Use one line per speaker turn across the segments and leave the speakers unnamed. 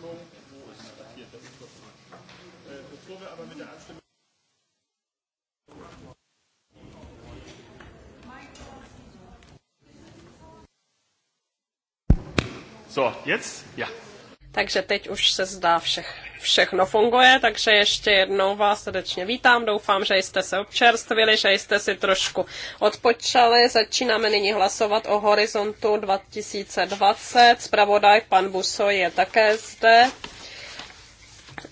Wo das ist äh, Bevor wir aber mit der Abstimmung. So, jetzt? Ja.
Takže teď už se zdá všechno všechno funguje, takže ještě jednou vás srdečně vítám. Doufám, že jste se občerstvili, že jste si trošku odpočali. Začínáme nyní hlasovat o Horizontu 2020. Spravodaj pan Buso je také zde.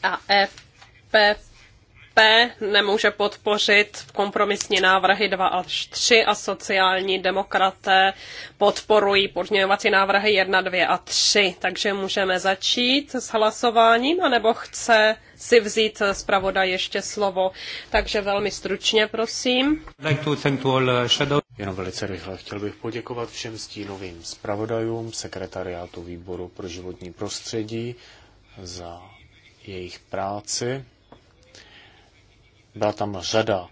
A EPP nemůže podpořit kompromisní návrhy 2 až 3 a sociální demokraté podporují podměňovací návrhy 1, 2 a 3. Takže můžeme začít s hlasováním, anebo chce si vzít zpravodaj ještě slovo. Takže velmi stručně, prosím.
Uh, Jenom velice rychle chtěl bych poděkovat všem stínovým zpravodajům, sekretariátu výboru pro životní prostředí za jejich práci byla tam řada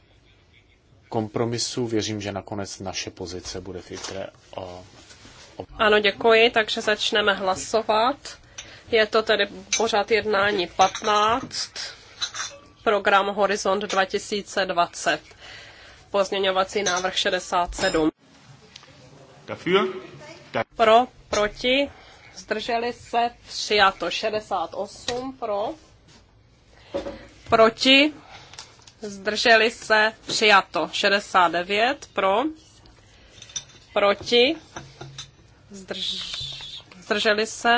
kompromisů. Věřím, že nakonec naše pozice bude v ITRE. O...
Ano, děkuji, takže začneme hlasovat. Je to tedy pořád jednání 15, program Horizont 2020, pozměňovací návrh 67. Dafür? Pro, proti, zdrželi se, přijato 68 pro, proti, zdrželi se, přijato. 69 pro, proti, zdrž, zdrželi se.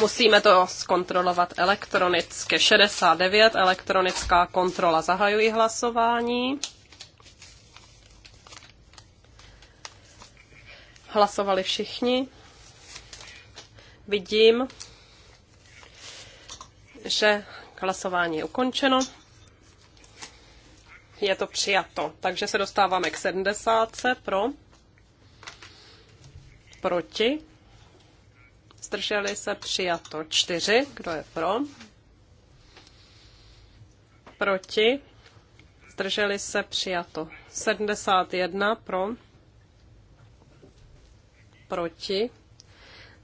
Musíme to zkontrolovat elektronicky. 69, elektronická kontrola. Zahajuji hlasování. Hlasovali všichni. Vidím, že hlasování je ukončeno je to přijato. Takže se dostáváme k 70. Pro. Proti. Zdrželi se přijato 4. Kdo je pro? Proti. Zdrželi se přijato 71. Pro. Proti.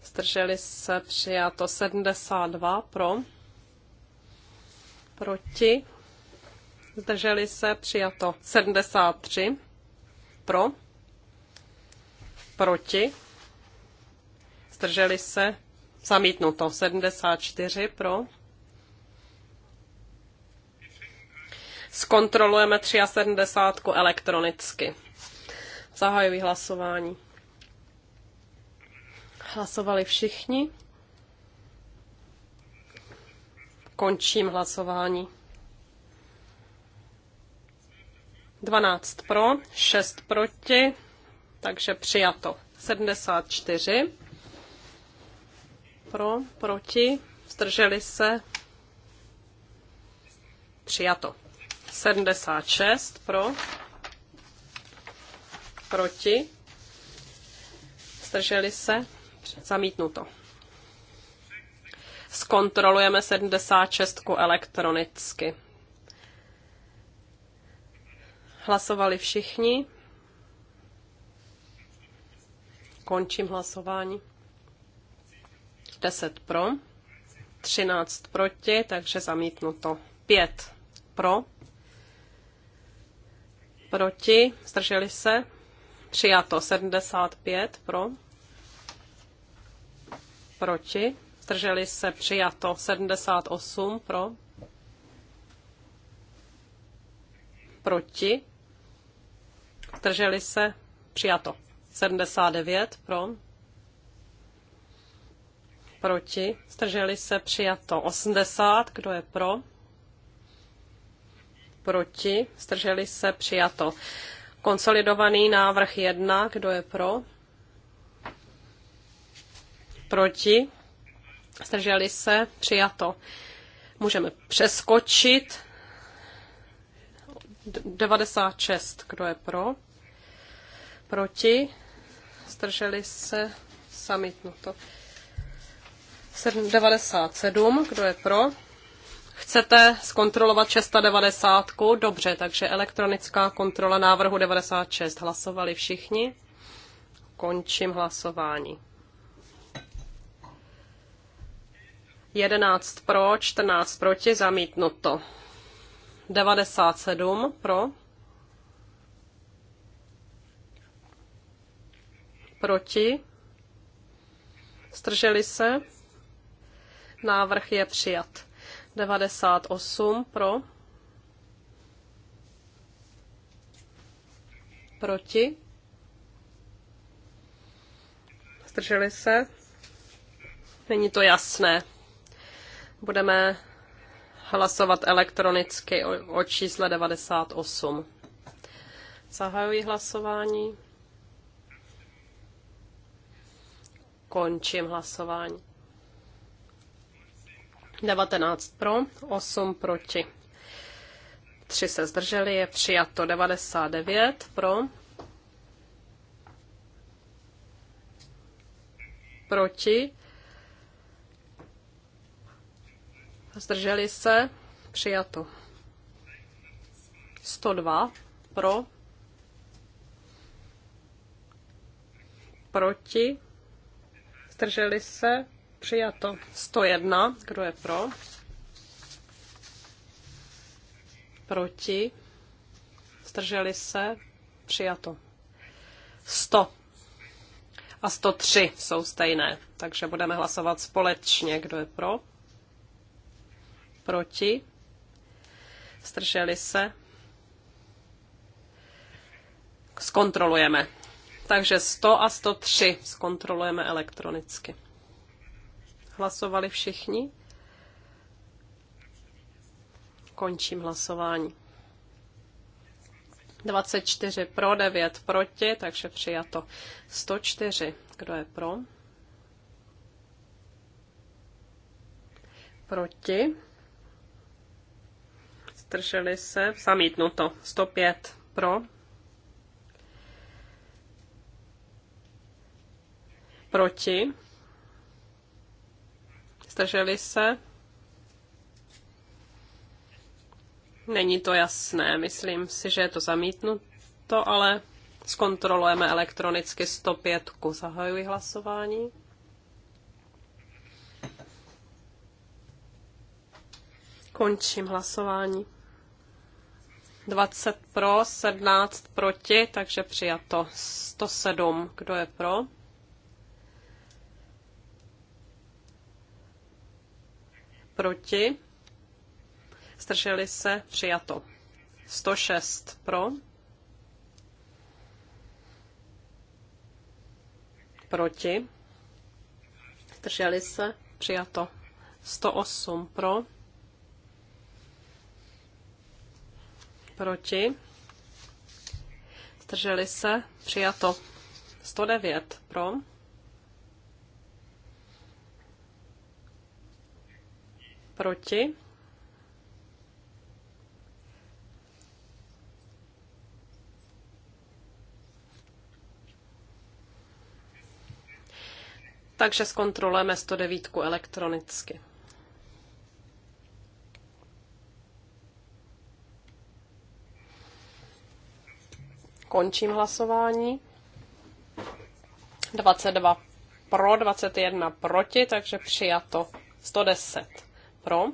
Zdrželi se přijato 72. Pro. Proti zdrželi se, přijato 73, pro, proti, zdrželi se, zamítnuto 74, pro. Zkontrolujeme 73 elektronicky. Zahajuji hlasování. Hlasovali všichni. Končím hlasování. 12 pro, 6 proti, takže přijato. 74 pro, proti, zdrželi se, přijato. 76 pro, proti, zdrželi se, zamítnuto. Zkontrolujeme 76 elektronicky. Hlasovali všichni. Končím hlasování. 10 pro, 13 proti, takže zamítnuto. 5 pro, proti, zdrželi se, přijato 75 pro, proti, zdrželi se, přijato 78 pro, proti, zdrželi se, přijato. 79 pro, proti, zdrželi se, přijato. 80, kdo je pro, proti, zdrželi se, přijato. Konsolidovaný návrh 1, kdo je pro, proti, zdrželi se, přijato. Můžeme přeskočit 96, kdo je pro? proti, zdrželi se, samitnuto. 97, kdo je pro? Chcete zkontrolovat 690? Dobře, takže elektronická kontrola návrhu 96. Hlasovali všichni? Končím hlasování. 11 pro, 14 proti, zamítnuto. 97 pro, Proti? Strželi se? Návrh je přijat. 98 pro. Proti? Strželi se? Není to jasné. Budeme hlasovat elektronicky o, o čísle 98. Zahajuji hlasování. Končím hlasování. 19 pro, 8 proti. 3 se zdrželi, je přijato 99 pro, proti, zdrželi se, přijato 102 pro, proti, zdrželi se, přijato. 101, kdo je pro? Proti, zdrželi se, přijato. 100 a 103 jsou stejné, takže budeme hlasovat společně, kdo je pro, proti, zdrželi se, zkontrolujeme takže 100 a 103 zkontrolujeme elektronicky. Hlasovali všichni? Končím hlasování. 24 pro, 9 proti, takže přijato 104. Kdo je pro? Proti. Zdrželi se. Zamítnuto. 105 pro. Proti? Zdrželi se? Není to jasné, myslím si, že je to zamítnuto, ale zkontrolujeme elektronicky 105. Zahajuji hlasování. Končím hlasování. 20 pro, 17 proti, takže přijato 107. Kdo je pro? proti, zdrželi se, přijato. 106 pro, proti, zdrželi se, přijato. 108 pro, proti, zdrželi se, přijato. 109 pro, Proti? Takže zkontrolujeme 109 elektronicky. Končím hlasování. 22 pro, 21 proti, takže přijato 110 pro,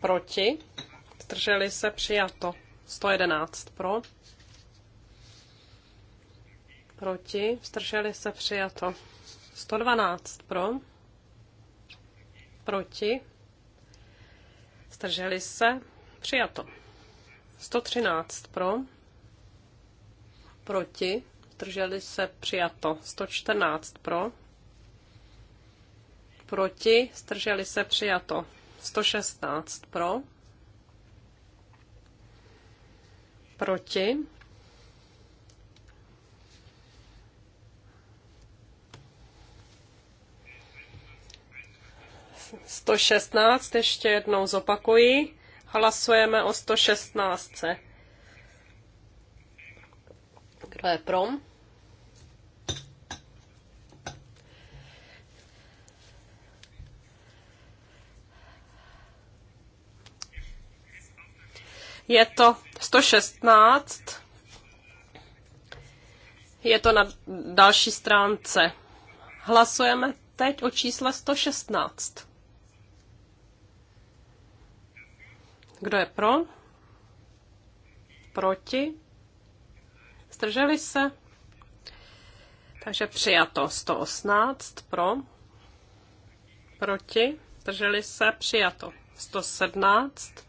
proti, zdrželi se přijato 111 pro, proti, zdrželi se přijato 112 pro, proti, zdrželi se přijato 113 pro, proti, zdrželi se přijato 114 pro, proti, zdrželi se přijato. 116 pro, proti, Sto šestnáct, ještě jednou zopakuji. Hlasujeme o sto šestnáctce. Kdo je pro? Je to 116. Je to na další stránce. Hlasujeme teď o čísle 116. Kdo je pro? Proti? Zdrželi se? Takže přijato 118 pro, proti, zdrželi se, přijato 117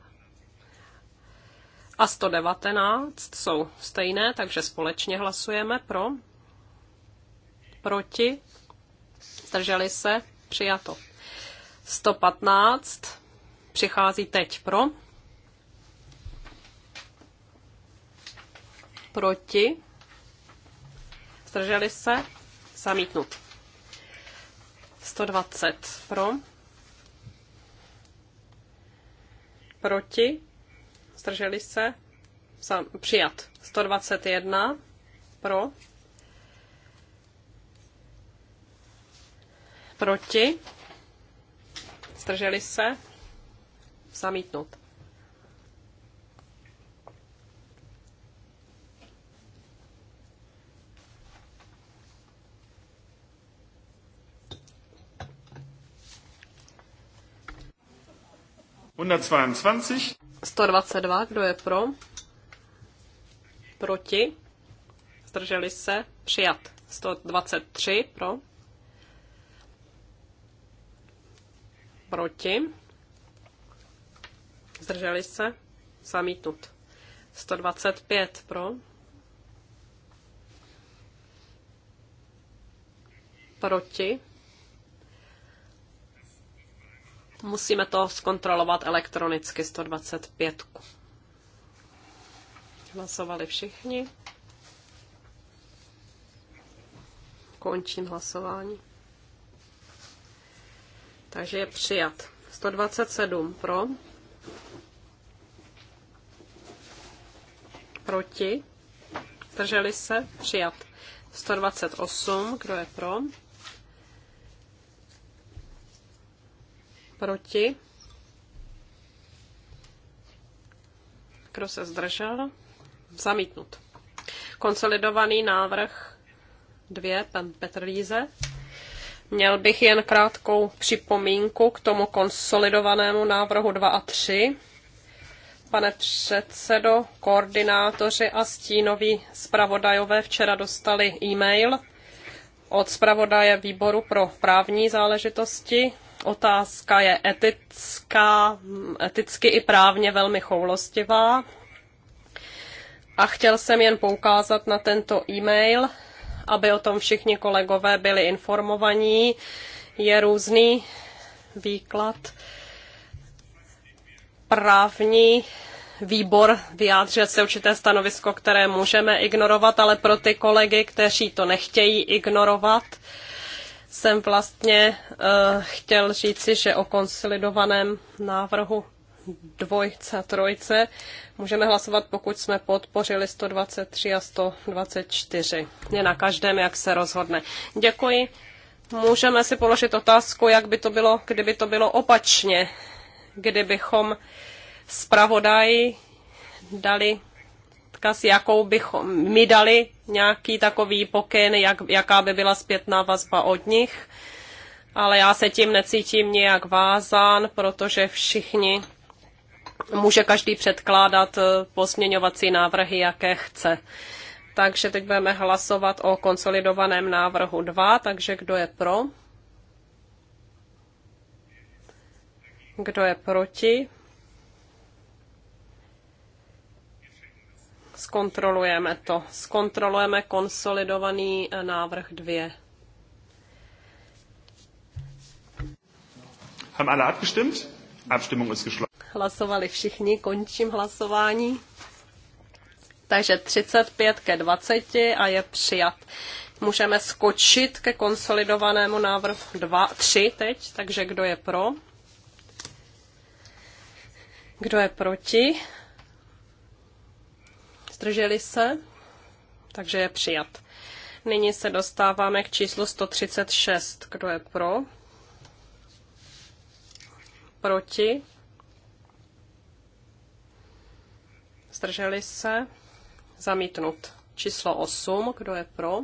a 119 jsou stejné, takže společně hlasujeme pro, proti, zdrželi se, přijato. 115 přichází teď pro, proti, zdrželi se, zamítnut. 120 pro, proti, zdrželi se, Sam, přijat. 121 pro, proti, zdrželi se, zamítnut.
Hundertzweiundzwanzig.
122, kdo je pro? Proti? Zdrželi se? Přijat. 123 pro? Proti? Zdrželi se? Zamítnut. 125 pro? Proti? Musíme to zkontrolovat elektronicky 125. Hlasovali všichni. Končím hlasování. Takže je přijat. 127 pro. Proti. Drželi se. Přijat. 128. Kdo je pro? Proti? Kdo se zdržel? Zamítnut. Konsolidovaný návrh 2, pan Petr Líze. Měl bych jen krátkou připomínku k tomu konsolidovanému návrhu 2 a 3. Pane předsedo, koordinátoři a stínoví zpravodajové včera dostali e-mail od zpravodaje výboru pro právní záležitosti otázka je etická, eticky i právně velmi choulostivá. A chtěl jsem jen poukázat na tento e-mail, aby o tom všichni kolegové byli informovaní. Je různý výklad. Právní výbor vyjádřil se určité stanovisko, které můžeme ignorovat, ale pro ty kolegy, kteří to nechtějí ignorovat, jsem vlastně uh, chtěl říci, že o konsolidovaném návrhu dvojce a trojce můžeme hlasovat, pokud jsme podpořili 123 a 124. Je na každém, jak se rozhodne. Děkuji. Můžeme si položit otázku, jak by to bylo, kdyby to bylo opačně, kdybychom zpravodaji dali odkaz, jakou bychom mi dali nějaký takový pokyn, jak, jaká by byla zpětná vazba od nich. Ale já se tím necítím nějak vázán, protože všichni může každý předkládat eh, pozměňovací návrhy, jaké chce. Takže teď budeme hlasovat o konsolidovaném návrhu 2, takže kdo je pro? Kdo je proti? Zkontrolujeme to. Zkontrolujeme konsolidovaný eh, návrh 2.
Haben alle abgestimmt? Abstimmung ist geschlossen.
Hlasovali všichni, končím hlasování. Takže 35 ke 20 a je přijat. Můžeme skočit ke konsolidovanému návrhu 2, 3 teď, takže kdo je pro? Kdo je proti? zdrželi se, takže je přijat. Nyní se dostáváme k číslu 136. Kdo je pro? Proti? Zdrželi se? Zamítnut. Číslo 8. Kdo je pro?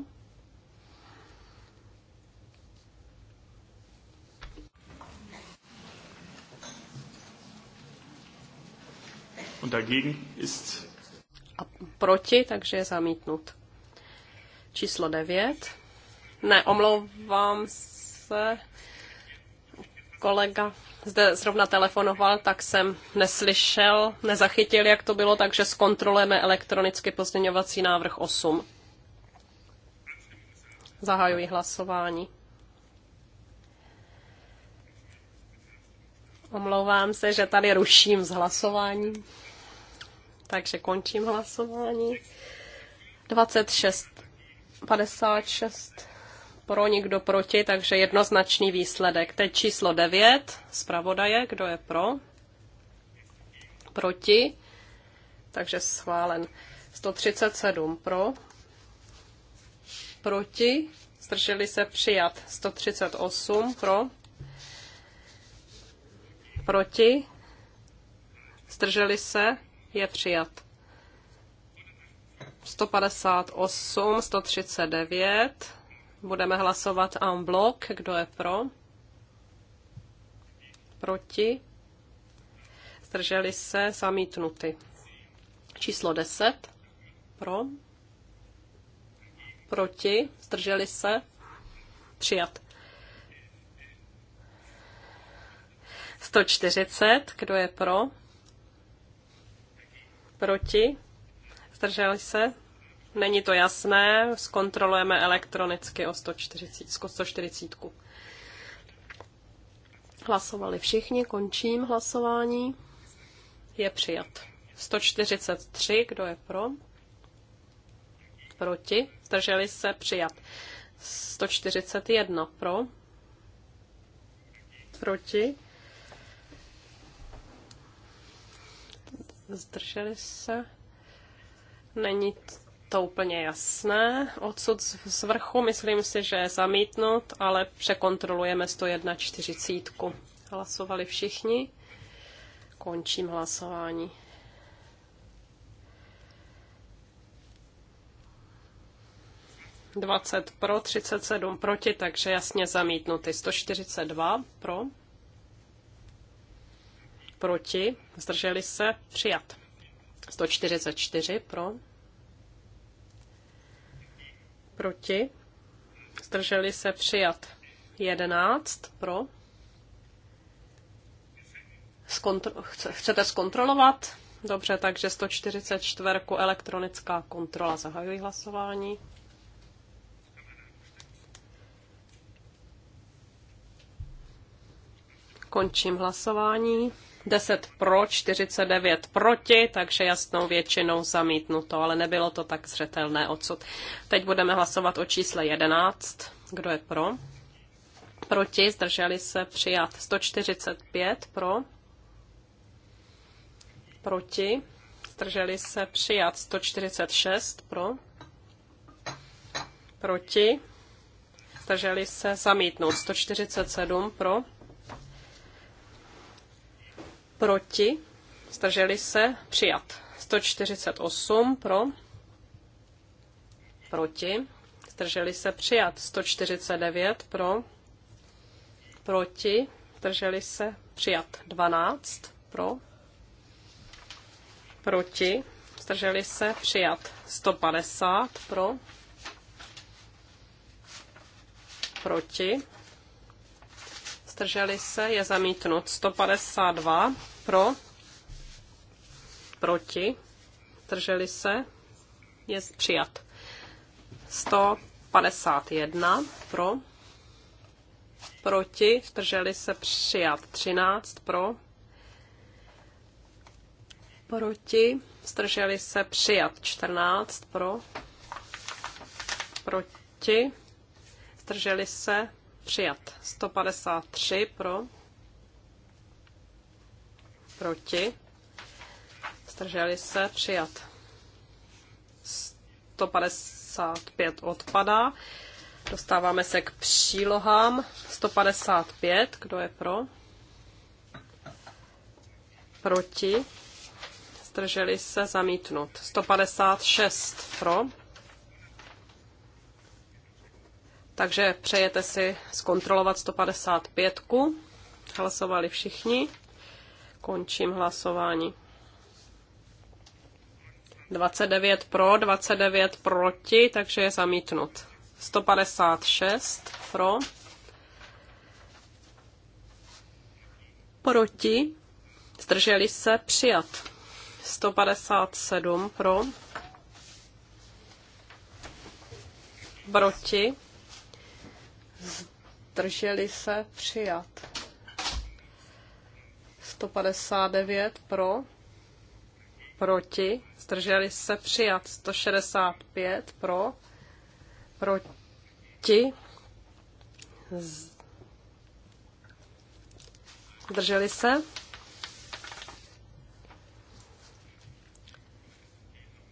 Und dagegen ist
a proti, takže je zamítnut. Číslo 9. Ne, omlouvám se. Kolega zde zrovna telefonoval, tak jsem neslyšel, nezachytil, jak to bylo, takže zkontrolujeme elektronicky pozměňovací návrh 8. Zahajuji hlasování. Omlouvám se, že tady ruším s hlasováním takže končím hlasování. 26, 56 pro, nikdo proti, takže jednoznačný výsledek. Teď číslo 9, zpravodaje, kdo je pro? Proti, takže schválen. 137 pro, proti, zdrželi se přijat. 138 pro, proti, zdrželi se je přijat. 158, 139. Budeme hlasovat en bloc. Kdo je pro? Proti? Zdrželi se zamítnuty. Číslo 10. Pro? Proti? Zdrželi se? Přijat. 140. Kdo je pro? Proti? Zdrželi se? Není to jasné, zkontrolujeme elektronicky o 140. 140. Hlasovali všichni, končím hlasování. Je přijat. 143, kdo je pro? Proti? Zdrželi se, přijat. 141 pro? Proti? zdrželi se. Není to úplně jasné. Odsud z vrchu myslím si, že je zamítnut, ale překontrolujeme 141. Hlasovali všichni. Končím hlasování. Dvacet pro, 37 proti, takže jasně zamítnuty. 142 pro proti, zdrželi se, přijat. 144 pro, proti, zdrželi se, přijat. 11 pro. Zkontro- chcete zkontrolovat? Dobře, takže 144 elektronická kontrola. Zahajuji hlasování. Končím hlasování. 10 pro, 49 proti, takže jasnou většinou zamítnuto, ale nebylo to tak zřetelné odsud. Teď budeme hlasovat o čísle 11. Kdo je pro? Proti, zdrželi se přijat 145 pro. Proti, zdrželi se přijat 146 pro. Proti, zdrželi se zamítnout 147 pro proti, zdrželi se, přijat. 148 pro, proti, zdrželi se, přijat. 149 pro, proti, zdrželi se, přijat. 12 pro, proti, zdrželi se, přijat. 150 pro, proti, zdrželi se, je zamítnut. 152 pro, proti, zdrželi se, je přijat. 151 pro, proti, zdrželi se, přijat. 13 pro, proti, zdrželi se, přijat. 14 pro, proti, zdrželi se, Přijat. 153 pro. Proti. Zdrželi se. Přijat. 155 odpadá. Dostáváme se k přílohám. 155. Kdo je pro? Proti. Zdrželi se. Zamítnut. 156 pro Takže přejete si zkontrolovat 155. Hlasovali všichni. Končím hlasování. 29 pro, 29 proti, takže je zamítnut. 156 pro, proti, zdrželi se, přijat. 157 pro, proti, zdrželi se, přijat. 159 pro, proti, zdrželi se, přijat. 165 pro, proti, zdrželi se.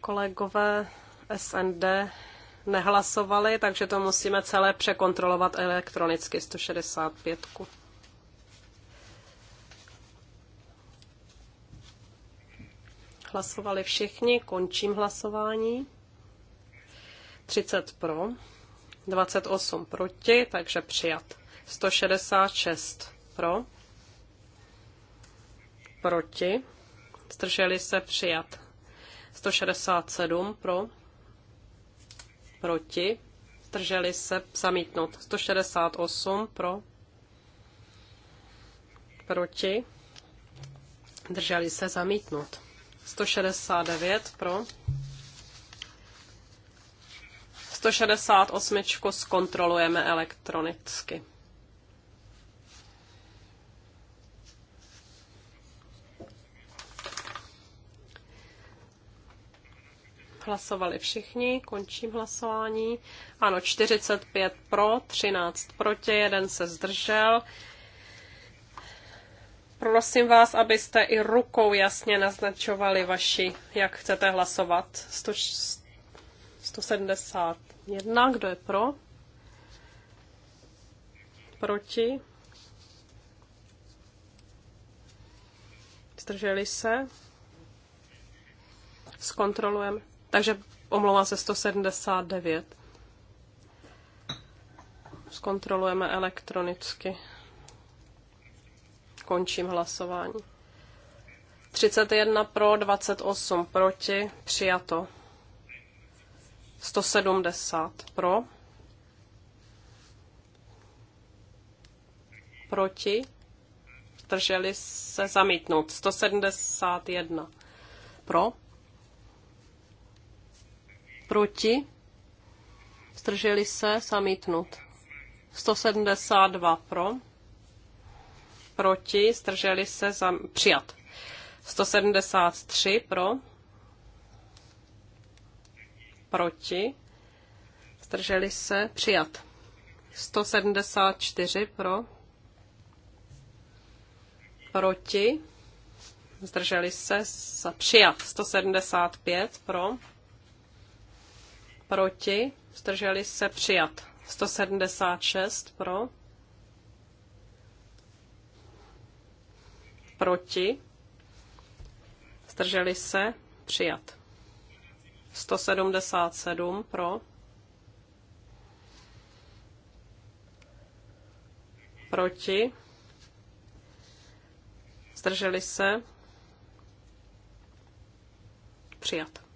Kolegové SND nehlasovali, takže to musíme celé překontrolovat elektronicky 165. Hlasovali všichni, končím hlasování. 30 pro, 28 proti, takže přijat. 166 pro, proti, zdrželi se přijat. 167 pro, proti, zdrželi se, zamítnout. 168 pro, proti, zdrželi se, zamítnout. 169 pro, 168 zkontrolujeme elektronicky. Hlasovali všichni, končím hlasování. Ano, 45 pro, 13 proti, jeden se zdržel. Prosím vás, abyste i rukou jasně naznačovali vaši, jak chcete hlasovat. 100, 171, kdo je pro? Proti? Zdrželi se? Zkontrolujeme. Takže omlouvám se 179. Zkontrolujeme elektronicky. Končím hlasování. 31 pro, 28 proti, přijato. 170 pro, proti, drželi se zamítnout. 171 pro, Proti? Zdrželi se? Zamítnut. 172 pro. Proti? Zdrželi se? Zam... Přijat. 173 pro. Proti? Zdrželi se? Přijat. 174 pro. Proti? Zdrželi se? Přijat. 175 pro proti, zdrželi se přijat. 176 pro, proti, zdrželi se přijat. 177 pro, proti, zdrželi se přijat.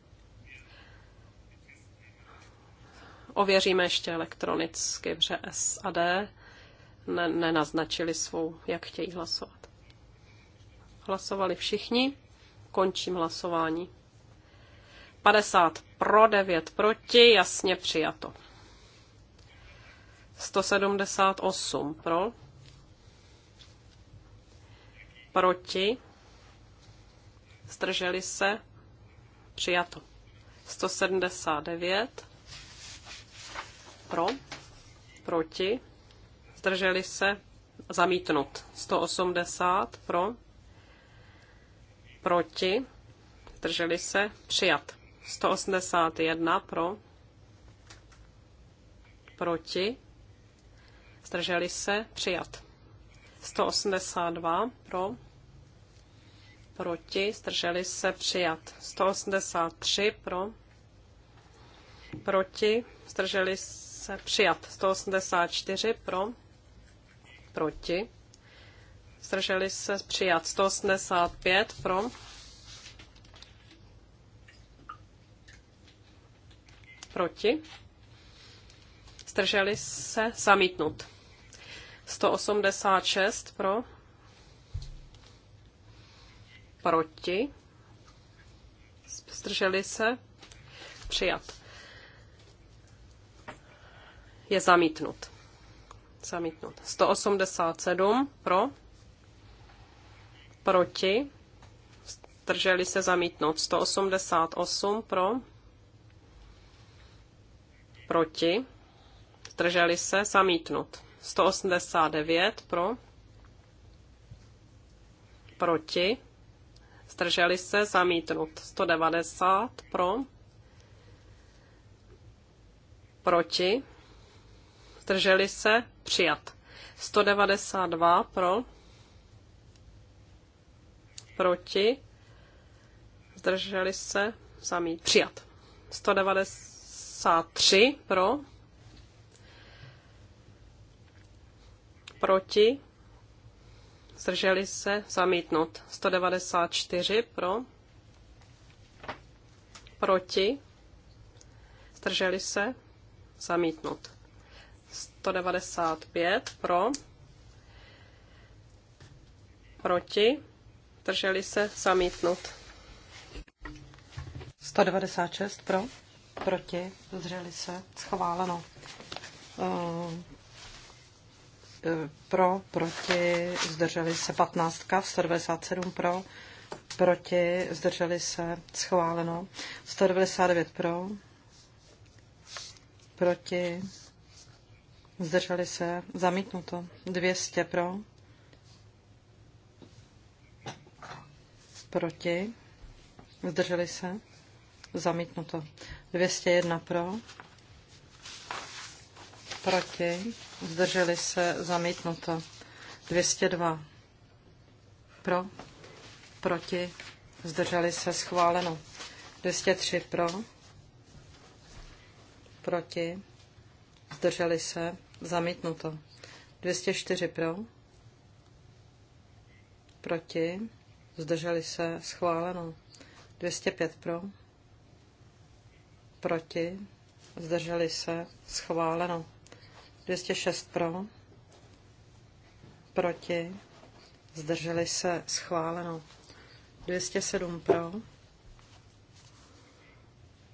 Ověříme ještě elektronicky, že S a D ne- nenaznačili svou, jak chtějí hlasovat. Hlasovali všichni. Končím hlasování. 50 pro, 9 proti, jasně přijato. 178 pro, proti, zdrželi se, přijato. 179 pro, proti, zdrželi se, zamítnut. 180 pro, proti, zdrželi se, přijat. 181 pro, proti, zdrželi se, přijat. 182 pro, proti, zdrželi se, přijat. 183 pro, proti, zdrželi se, se přijat 184 pro, proti, zdrželi se přijat 185 pro, proti, zdrželi se zamítnut 186 pro, proti, zdrželi se přijat je zamítnut. Zamítnut. 187 pro, proti, drželi se zamítnout. 188 pro, proti, drželi se zamítnut. 189 pro, proti, zdrželi se zamítnut. 190 pro, proti, zdrželi se, přijat. 192 pro, proti, zdrželi se, samý, přijat. 193 pro, proti, zdrželi se, zamítnut. 194 pro, proti, zdrželi se, zamítnut. 195 pro, proti, drželi se zamítnut.
196 eh, eh, pro, proti, zdrželi se, schváleno. Pro, proti, zdrželi se 15, 197 pro, proti, zdrželi se, schváleno. 199 pro, proti, zdrželi se, zamítnuto. 200 pro, proti, zdrželi se, zamítnuto. 201 pro, proti, zdrželi se, zamítnuto. 202 pro, proti, zdrželi se, schváleno. 203 pro, proti, zdrželi se, Zamítnuto. 204 pro. Proti. Zdrželi se. Schváleno. 205 pro. Proti. Zdrželi se. Schváleno. 206 pro. Proti. Zdrželi se. Schváleno. 207 pro.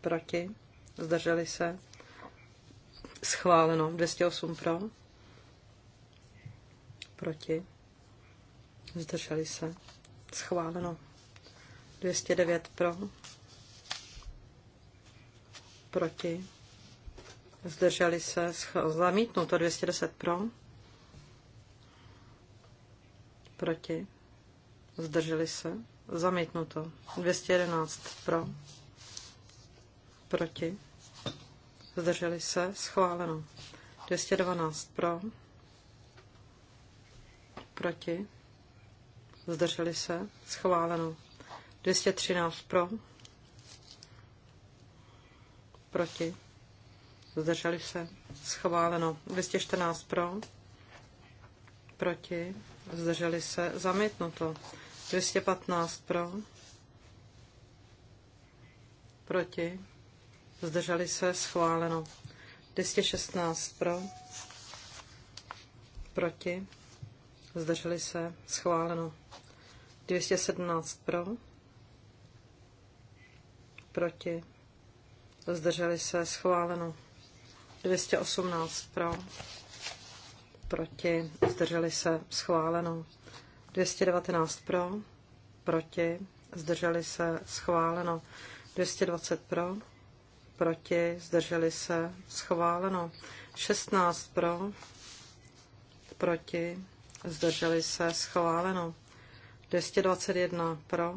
Proti. Zdrželi se. Schváleno. 208 pro. Proti. Zdrželi se. Schváleno. 209 pro. Proti. Zdrželi se. Zamítnuto. 210 pro. Proti. Zdrželi se. Zamítnuto. 211 pro. Proti zdrželi se, schváleno. 212 pro, proti, zdrželi se, schváleno. 213 pro, proti, zdrželi se, schváleno. 214 pro, proti, zdrželi se, zamítnuto. 215 pro, proti, zdrželi se, schváleno. 216 pro, proti, zdrželi se, schváleno. 217 pro, proti, zdrželi se, schváleno. 218 pro, proti, zdrželi se, schváleno. 219 pro, proti, zdrželi se, schváleno. 220 pro, proti, zdrželi se, schváleno. 16 pro, proti, zdrželi se, schváleno. 221 pro,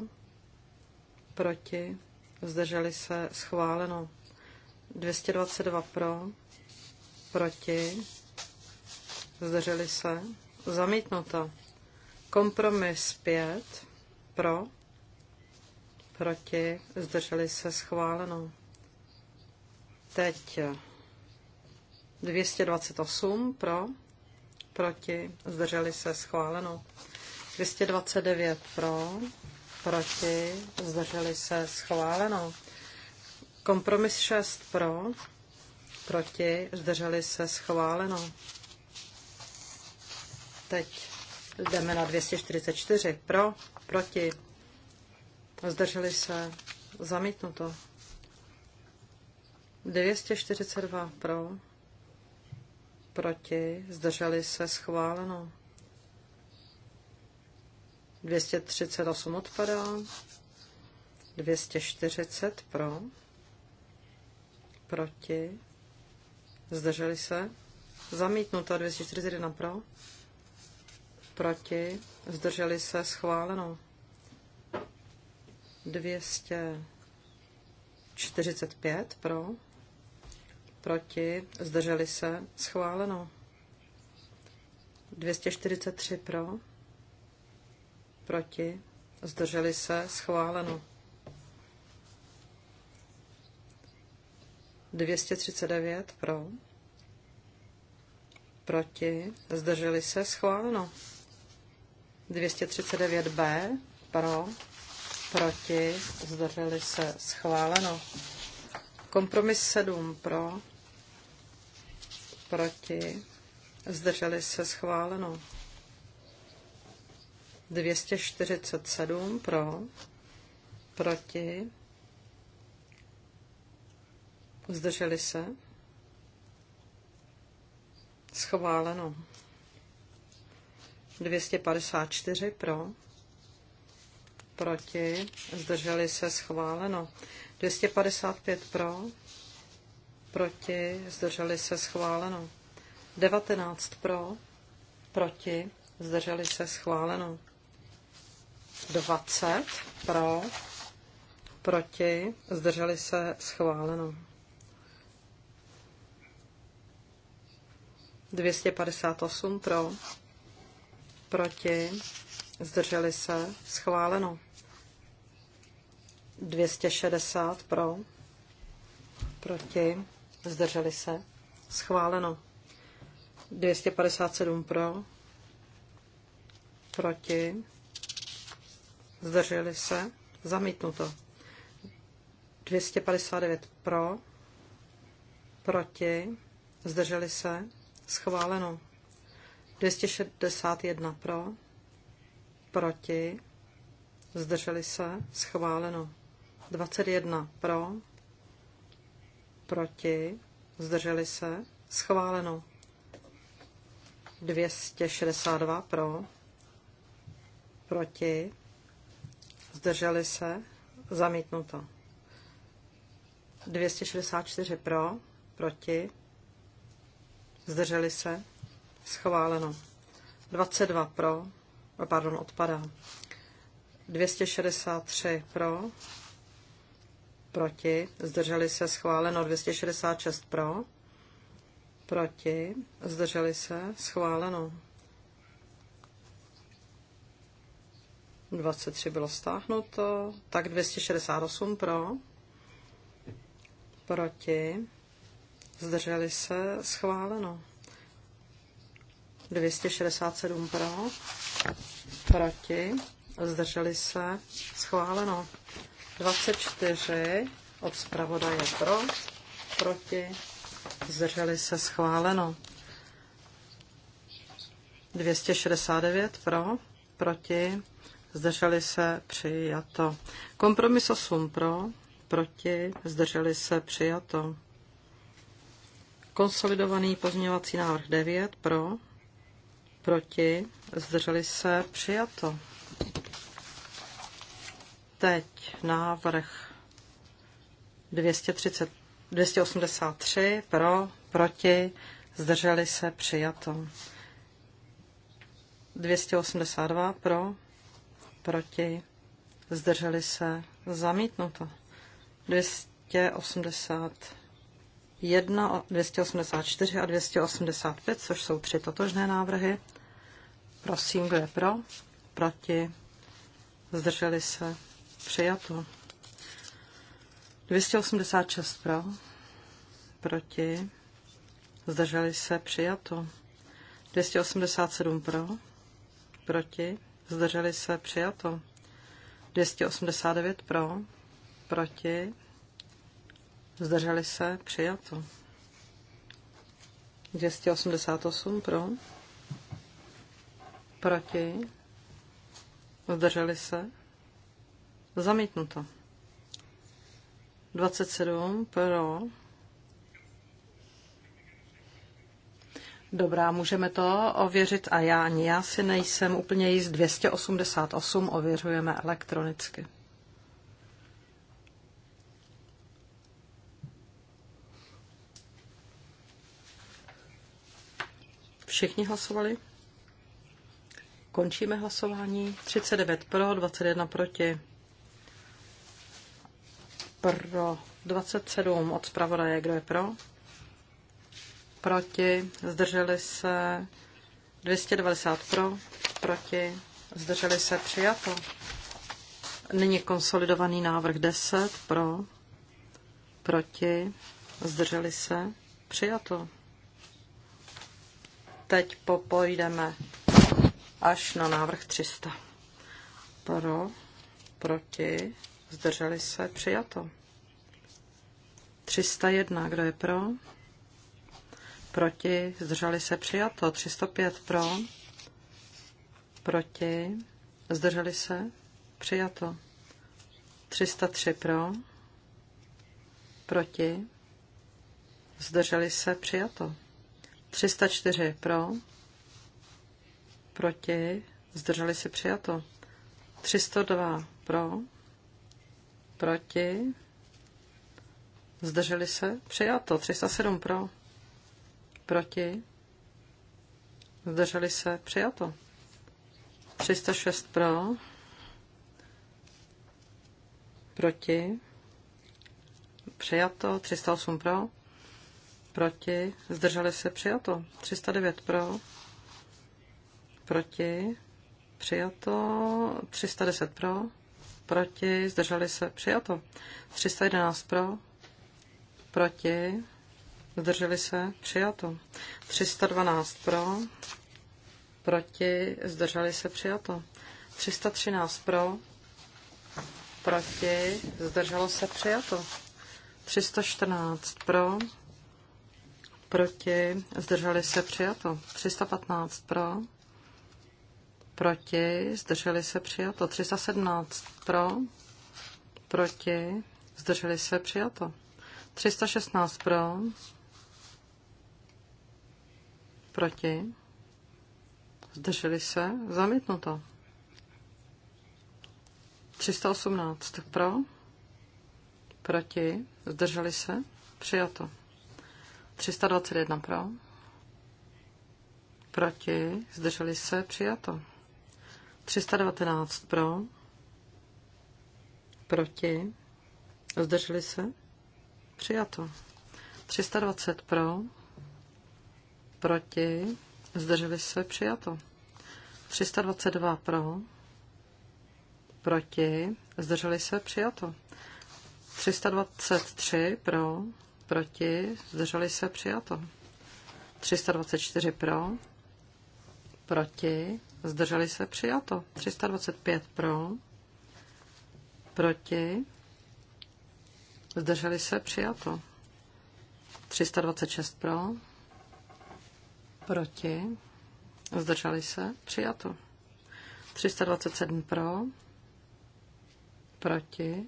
proti, zdrželi se, schváleno. 222 pro, proti, zdrželi se, zamítnuto. Kompromis 5 pro, proti, zdrželi se, schváleno. Teď 228 pro, proti, zdrželi se schváleno. 229 pro, proti, zdrželi se schváleno. Kompromis 6 pro, proti, zdrželi se schváleno. Teď jdeme na 244 pro, proti, zdrželi se zamítnuto. 242 pro, proti, zdrželi se schváleno. 238 odpadá, 240 pro, proti, zdrželi se, zamítnuto 241 pro, proti, zdrželi se, schváleno. 245 pro, proti, zdrželi se, schváleno. 243 pro, proti, zdrželi se, schváleno. 239 pro, proti, zdrželi se, schváleno. 239b pro, proti, zdrželi se, schváleno. Kompromis 7 pro, proti, zdrželi se schváleno. 247 pro, proti, zdrželi se, schváleno. 254 pro, proti, zdrželi se, schváleno. 255 pro, proti, zdrželi se schváleno. 19 pro, proti, zdrželi se schváleno. 20 pro, proti, zdrželi se schváleno. 258 pro, proti, zdrželi se, schváleno. 260 pro, proti, zdrželi se, schváleno. 257 pro, proti, zdrželi se, zamítnuto. 259 pro, proti, zdrželi se, schváleno. 261 pro, proti, zdrželi se, schváleno. 21 pro, proti, zdrželi se, schváleno. 262 pro, proti, zdrželi se, zamítnuto. 264 pro, proti, zdrželi se, schváleno. 22 pro, pardon, odpadá. 263 pro, proti, zdrželi se schváleno 266 pro, proti, zdrželi se schváleno 23 bylo stáhnuto, tak 268 pro, proti, zdrželi se schváleno 267 pro, proti, zdrželi se schváleno 24 od zpravodaje pro, proti, zdrželi se schváleno. 269 pro, proti, zdrželi se přijato. Kompromis 8 pro, proti, zdrželi se přijato. Konsolidovaný pozměňovací návrh 9 pro, proti, zdrželi se přijato teď návrh 230, 283 pro, proti, zdrželi se, přijato. 282 pro, proti, zdrželi se, zamítnuto. 281, 284 a 285, což jsou tři totožné návrhy. Prosím, kdo je pro, proti, zdrželi se, Přijato. 286 pro, proti, zdrželi se, přijato. 287 pro, proti, zdrželi se, přijato. 289 pro, proti, zdrželi se, přijato. 288 pro, proti, zdrželi se, Zamítnuto. 27 pro. Dobrá, můžeme to ověřit a já ani já si nejsem úplně jist. 288 ověřujeme elektronicky. Všichni hlasovali? Končíme hlasování. 39 pro, 21 proti pro 27 od zpravodaje, kdo je pro? Proti, zdrželi se 290 pro, proti, zdrželi se přijato. Nyní konsolidovaný návrh 10 pro, proti, zdrželi se přijato. Teď popojdeme až na návrh 300. Pro, proti, zdrželi se, přijato. 301, kdo je pro? Proti, zdrželi se, přijato. 305 pro, proti, zdrželi se, přijato. 303 pro, proti, zdrželi se, přijato. 304 pro, proti, zdrželi se, přijato. 302 pro, proti, zdrželi se, přijato, 307 pro, proti, zdrželi se, přijato, 306 pro, proti, přijato, 308 pro, proti, zdrželi se, přijato, 309 pro, proti, přijato, 310 pro, proti, zdrželi se, přijato. 311 pro, proti, zdrželi se, přijato. 312 pro, proti, zdrželi se, přijato. 313 pro, proti, zdrželo se, přijato. 314 pro, proti, zdrželi se, přijato. 315 pro, proti, zdrželi se přijato. 317 pro, proti, zdrželi se přijato. 316 pro, proti, zdrželi se, zamítnuto. 318 pro, proti, zdrželi se, přijato. 321 pro, proti, zdrželi se, přijato. 319 pro, proti, zdrželi se, přijato. 320 pro, proti, zdrželi se, přijato. 322 pro, proti, zdrželi se, přijato. 323 pro, proti, zdrželi se, přijato. 324 pro, proti, zdrželi se přijato. 325 pro, proti, zdrželi se přijato. 326 pro, proti, zdrželi se přijato. 327 pro, proti,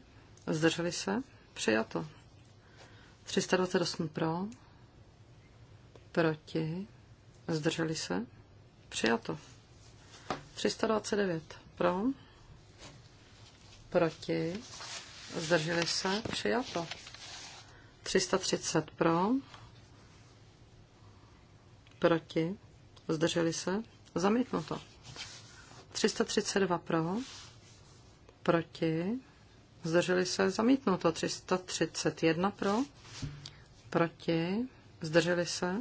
zdrželi se přijato. 328 pro, proti, zdrželi se Přijato. 329 pro. Proti. Zdrželi se. Přijato. 330 pro. Proti. Zdrželi se. Zamítnuto. 332 pro. Proti. Zdrželi se. Zamítnuto. 331 pro. Proti. Zdrželi se.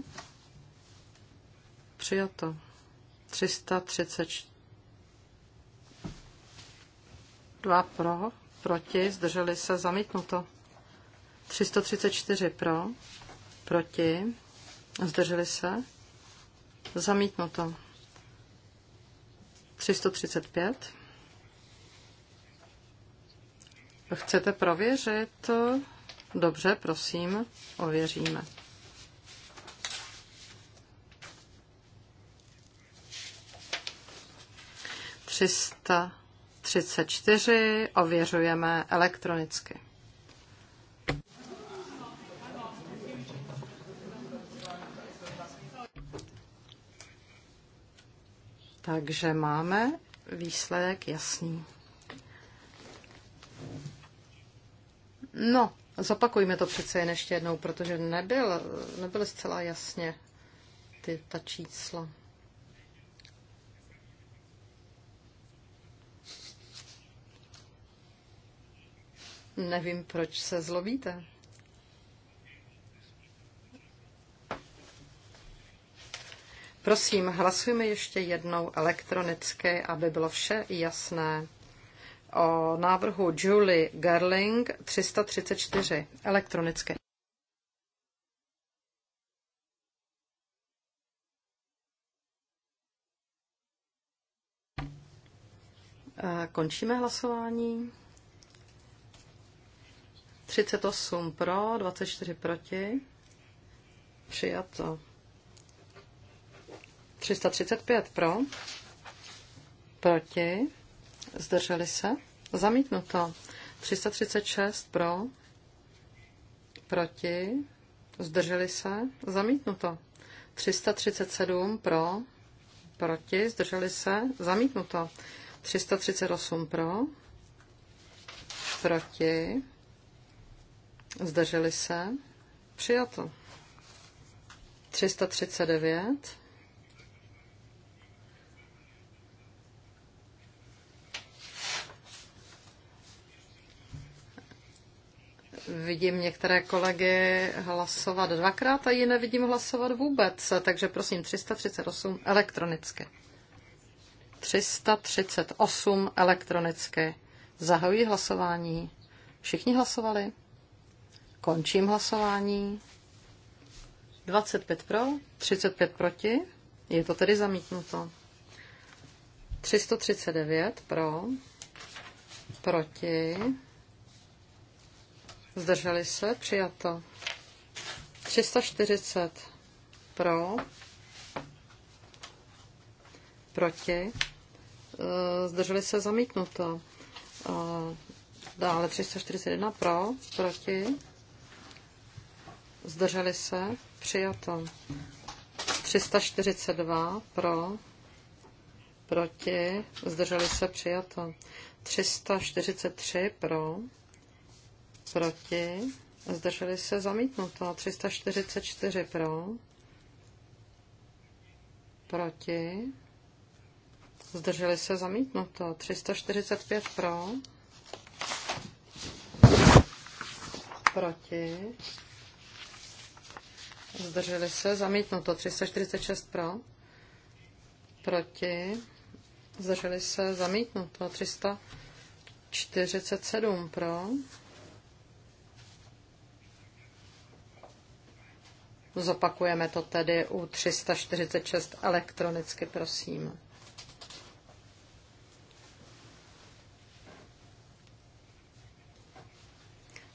Přijato. 332 pro, proti, zdrželi se, zamítnuto. 334 pro, proti, zdrželi se, zamítnuto. 335. Chcete prověřit? Dobře, prosím, ověříme. 334 ověřujeme elektronicky. Takže máme výsledek jasný. No, zopakujme to přece jen ještě jednou, protože nebyl, nebyly zcela jasně ty, ta čísla. Nevím, proč se zlobíte. Prosím, hlasujme ještě jednou elektronicky, aby bylo vše jasné. O návrhu Julie Gerling 334 elektronicky. Eh, končíme hlasování. 38 pro, 24 proti. Přijato. 335 pro, proti, zdrželi se, zamítnuto. 336 pro, proti, zdrželi se, zamítnuto. 337 pro, proti, zdrželi se, zamítnuto. 338 pro, proti, Zdrželi se? Přijato. 339. Vidím některé kolegy hlasovat dvakrát a ji nevidím hlasovat vůbec, takže prosím 338 elektronicky. 338 elektronicky. Zahajuji hlasování. Všichni hlasovali? Končím hlasování. 25 pro, 35 proti. Je to tedy zamítnuto. 339 pro, proti. Zdrželi se, přijato. 340 pro, proti. Eh, zdrželi se zamítnuto. Eh, dále 341 pro, proti zdrželi se, přijato. 342 pro, proti, zdrželi se, přijato. 343 pro, proti, zdrželi se, zamítnuto. 344 pro, proti, zdrželi se, zamítnuto. 345 pro, proti, zdrželi se, zamítnuto 346 pro, proti, zdrželi se, zamítnuto 347 pro, Zopakujeme to tedy u 346 elektronicky, prosím.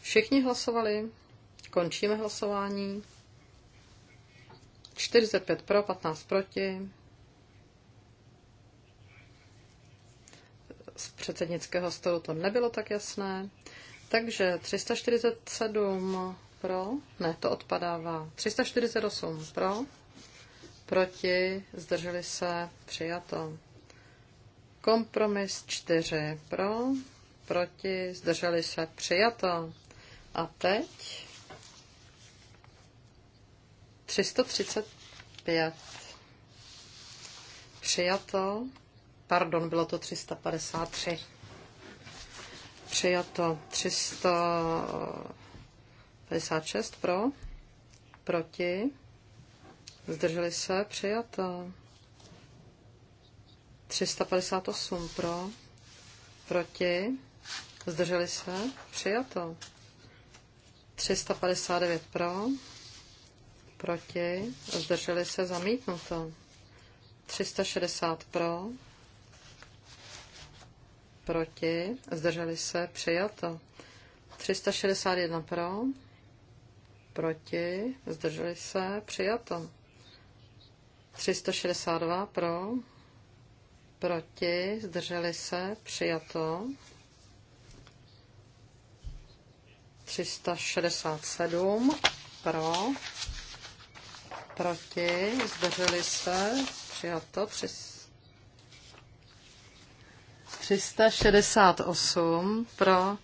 Všichni hlasovali? Končíme hlasování. 45 pro, 15 proti. Z předsednického stolu to nebylo tak jasné. Takže 347 pro, ne, to odpadává. 348 pro, proti, zdrželi se, přijato. Kompromis 4 pro, proti, zdrželi se, přijato. A teď 335. Přijato. Pardon, bylo to 353. Přijato 356 pro. Proti. Zdrželi se. Přijato. 358 pro. Proti. Zdrželi se. Přijato. 359 pro proti, zdrželi se zamítnuto. 360 pro, proti, zdrželi se přijato. 361 pro, proti, zdrželi se přijato. 362 pro, proti, zdrželi se přijato. 367 pro, proti, zdrželi se, přijato 368 pro,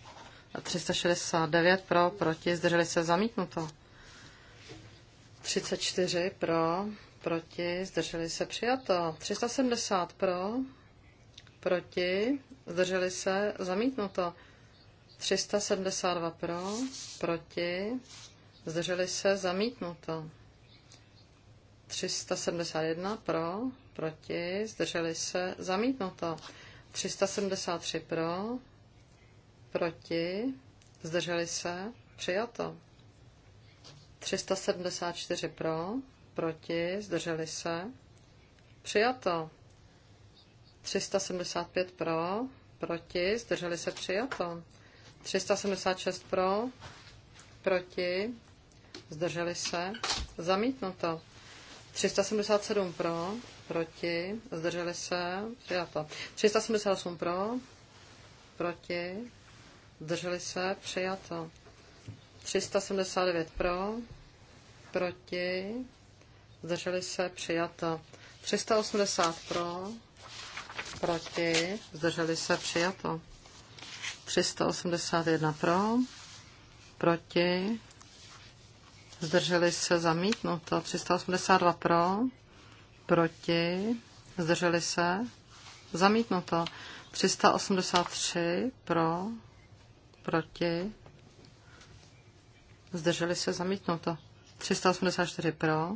369 pro, proti, zdrželi se, zamítnuto. 34 pro, proti, zdrželi se, přijato. 370 pro, proti, zdrželi se, zamítnuto. 372 pro, proti, zdrželi se, zamítnuto. 371 pro, proti, zdrželi se, zamítnuto. 373 pro, proti, zdrželi se, přijato. 374 pro, proti, zdrželi se, přijato. 375 pro, proti, zdrželi se, přijato. 376 pro, proti, zdrželi se, zamítnuto. 377 pro, proti, zdrželi se, přijato. 378 pro, proti, zdrželi se, přijato. 379 pro, proti, zdrželi se, přijato. 380 pro, proti, zdrželi se, přijato. 381 pro, proti, zdrželi se zamítnuto, 382 pro, proti, zdrželi se zamítnuto, 383 pro, proti, zdrželi se zamítnuto, 384 pro,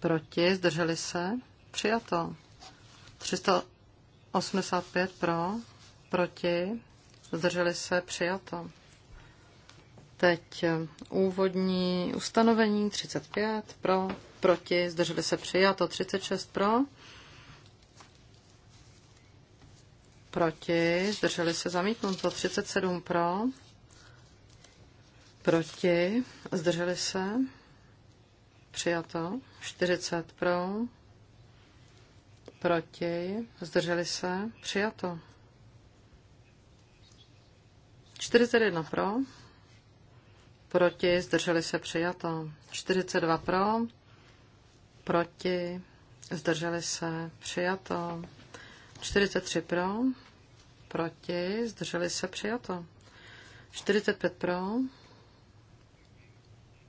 proti, zdrželi se, přijato, 385 pro, proti, zdrželi se, přijato. Teď eh, úvodní ustanovení 35 pro, proti, zdrželi se přijato 36 pro, proti, zdrželi se zamítnuto 37 pro, proti, zdrželi se přijato 40 pro, proti, zdrželi se přijato 41 pro, proti, zdrželi se přijato. 42 pro, proti, zdrželi se přijato. 43 pro, proti, zdrželi se přijato. 45 pro,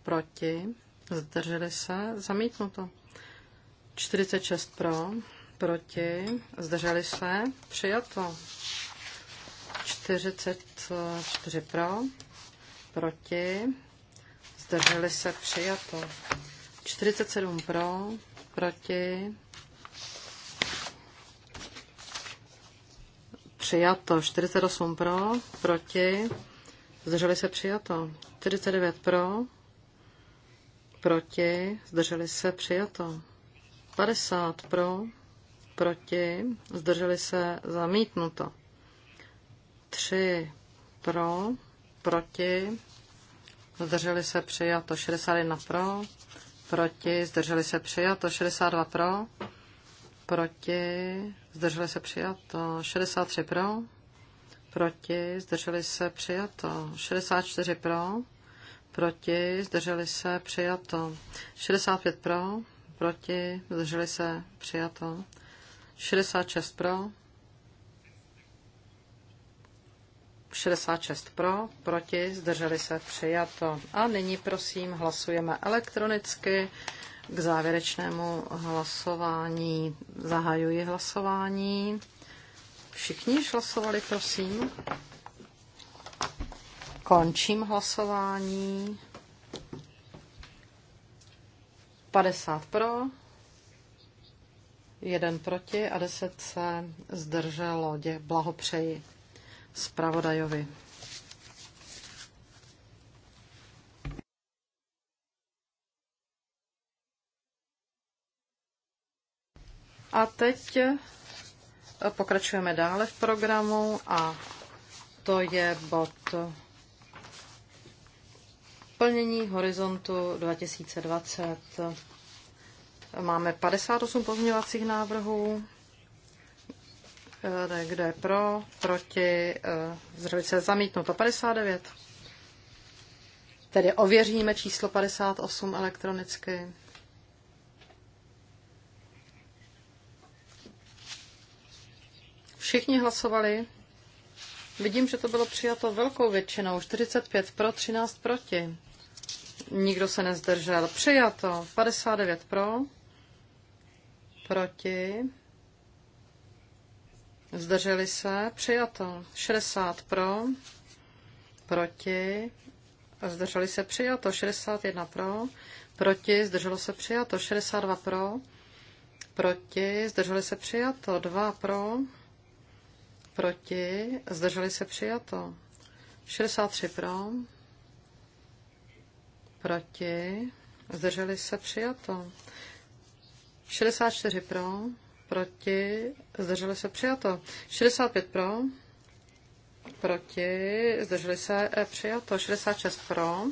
proti, zdrželi se, zamítnuto. 46 pro, proti, zdrželi se, přijato. 44 pro, proti, zdrželi se přijato. 47 pro, proti, přijato. 48 pro, proti, zdrželi se přijato. 49 pro, proti, zdrželi se přijato. 50 pro, proti, zdrželi se zamítnuto. 3 pro, proti, zdrželi se přijato 61 pro, proti, zdrželi se přijato 62 pro, proti, zdrželi se přijato 63 pro, proti, zdrželi se přijato 64 pro, proti, zdrželi se přijato 65 pro, proti, zdrželi se přijato 66 pro, 66 pro, proti, zdrželi se přijato. A nyní prosím hlasujeme elektronicky k závěrečnému hlasování. Zahajuji hlasování. Všichni již hlasovali, prosím. Končím hlasování. 50 pro, 1 proti a 10 se zdrželo. Dě, blahopřeji zpravodajovi. A teď eh, pokračujeme dále v programu a to je bod plnění horizontu 2020. Máme 58 pozměňovacích návrhů. Eh, kdo je pro? Proti? Eh, Zřejmě se zamítnuto 59. Tedy ověříme číslo 58 elektronicky. Všichni hlasovali. Vidím, že to bylo přijato velkou většinou. 45 pro, 13 proti. Nikdo se nezdržel. Přijato. 59 pro, proti. Zdrželi se? Přijato. 60 pro. Proti. Zdrželi se? Přijato. 61 pro. Proti. Zdrželo se? Přijato. 62 pro. Proti. Zdrželi se? Přijato. 2 pro. Proti. Zdrželi se? Přijato. 63 pro. Proti. Zdrželi se? Přijato. 64 pro proti, zdrželi se přijato. 65 e, pro, proti, zdrželi se přijato. 66 pro,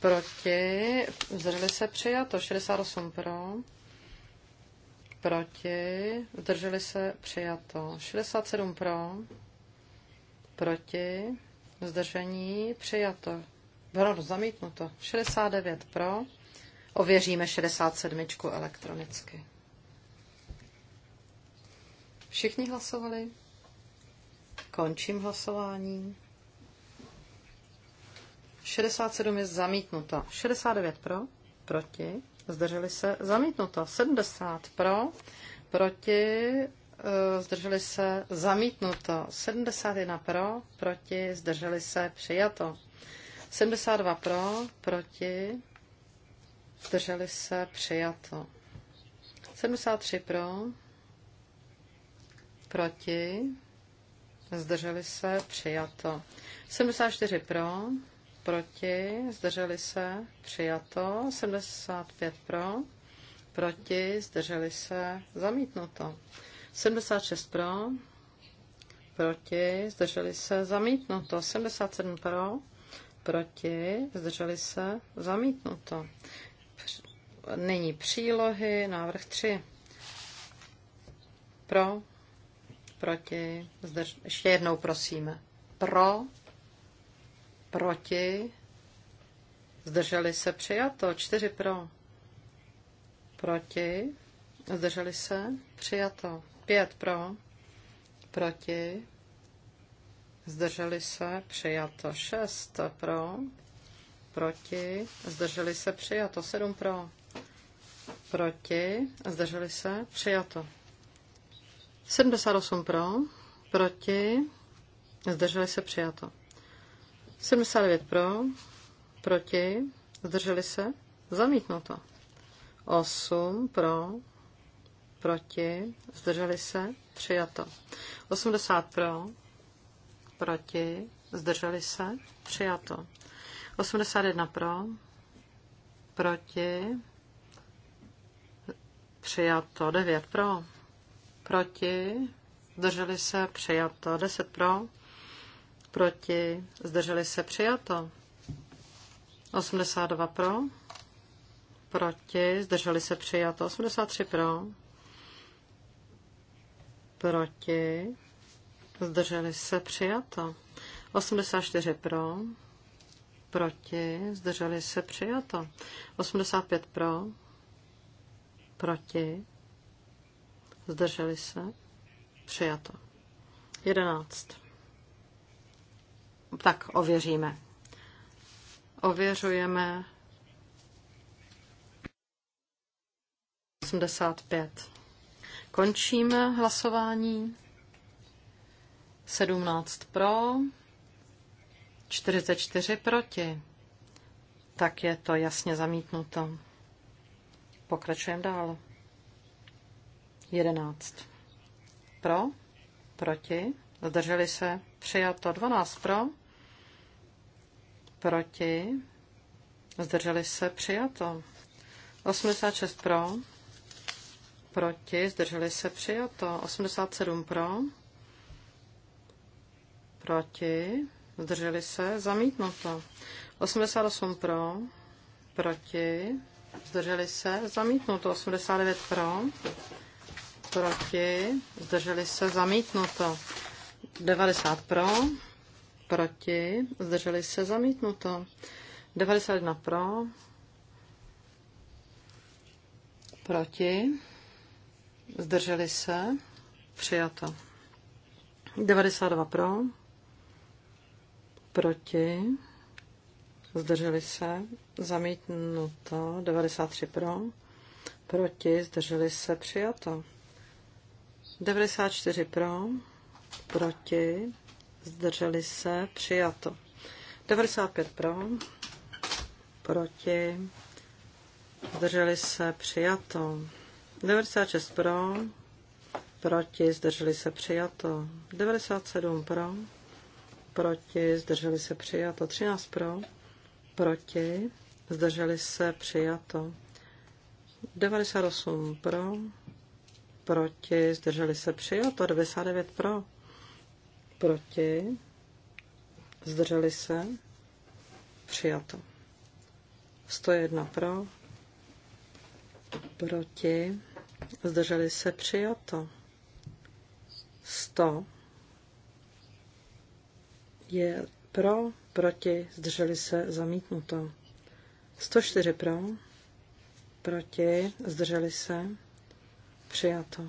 proti, zdrželi se přijato. 68 pro, proti, zdrželi se přijato. 67 pro, proti, zdržení přijato. Bylo zamítnuto. 69 pro, ověříme 67 elektronicky. Všichni hlasovali? Končím hlasování. 67 je zamítnuto. 69 pro, proti, zdrželi se, zamítnuto. 70 pro, proti, eh, zdrželi se, zamítnuto. 71 pro, proti, zdrželi se, přijato. 72 pro, proti, zdrželi se, přijato. 73 pro, proti, zdrželi se, přijato. 74 pro, proti, zdrželi se, přijato. 75 pro, proti, zdrželi se, zamítnuto. 76 pro, proti, zdrželi se, zamítnuto. 77 pro, proti, zdrželi se, zamítnuto. Nyní přílohy, návrh 3. Pro, proti, zdrž... ještě jednou prosím, pro, proti, zdrželi se přijato, čtyři pro, proti, zdrželi se přijato, pět pro, proti, zdrželi se přijato, šest pro, proti, zdrželi se přijato, sedm pro, proti, zdrželi se přijato. 78 pro, proti, zdrželi se přijato. 79 pro, proti, zdrželi se, zamítnuto. 8 pro, proti, zdrželi se, přijato. 80 pro, proti, zdrželi se, přijato. 81 pro, proti, přijato. 9 pro, proti, zdrželi se, přijato. 10 pro, proti, zdrželi se, přijato. 82 pro, proti, zdrželi se, přijato. 83 pro, proti, zdrželi se, přijato. 84 pro, proti, zdrželi se, přijato. 85 pro, proti, Zdrželi se? Přijato. 11. Tak ověříme. Ověřujeme 85. Končíme hlasování. 17 pro, 44 proti. Tak je to jasně zamítnuto. Pokračujeme dál. 11 pro, proti, zdrželi se, přijato 12 pro, proti, zdrželi se, přijato 86 pro, proti, zdrželi se, přijato 87 pro, proti, zdrželi se, zamítnuto 88 pro, proti, zdrželi se, zamítnuto 89 pro, proti, zdrželi se zamítnuto. 90 pro, proti, zdrželi se zamítnuto. 91 pro, proti, zdrželi se, přijato. 92 pro, proti, zdrželi se, zamítnuto. 93 pro, proti, zdrželi se, přijato. 94 pro, proti, zdrželi se, přijato. 95 pro, proti, zdrželi se, přijato. 96 pro, proti, zdrželi se, přijato. 97 pro, proti, zdrželi se, přijato. 13 pro, proti, zdrželi se, přijato. 98 pro, proti, zdrželi se přijato, 99 pro, proti, zdrželi se, přijato. 101 pro, proti, zdrželi se, přijato. 100 je pro, proti, zdrželi se, zamítnuto. 104 pro, proti, zdrželi se, Přijato.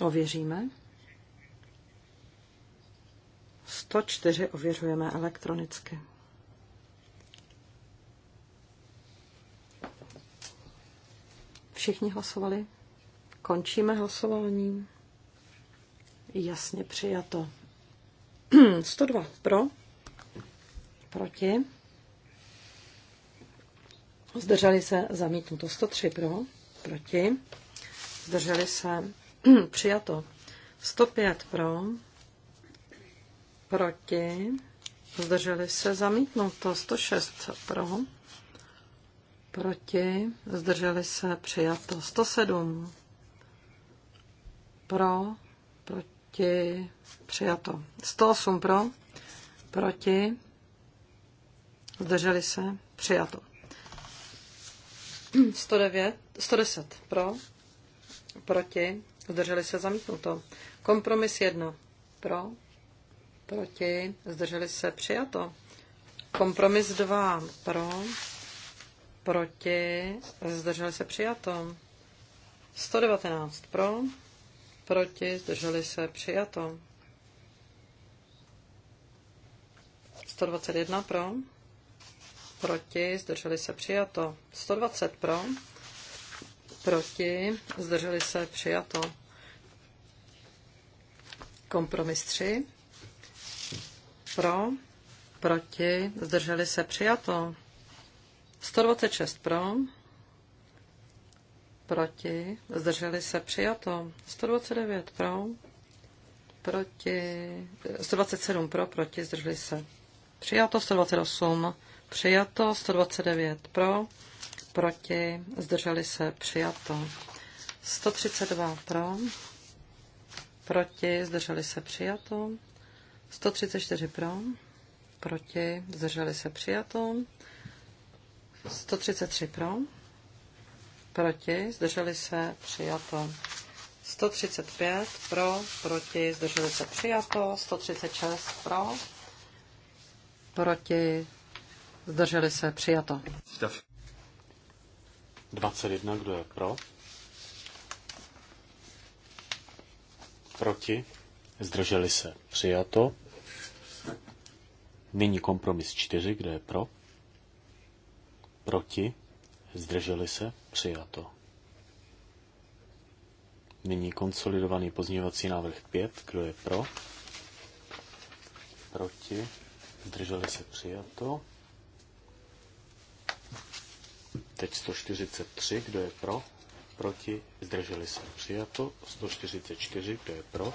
Ověříme. 104 ověřujeme elektronicky. Všichni hlasovali? Končíme hlasování. Jasně přijato. 102 pro, proti. Zdrželi se zamítnuto 103 pro, proti, zdrželi se, přijato. 105 pro, proti, zdrželi se, zamítnuto. 106 pro, proti, zdrželi se, přijato. 107 pro, proti, přijato. 108 pro, proti, zdrželi se, přijato. 109, 110 pro, proti, zdrželi se zamítnuto. Kompromis 1 pro, proti, zdrželi se přijato. Kompromis 2 pro, proti, zdrželi se přijato. 119 pro, proti, zdrželi se přijato. 121 pro, proti, zdrželi se přijato. 120 pro, proti, zdrželi se přijato. Kompromis 3, pro, proti, zdrželi se přijato. 126 pro, proti, zdrželi se přijato. 129 pro, proti, 127 pro, proti, zdrželi se přijato. 128 přijato, 129 pro, proti, zdrželi se, přijato, 132 pro, proti, zdrželi se, přijato, 134 pro, proti, zdrželi se, přijato, 133 pro, proti, zdrželi se, přijato. 135 pro, proti, zdrželi se přijato, 136 pro, proti, Zdrželi se. Přijato.
21. Kdo je pro? Proti? Zdrželi se. Přijato. Nyní kompromis 4. Kdo je pro? Proti? Zdrželi se. Přijato. Nyní konsolidovaný pozměňovací návrh 5. Kdo je pro? Proti? Zdrželi se přijato. Teď 143, kdo je pro, proti, zdrželi se, přijato. 144, kdo je pro,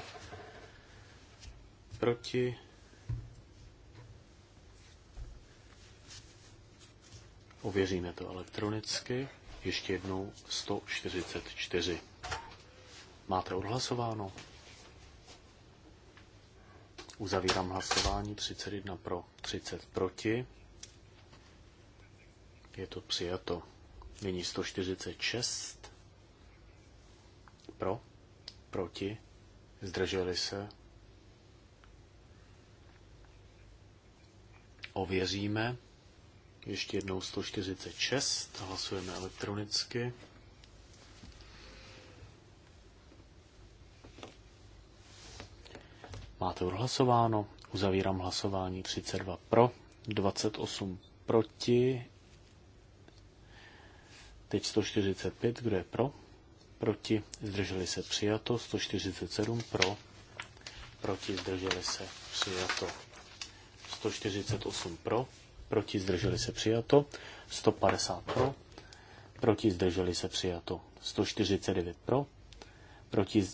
proti, ověříme to elektronicky, ještě jednou 144. Máte odhlasováno? Uzavírám hlasování 31 pro, 30 proti. Je to přijato. Nyní 146. Pro, proti, zdrželi se. Ověříme. Ještě jednou 146. Hlasujeme elektronicky. Máte odhlasováno. Uzavírám hlasování 32 pro, 28 proti, Teď 145, kdo je pro? Proti, zdrželi se přijato. 147 pro, proti, zdrželi se přijato. 148 pro, proti, zdrželi se přijato. 150 pro, proti, zdrželi se přijato. 149 pro, proti,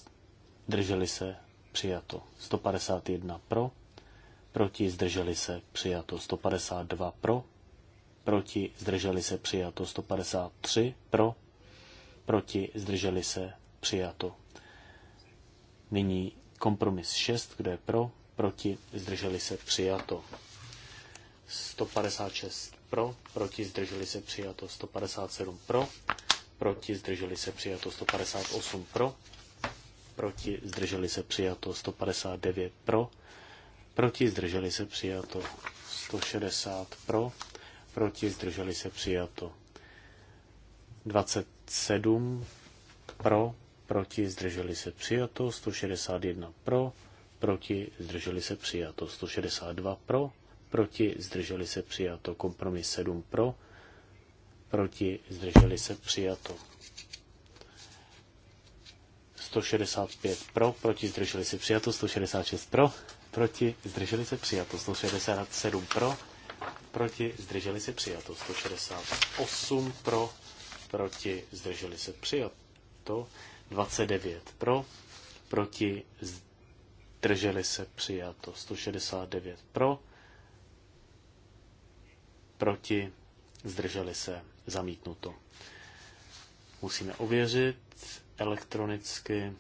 zdrželi se přijato. 151 pro, proti, zdrželi se přijato. 152 pro, proti, zdrželi se přijato 153, pro, proti, zdrželi se přijato. Nyní kompromis 6, kde je pro, proti, zdrželi se přijato. 156 pro, proti, zdrželi se přijato 157 pro, proti, zdrželi se přijato 158 pro, proti, zdrželi se přijato 159 pro, proti, zdrželi se přijato 160 pro, proti, zdrželi se přijato. 27 pro, proti, zdrželi se přijato, 161 pro, proti, zdrželi se přijato, 162 pro, proti, zdrželi se přijato, kompromis 7 pro, proti, zdrželi se přijato. 165 pro, proti, zdrželi se přijato, 166 pro, proti, zdrželi se přijato, 167 pro, proti, zdrželi se přijato. 168 pro, proti, zdrželi se přijato. 29 pro, proti, zdrželi se přijato. 169 pro, proti, zdrželi se zamítnuto. Musíme ověřit elektronicky.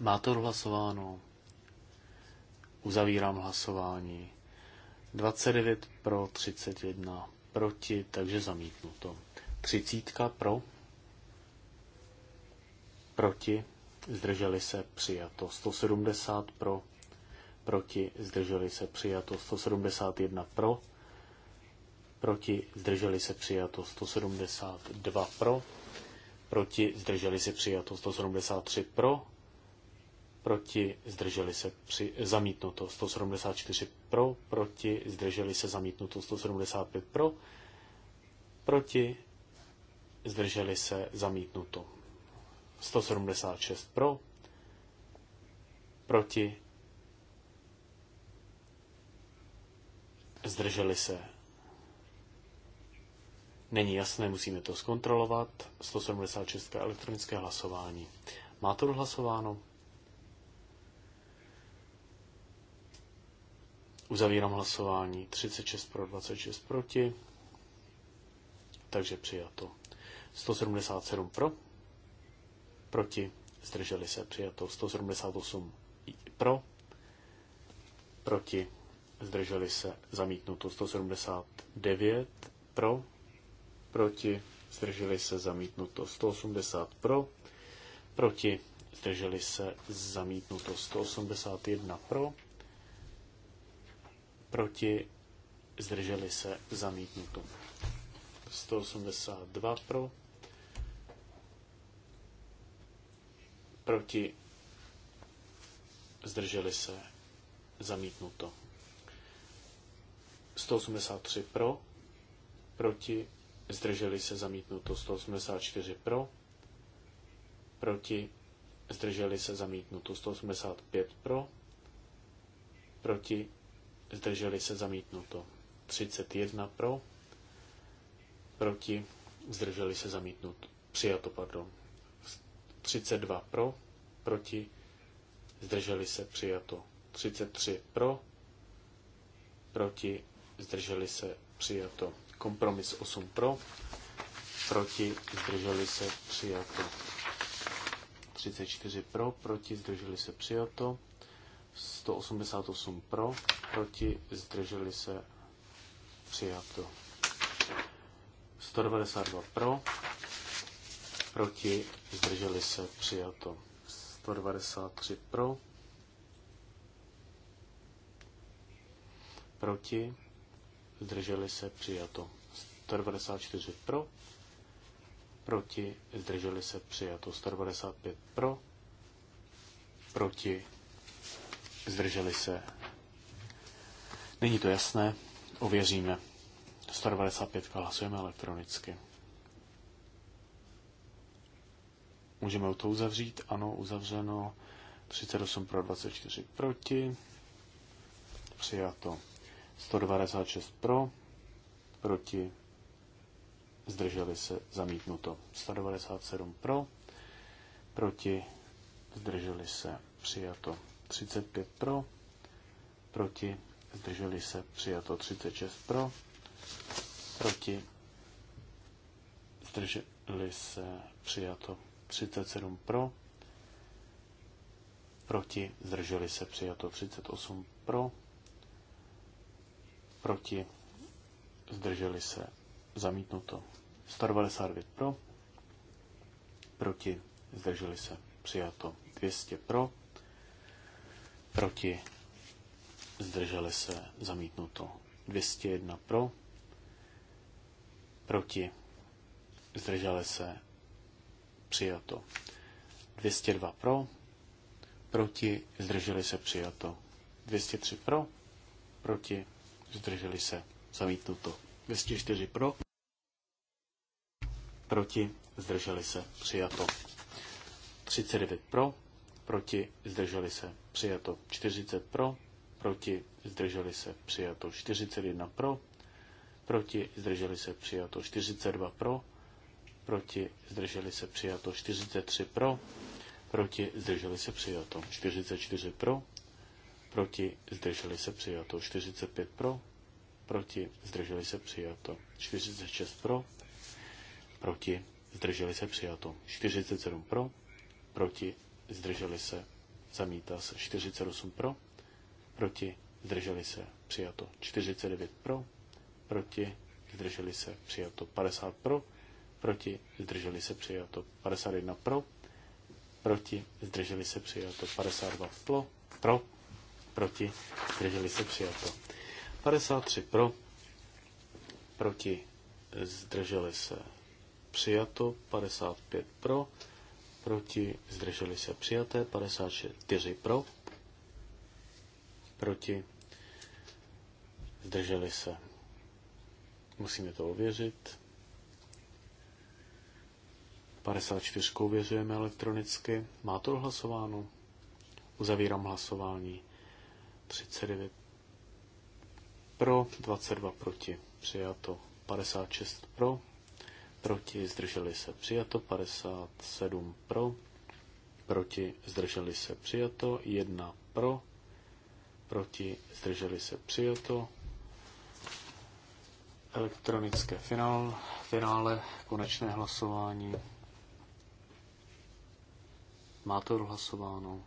Má to hlasováno Uzavírám hlasování. 29 pro, 31 proti, takže zamítnuto. 30 pro, proti, zdrželi se přijato. 170 pro, proti, zdrželi se přijato. 171 pro, proti, zdrželi se přijato. 172 pro, proti, zdrželi se přijato. 173 pro, proti, zdrželi se při, zamítnuto 174 pro, proti, zdrželi se zamítnuto 175 pro, proti, zdrželi se zamítnuto 176 pro, proti, zdrželi se. Není jasné, musíme to zkontrolovat. 176 elektronické hlasování. Má to hlasováno? Uzavírám hlasování 36 pro 26 proti, takže přijato. 177 pro, proti, zdrželi se, přijato. 178 pro, proti, zdrželi se, zamítnuto. 179 pro, proti, zdrželi se, zamítnuto. 180 pro, proti, zdrželi se, zamítnuto. 181 pro, proti, zdrželi se, zamítnuto. 182 pro, proti, zdrželi se, zamítnuto. 183 pro, proti, zdrželi se, zamítnuto. 184 pro, proti, zdrželi se, zamítnuto. 185 pro, proti, zdrželi se zamítnuto. 31 pro, proti, zdrželi se zamítnuto. Přijato, pardon. 32 pro, proti, zdrželi se přijato. 33 pro, proti, zdrželi se přijato. Kompromis 8 pro, proti, zdrželi se přijato. 34 pro, proti, zdrželi se přijato. 188 pro, proti, zdrželi se, přijato. 192 pro, proti, zdrželi se, přijato. 193 pro, proti, zdrželi se, přijato. 194 pro, proti, zdrželi se, přijato. 195 pro, proti, zdrželi se, Není to jasné, ověříme. 195 hlasujeme elektronicky. Můžeme to uzavřít? Ano, uzavřeno. 38 pro 24 proti. Přijato. 196 pro, proti, zdrželi se, zamítnuto. 197 pro, proti, zdrželi se, přijato. 35 pro, proti, zdrželi se, přijato 36 pro, proti, zdrželi se, přijato 37 pro, proti, zdrželi se, přijato 38 pro, proti, zdrželi se, zamítnuto 192 pro, proti, zdrželi se, přijato 200 pro, proti, zdrželi se, zamítnuto. 201 pro, proti, zdrželi se, přijato. 202 pro, proti, zdrželi se, přijato. 203 pro, proti, zdrželi se, zamítnuto. 204 pro, proti, zdrželi se, přijato. 39 pro, proti, zdrželi se, přijato. 40 pro, proti, zdrželi se, přijato 41 pro, proti, zdrželi se, přijato 42 pro, proti, zdrželi se, přijato 43 pro, proti, zdrželi se, přijato 44 pro, proti, zdrželi se, přijato 45 pro, proti, zdrželi se, přijato 46 pro, proti, zdrželi se, přijato 47 pro, proti, zdrželi se, zamítá se 48 pro, proti, zdrželi se, přijato 49 pro, proti, zdrželi se, přijato 50 pro, proti, zdrželi se, přijato 51 pro, proti, zdrželi se, přijato 52 plo, pro proti, zdrželi se, přijato 53 pro, proti, zdrželi se, přijato 55 pro, proti, zdrželi se, přijaté 54 pro, proti, zdrželi se. Musíme to ověřit. 54 ověřujeme elektronicky. Má to hlasováno? Uzavírám hlasování. 39 pro, 22 proti. Přijato 56 pro, proti zdrželi se přijato, 57 pro, proti zdrželi se přijato, 1 pro, proti, zdrželi se přijato. Elektronické finál, finále, konečné hlasování. Má to odhlasováno.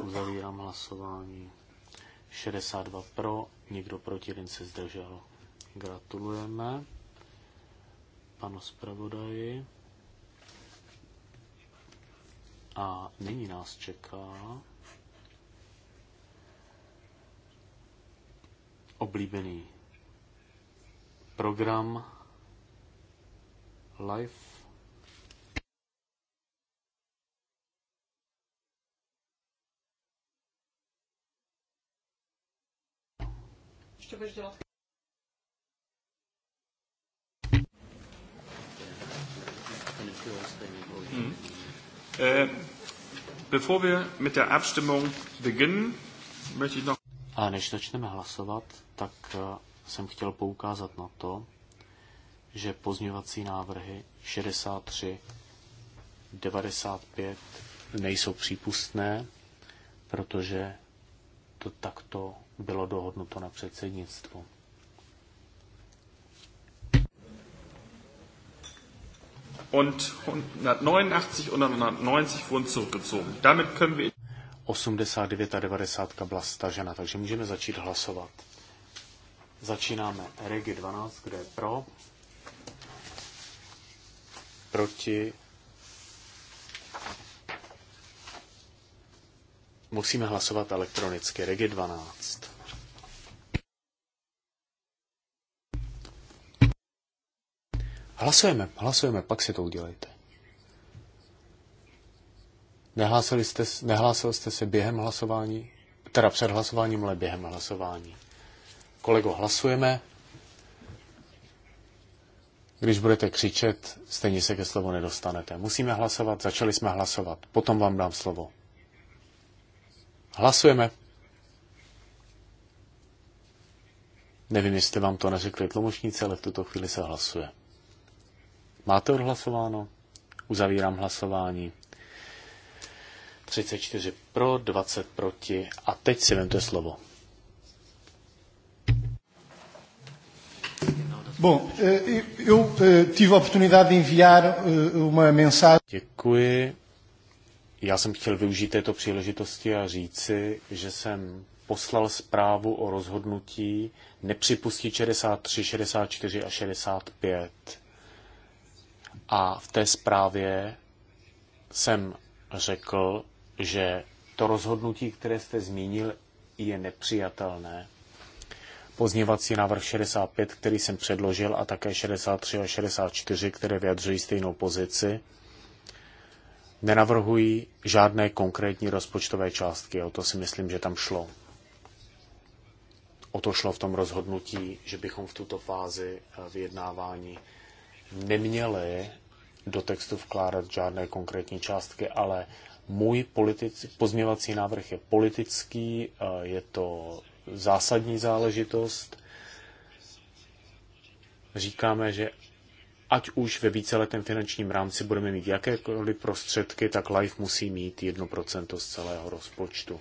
Uzavírám hlasování. 62 pro, nikdo proti, jen se zdržel. Gratulujeme panu zpravodaji. A nyní nás čeká oblíbený program Life
hm. äh, bevor wir mit der Abstimmung
beginnen, möchte ich noch a než začneme hlasovat, tak eh, jsem chtěl poukázat na to, že pozměvací návrhy 63, 95 nejsou přípustné, protože to takto bylo dohodnuto na předsednictvu. Und
189 und 190 wurden zurückgezogen.
Damit können wir 89 a 90 byla stažena, takže můžeme začít hlasovat. Začínáme Regi 12, kde je pro, proti, musíme hlasovat elektronicky, Regi 12. Hlasujeme, hlasujeme, pak si to udělejte. Nehlásili jste, nehlásil jste se během hlasování, teda před hlasováním, ale během hlasování. Kolego, hlasujeme. Když budete křičet, stejně se ke slovu nedostanete. Musíme hlasovat, začali jsme hlasovat, potom vám dám slovo. Hlasujeme. Nevím, jestli vám to neřekli tlumočníci, ale v tuto chvíli se hlasuje. Máte odhlasováno? Uzavírám hlasování. 34 pro, 20 proti. A teď si vemte slovo.
Bom, eh, eu eh, tive a oportunidade de enviar eh, uma mensagem.
Děkuji. Já jsem chtěl využít této příležitosti a říci, že jsem poslal zprávu o rozhodnutí nepřipustit 63, 64 a 65. A v té zprávě jsem řekl, že to rozhodnutí, které jste zmínil, je nepřijatelné. Pozněvací návrh 65, který jsem předložil, a také 63 a 64, které vyjadřují stejnou pozici, nenavrhují žádné konkrétní rozpočtové částky. O to si myslím, že tam šlo. O to šlo v tom rozhodnutí, že bychom v tuto fázi eh, vyjednávání neměli do textu vkládat žádné konkrétní částky, ale můj pozměvací návrh je politický, je to zásadní záležitost. Říkáme, že ať už ve víceletém finančním rámci budeme mít jakékoliv prostředky, tak LIFE musí mít 1% z celého rozpočtu.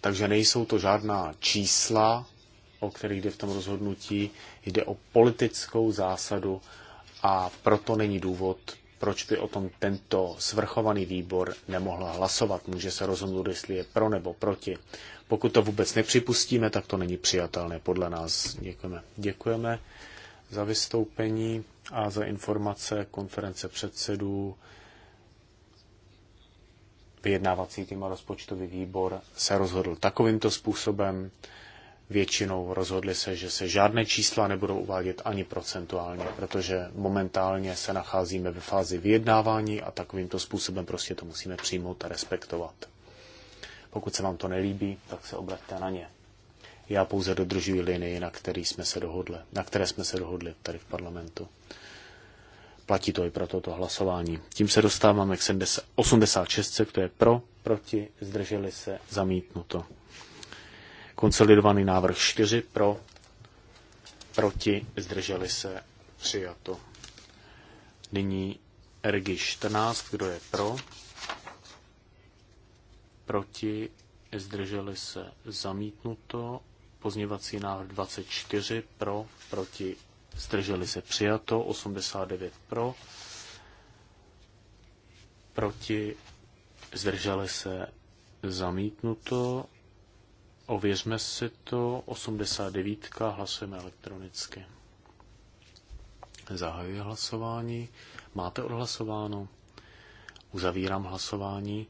Takže nejsou to žádná čísla, o kterých jde v tom rozhodnutí, jde o politickou zásadu a proto není důvod proč by o tom tento svrchovaný výbor nemohl hlasovat. Může se rozhodnout, jestli je pro nebo proti. Pokud to vůbec nepřipustíme, tak to není přijatelné podle nás. Děkujeme. Děkujeme za vystoupení a za informace konference předsedů. Vyjednávací tým a rozpočtový výbor se rozhodl takovýmto způsobem většinou rozhodli se, že se žádné čísla nebudou uvádět ani procentuálně, protože momentálně se nacházíme ve fázi vyjednávání a takovýmto způsobem prostě to musíme přijmout a respektovat. Pokud se vám to nelíbí, tak se obraťte na ně. Já pouze dodržuji linii, na, který jsme se dohodli, na které jsme se dohodli tady v parlamentu. Platí to i pro toto hlasování. Tím se dostáváme k 86, to je pro, proti, zdrželi se, zamítnuto. Konsolidovaný návrh 4 pro, proti, zdrželi se, přijato. Nyní RG 14, kdo je pro, proti, zdrželi se, zamítnuto. Pozněvací návrh 24 pro, proti, zdrželi se, přijato. 89 pro, proti, zdrželi se, zamítnuto. Ověřme si to. 89. Hlasujeme elektronicky. Zahajuji hlasování. Máte odhlasováno? Uzavírám hlasování.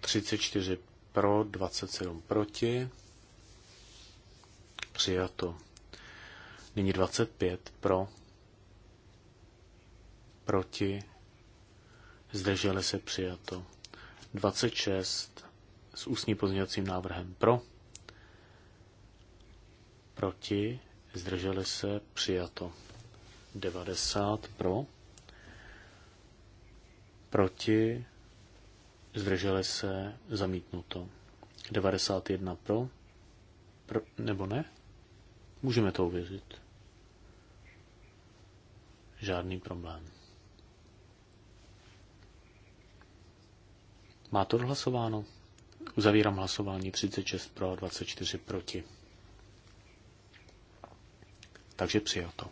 34 pro, 27 proti. Přijato. Nyní 25 pro, proti, zdrželi se přijato. 26 s ústní pozměňovacím návrhem pro, proti, zdrželi se, přijato. 90 pro, proti, zdrželi se, zamítnuto. 91 pro, pro nebo ne? Můžeme to uvěřit. Žádný problém. Má to odhlasováno? Uzavírám hlasování 36 pro a 24 proti takže přijato.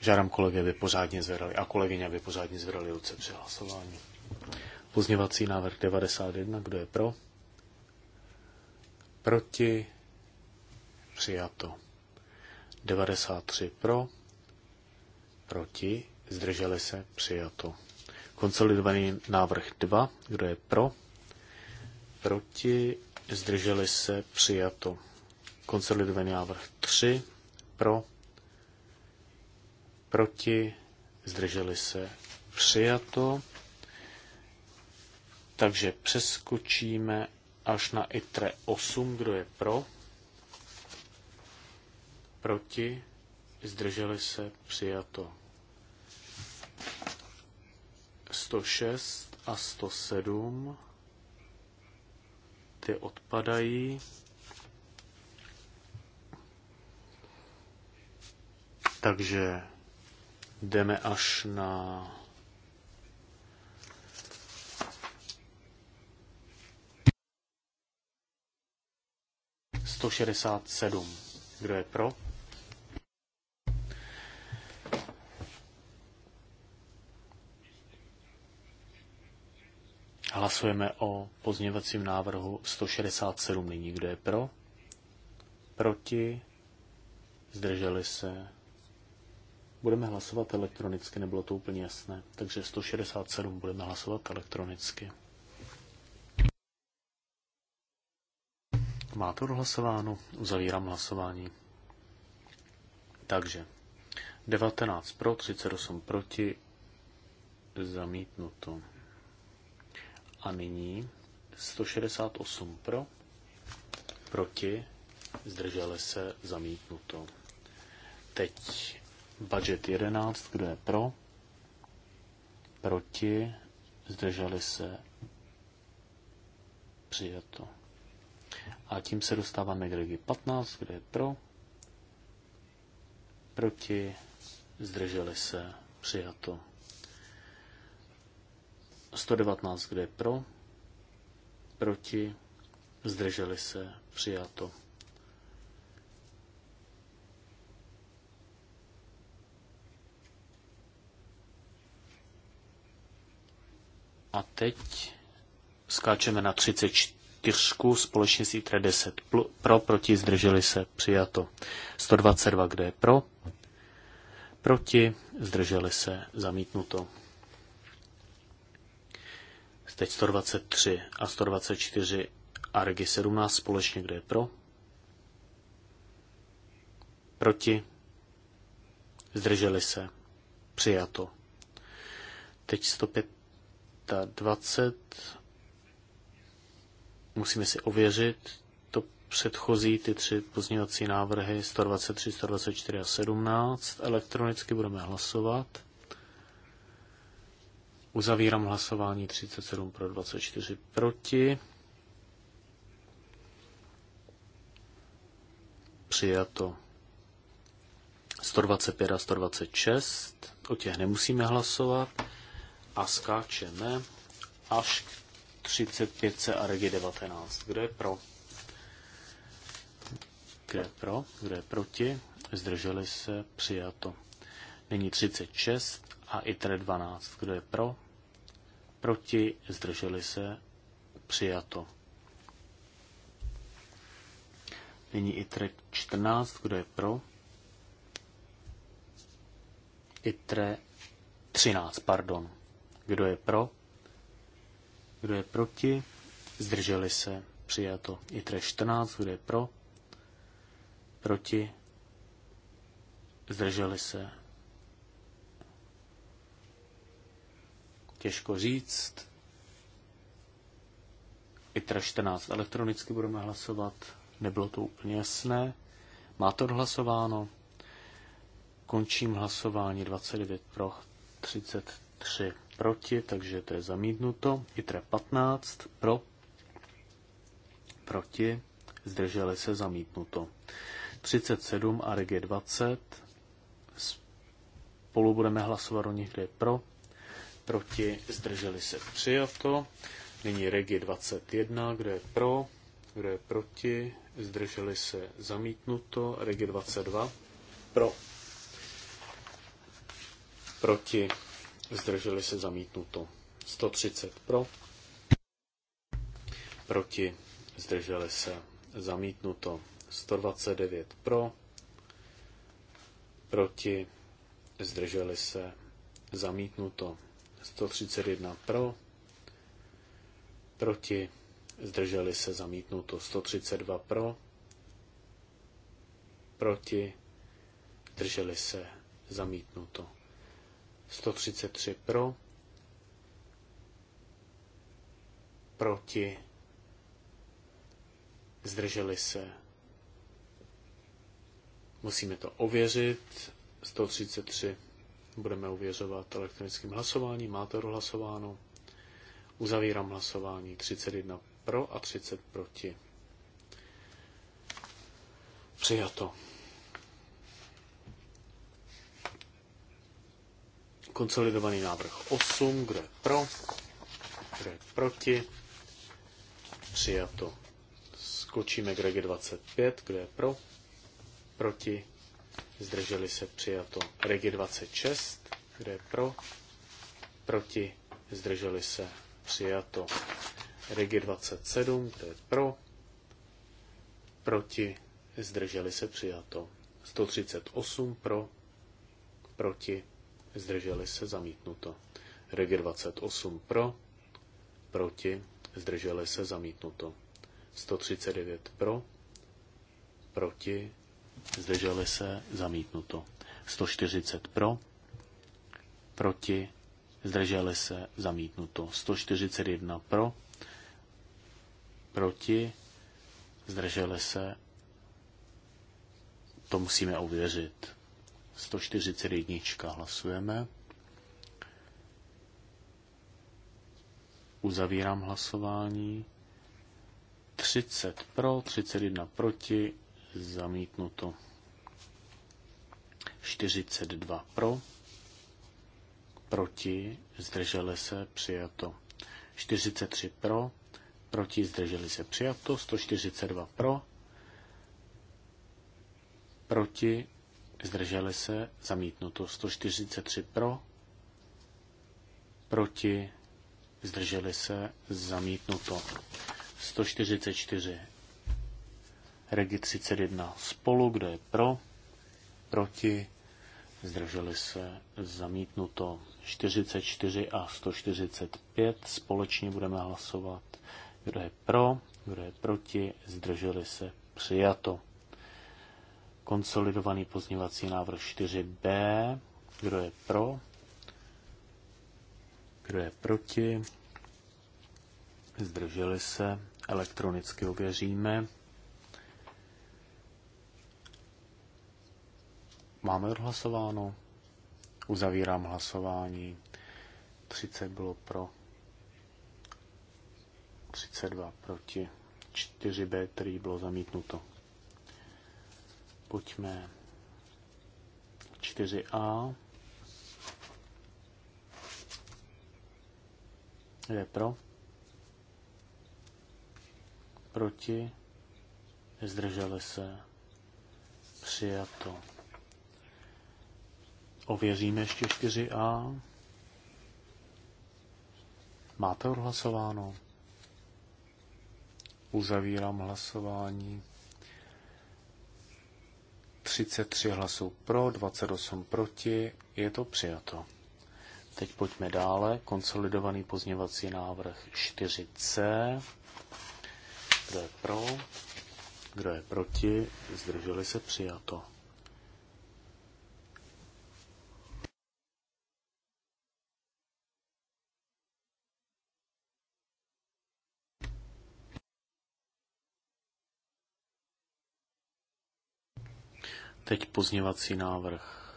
Žádám kolegy, aby pořádně zvedali, a kolegyně, aby pořádně zvedali ruce při hlasování. Pozněvací návrh 91, kdo je pro? Proti? Přijato. 93 pro? Proti? Zdrželi se? Přijato. Konsolidovaný návrh 2, kdo je pro? Proti? Zdrželi se? Přijato. Konsolidovaný návrh 3 pro, proti, zdrželi se přijato. Takže přeskočíme až na ITRE 8, kdo je pro, proti, zdrželi se přijato. 106 a 107 ty odpadají. Takže jdeme až na sto šedesát sedm. Kdo je pro? Hlasujeme o pozměvacím návrhu 167 nyní. Kdo je pro? Proti? Zdrželi se? Budeme hlasovat elektronicky, nebylo to úplně jasné. Takže 167 budeme hlasovat elektronicky. Má to odhlasováno, uzavírám hlasování. Takže 19 pro, 38 proti, zamítnuto. A nyní 168 pro, proti, zdrželi se, zamítnuto. Teď Budget 11, kdo je pro? Proti? Zdrželi se? Přijato. A tím se dostáváme k regi 15, kdo je pro? Proti? Zdrželi se? Přijato. 119, kde je pro? Proti? Zdrželi se? Přijato. A teď skáčeme na 34 společně s ITRE 10. Pro, proti, zdrželi se, přijato. 122, kde je pro, proti, zdrželi se, zamítnuto. Teď 123 a 124 a regi 17 společně, kde je pro, proti, zdrželi se, přijato. Teď 105 320. Musíme si ověřit to předchozí, ty tři pozměňovací návrhy 123, 124 a 17. Elektronicky budeme hlasovat. Uzavírám hlasování 37 pro 24 proti. Přijato 125 a 126. O těch nemusíme hlasovat a skáčeme až k 35 a regi 19. Kdo je pro? Kdo je pro? Kdo je proti? Zdrželi se? Přijato. Není 36 a i 12. Kdo je pro? Proti? Zdrželi se? Přijato. Nyní i 14. Kdo je pro? i 13, pardon. Kdo je pro? Kdo je proti? Zdrželi se. Přijato. ITRE 14. Kdo je pro? Proti? Zdrželi se. Těžko říct. Itra 14. Elektronicky budeme hlasovat. Nebylo to úplně jasné. Má to odhlasováno? Končím hlasování 29 pro 33 proti, takže to je zamítnuto. ITRE 15 pro, proti, zdrželi se zamítnuto. 37 a RG 20 spolu budeme hlasovat o nich, kde je pro, proti, zdrželi se přijato. Nyní Regi 21, kdo je pro, kdo je proti, zdrželi se zamítnuto. Regi 22, pro, proti, zdrželi se zamítnuto. 130 pro, proti, zdrželi se zamítnuto. 129 pro, proti, zdrželi se zamítnuto. 131 pro, proti, zdrželi se zamítnuto. 132 pro, proti, zdrželi se zamítnuto. 133 pro, proti, zdrželi se. Musíme to ověřit. 133 budeme ověřovat elektronickým hlasováním. Máte odhlasováno. Uzavírám hlasování. 31 pro a 30 proti. Přijato. Konsolidovaný návrh 8, kdo je pro, kdo je proti, přijato. Skočíme k regi 25, kdo je pro, proti, zdrželi se přijato. Regi 26, kdo je pro, proti, zdrželi se přijato. Regi 27, kdo je pro, proti, zdrželi se přijato. 138 pro, proti, zdrželi se, zamítnuto. Regi 28 pro, proti, zdrželi se, zamítnuto. 139 pro, proti, zdrželi se, zamítnuto. 140 pro, proti, zdrželi se, zamítnuto. 141 pro, proti, zdrželi se, to musíme ověřit. 141 hlasujeme. Uzavírám hlasování. 30 pro, 31 proti, zamítnuto. 42 pro, proti, zdrželi se, přijato. 43 pro, proti, zdrželi se, přijato. 142 pro, proti, zdrželi se, zamítnuto 143 pro, proti, zdrželi se, zamítnuto 144. Regi 31 spolu, kdo je pro, proti, zdrželi se, zamítnuto 44 a 145, společně budeme hlasovat, kdo je pro, kdo je proti, zdrželi se, přijato. Konsolidovaný pozněvací návrh 4b. Kdo je pro? Kdo je proti? Zdrželi se? Elektronicky ověříme. Máme odhlasováno? Uzavírám hlasování. 30 bylo pro, 32 proti, 4B, který bylo zamítnuto. Pojďme 4a. Je pro. Proti. Zdrželi se. Přijato. Ověříme ještě 4a. Máte odhlasováno? Uzavírám hlasování. 33 hlasů pro, 28 proti, je to přijato. Teď pojďme dále. Konsolidovaný pozměvací návrh 4C. Kdo je pro? Kdo je proti? Zdrželi se přijato. Teď pozněvací návrh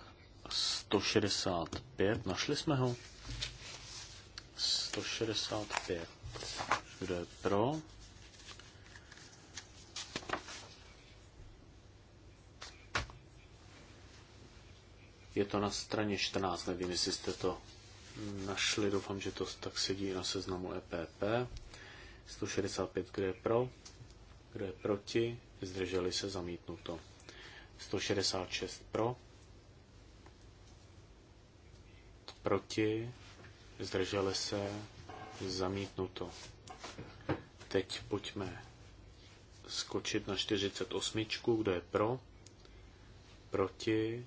165. Našli jsme ho? 165. Kdo je pro? Je to na straně 14, nevím, jestli jste to našli, doufám, že to tak sedí na seznamu EPP. 165, kdo je pro, kdo je proti, zdrželi se zamítnuto. 166 pro, proti, zdrželi se, zamítnuto. Teď pojďme skočit na 48, kdo je pro, proti,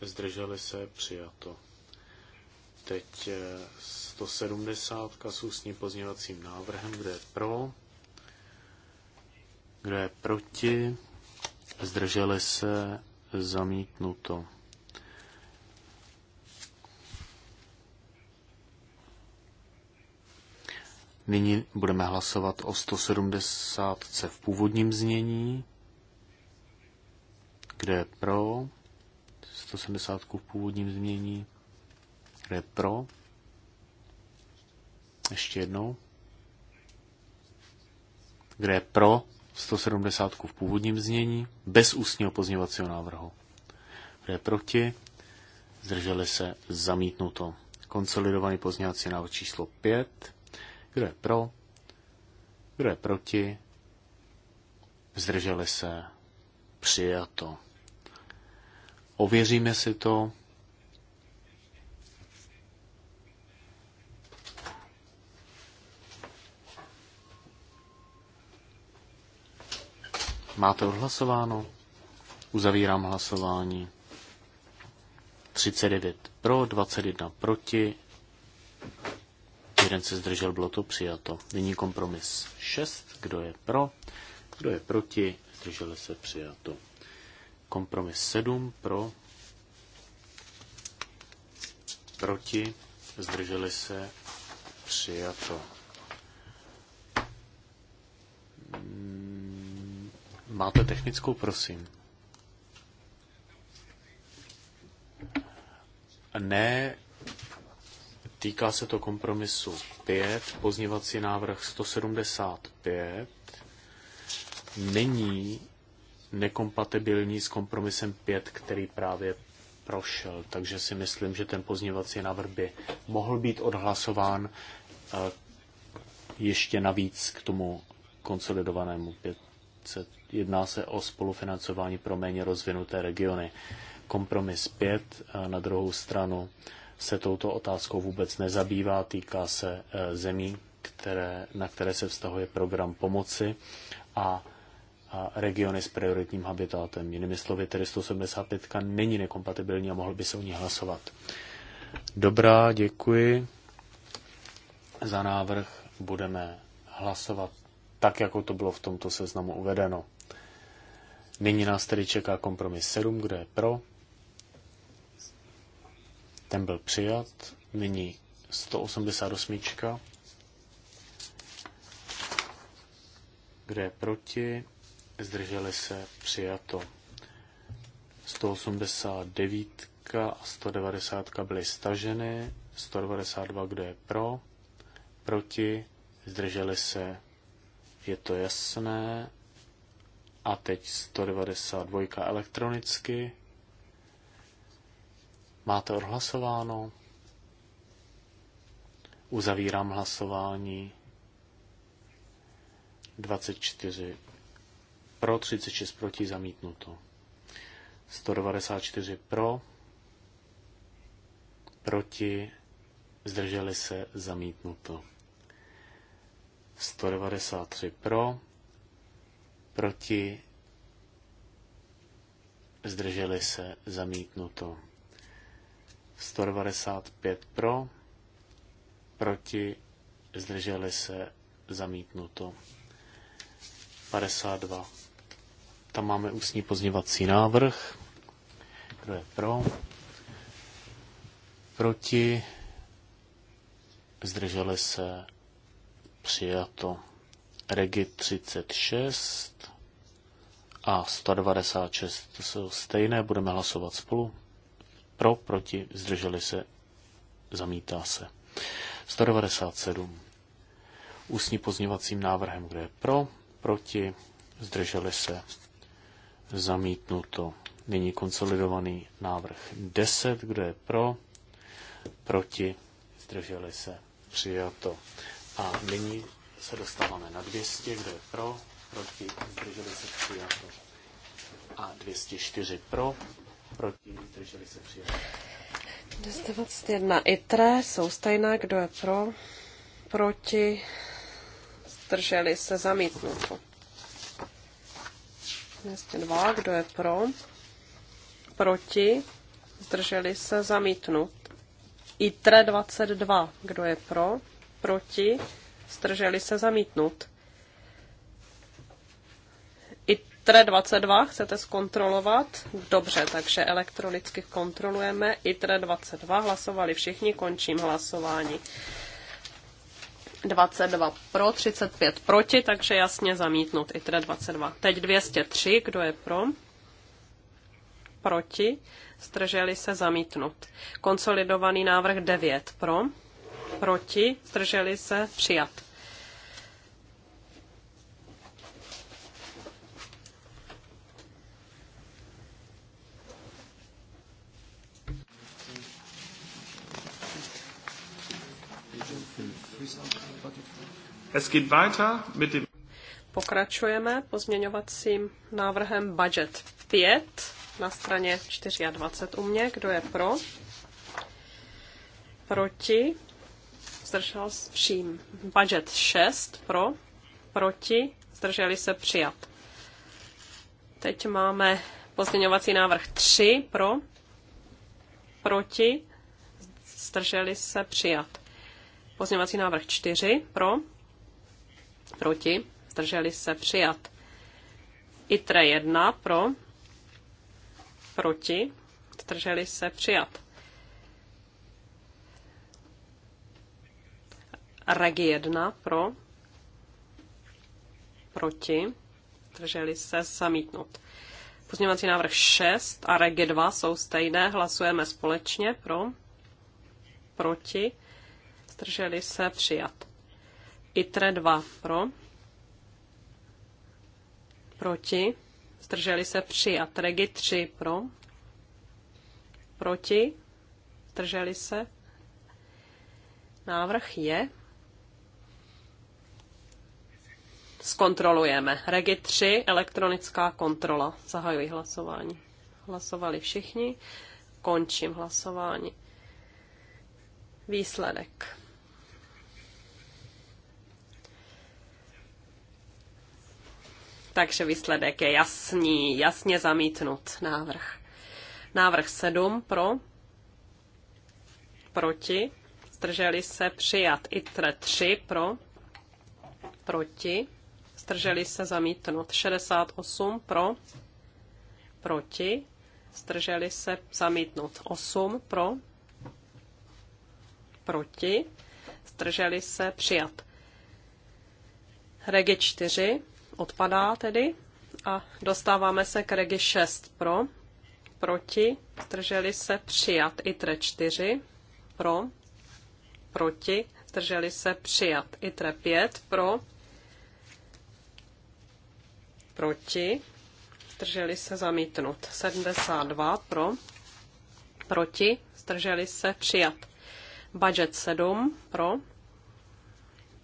zdrželi se, přijato. Teď 170 eh, s ústním pozněvacím návrhem, kde je pro, kde je proti, zdrželi se, zamítnuto. Nyní budeme hlasovat o 170 v původním znění. Kde je pro? 170 v původním znění. Kde je pro? Ještě jednou. Kde je pro 170 v původním znění, bez ústního pozněvacího návrhu. Kdo je proti? Zdrželi se zamítnuto. Konsolidovaný pozněvací návrh číslo 5. Kdo je pro? Kdo je proti? Zdrželi se přijato. Ověříme si to. Máte odhlasováno? Uzavírám hlasování. 39 pro, 21 proti. Jeden se zdržel, bylo to přijato. Nyní kompromis 6. Kdo je pro? Kdo je proti? Zdrželi se přijato. Kompromis 7 pro, proti, zdrželi se přijato. Máte technickou, prosím. Ne, týká se to kompromisu 5, pozněvací návrh 175 není nekompatibilní s kompromisem 5, který právě prošel. Takže si myslím, že ten pozněvací návrh by mohl být odhlasován eh, ještě navíc k tomu konsolidovanému 5 jedná se o spolufinancování pro méně rozvinuté regiony. Kompromis 5 eh, na druhou stranu se touto otázkou vůbec nezabývá, týká se eh, zemí, které, na které se vztahuje program pomoci a, a regiony s prioritním habitátem. Jinými slovy, tedy 175 není nekompatibilní a mohl by se o ní hlasovat. Dobrá, děkuji za návrh. Budeme hlasovat tak, jako to bylo v tomto seznamu uvedeno. Nyní nás tedy čeká kompromis 7, kde je pro. Ten byl přijat. Nyní 188, kde je proti, zdrželi se přijato. 189 a 190 byly staženy, 192, kde je pro, proti, zdrželi se je to jasné. A teď 192 elektronicky. Máte odhlasováno? Uzavírám hlasování. 24 pro, 36 proti, zamítnuto. 194 pro, proti, zdrželi se, zamítnuto. 193 pro, proti, zdrželi se, zamítnuto. 195 pro, proti, zdrželi se, zamítnuto. 52. Tam máme ústní pozněvací návrh. Kdo je pro? Proti, zdrželi se, přijato. Regi 36 a 196 to jsou stejné, budeme hlasovat spolu. Pro, proti, zdrželi se, zamítá se. 197. Ústní pozněvacím návrhem, kde je pro, proti, zdrželi se, zamítnuto. Nyní konsolidovaný návrh 10, kde je pro, proti, zdrželi se, přijato. A nyní se dostáváme na 200, kdo je pro, proti, zdrželi se přijato. A 204 pro, proti, zdrželi se přijato.
221 ITRE jsou stejná, kdo je pro, proti, zdrželi se zamítnuto. 202, kdo je pro, proti, zdrželi se zamítnut. ITRE 22, kdo je pro, proti, zdrželi se zamítnut. ITRE 22 chcete zkontrolovat? Dobře, takže elektronicky kontrolujeme. ITRE 22 hlasovali všichni, končím hlasování. 22 pro, 35 proti, takže jasně zamítnut ITRE 22. Teď 203, kdo je pro? Proti, zdrželi se zamítnut. Konsolidovaný návrh 9 pro proti, zdrželi se, přijat.
Es geht weiter mit dem
Pokračujeme pozměňovacím návrhem budget 5 na straně 24 u mě. Kdo je pro? Proti? zdržel vším. Budget 6 pro, proti, zdrželi se přijat. Teď máme pozměňovací návrh 3 pro, proti, zdrželi se přijat. Pozměňovací návrh 4 pro, proti, zdrželi se přijat. ITRE 1 pro, proti, zdrželi se přijat. Regi 1 pro, proti, drželi se zamítnout. Pozměňovací návrh 6 a Regi 2 jsou stejné, hlasujeme společně pro, proti, zdrželi se přijat. ITRE 2 pro, proti, zdrželi se přijat. Regi 3 pro, proti, zdrželi se. Návrh je zkontrolujeme. Regi 3, elektronická kontrola. Zahajuji hlasování. Hlasovali všichni. Končím hlasování. Výsledek. Takže výsledek je jasný, jasně zamítnut návrh. Návrh 7 pro, proti, zdrželi se přijat i 3 pro, proti, Zdrželi se zamítnout. 68 pro. Proti. Zdrželi se zamítnout. 8 pro. Proti. Zdrželi se přijat. Regi 4 odpadá tedy a dostáváme se k regi 6 pro, proti, zdrželi se přijat tre 4 pro, proti, zdrželi se přijat tre 5 pro, proti, zdrželi se zamítnut. 72 pro, proti, zdrželi se přijat. Budget 7 pro,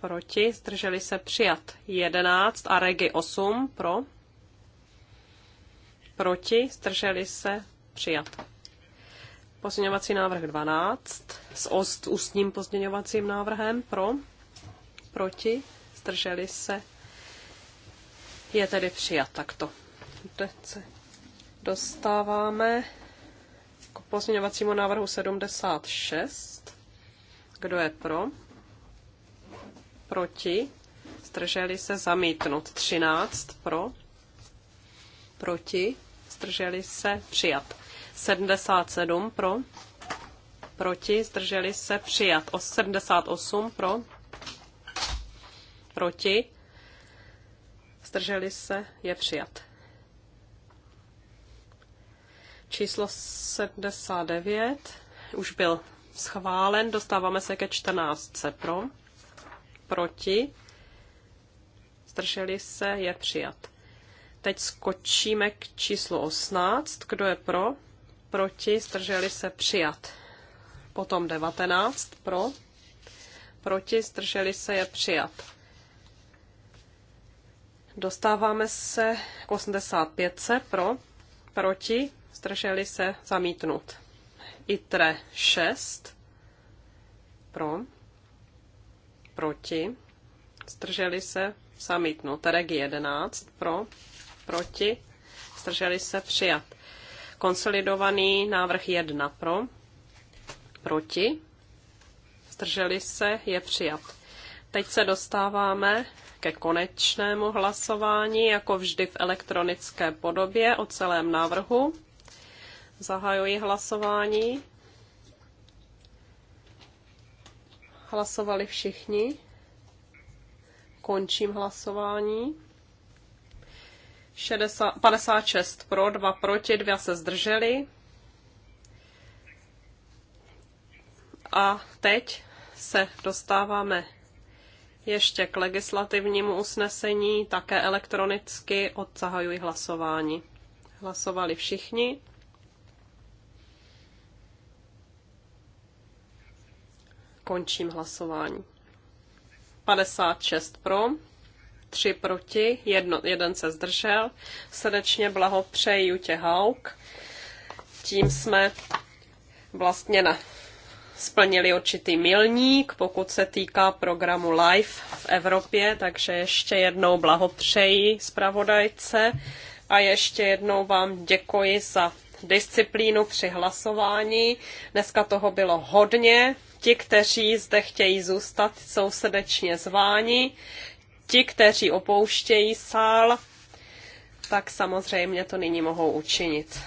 proti, zdrželi se přijat. 11 a regi 8 pro, proti, zdrželi se přijat. Pozměňovací návrh 12 s ost ústním pozměňovacím návrhem pro, proti, zdrželi se je tedy přijat takto. Teď se dostáváme k pozměňovacímu návrhu 76. Kdo je pro? Proti? Zdrželi se zamítnout. 13 pro? Proti? Zdrželi se přijat. 77 pro? Proti? Zdrželi se přijat. 78 pro? Proti? zdrželi se, je přijat. Číslo 79 už byl schválen, dostáváme se ke 14 pro, proti, zdrželi se, je přijat. Teď skočíme k číslu 18, kdo je pro, proti, zdrželi se, přijat. Potom 19 pro, proti, zdrželi se, je přijat. Dostáváme se k 85 pro, proti, zdrželi se zamítnut. ITRE 6 pro, proti, strželi se zamítnut. REG 11 pro, proti, strželi se přijat. Konsolidovaný návrh 1 pro, proti, strželi se je přijat. Teď se dostáváme ke konečnému hlasování, jako vždy v elektronické podobě o celém návrhu. Zahajuji hlasování. Hlasovali všichni. Končím hlasování. 60, 56 pro, 2 proti, 2 se zdrželi. A teď se dostáváme ještě k legislativnímu usnesení, také elektronicky odzahajuji hlasování. Hlasovali všichni. Končím hlasování. 56 pro, 3 proti, jedno, jeden se zdržel. Srdečně blahopřeji Jutě Hauk. Tím jsme vlastně na splnili určitý milník, pokud se týká programu LIFE v Evropě, takže ještě jednou blahopřeji zpravodajce a ještě jednou vám děkuji za disciplínu při hlasování. Dneska toho bylo hodně. Ti, kteří zde chtějí zůstat, jsou srdečně zváni. Ti, kteří opouštějí sál, tak samozřejmě to nyní mohou učinit.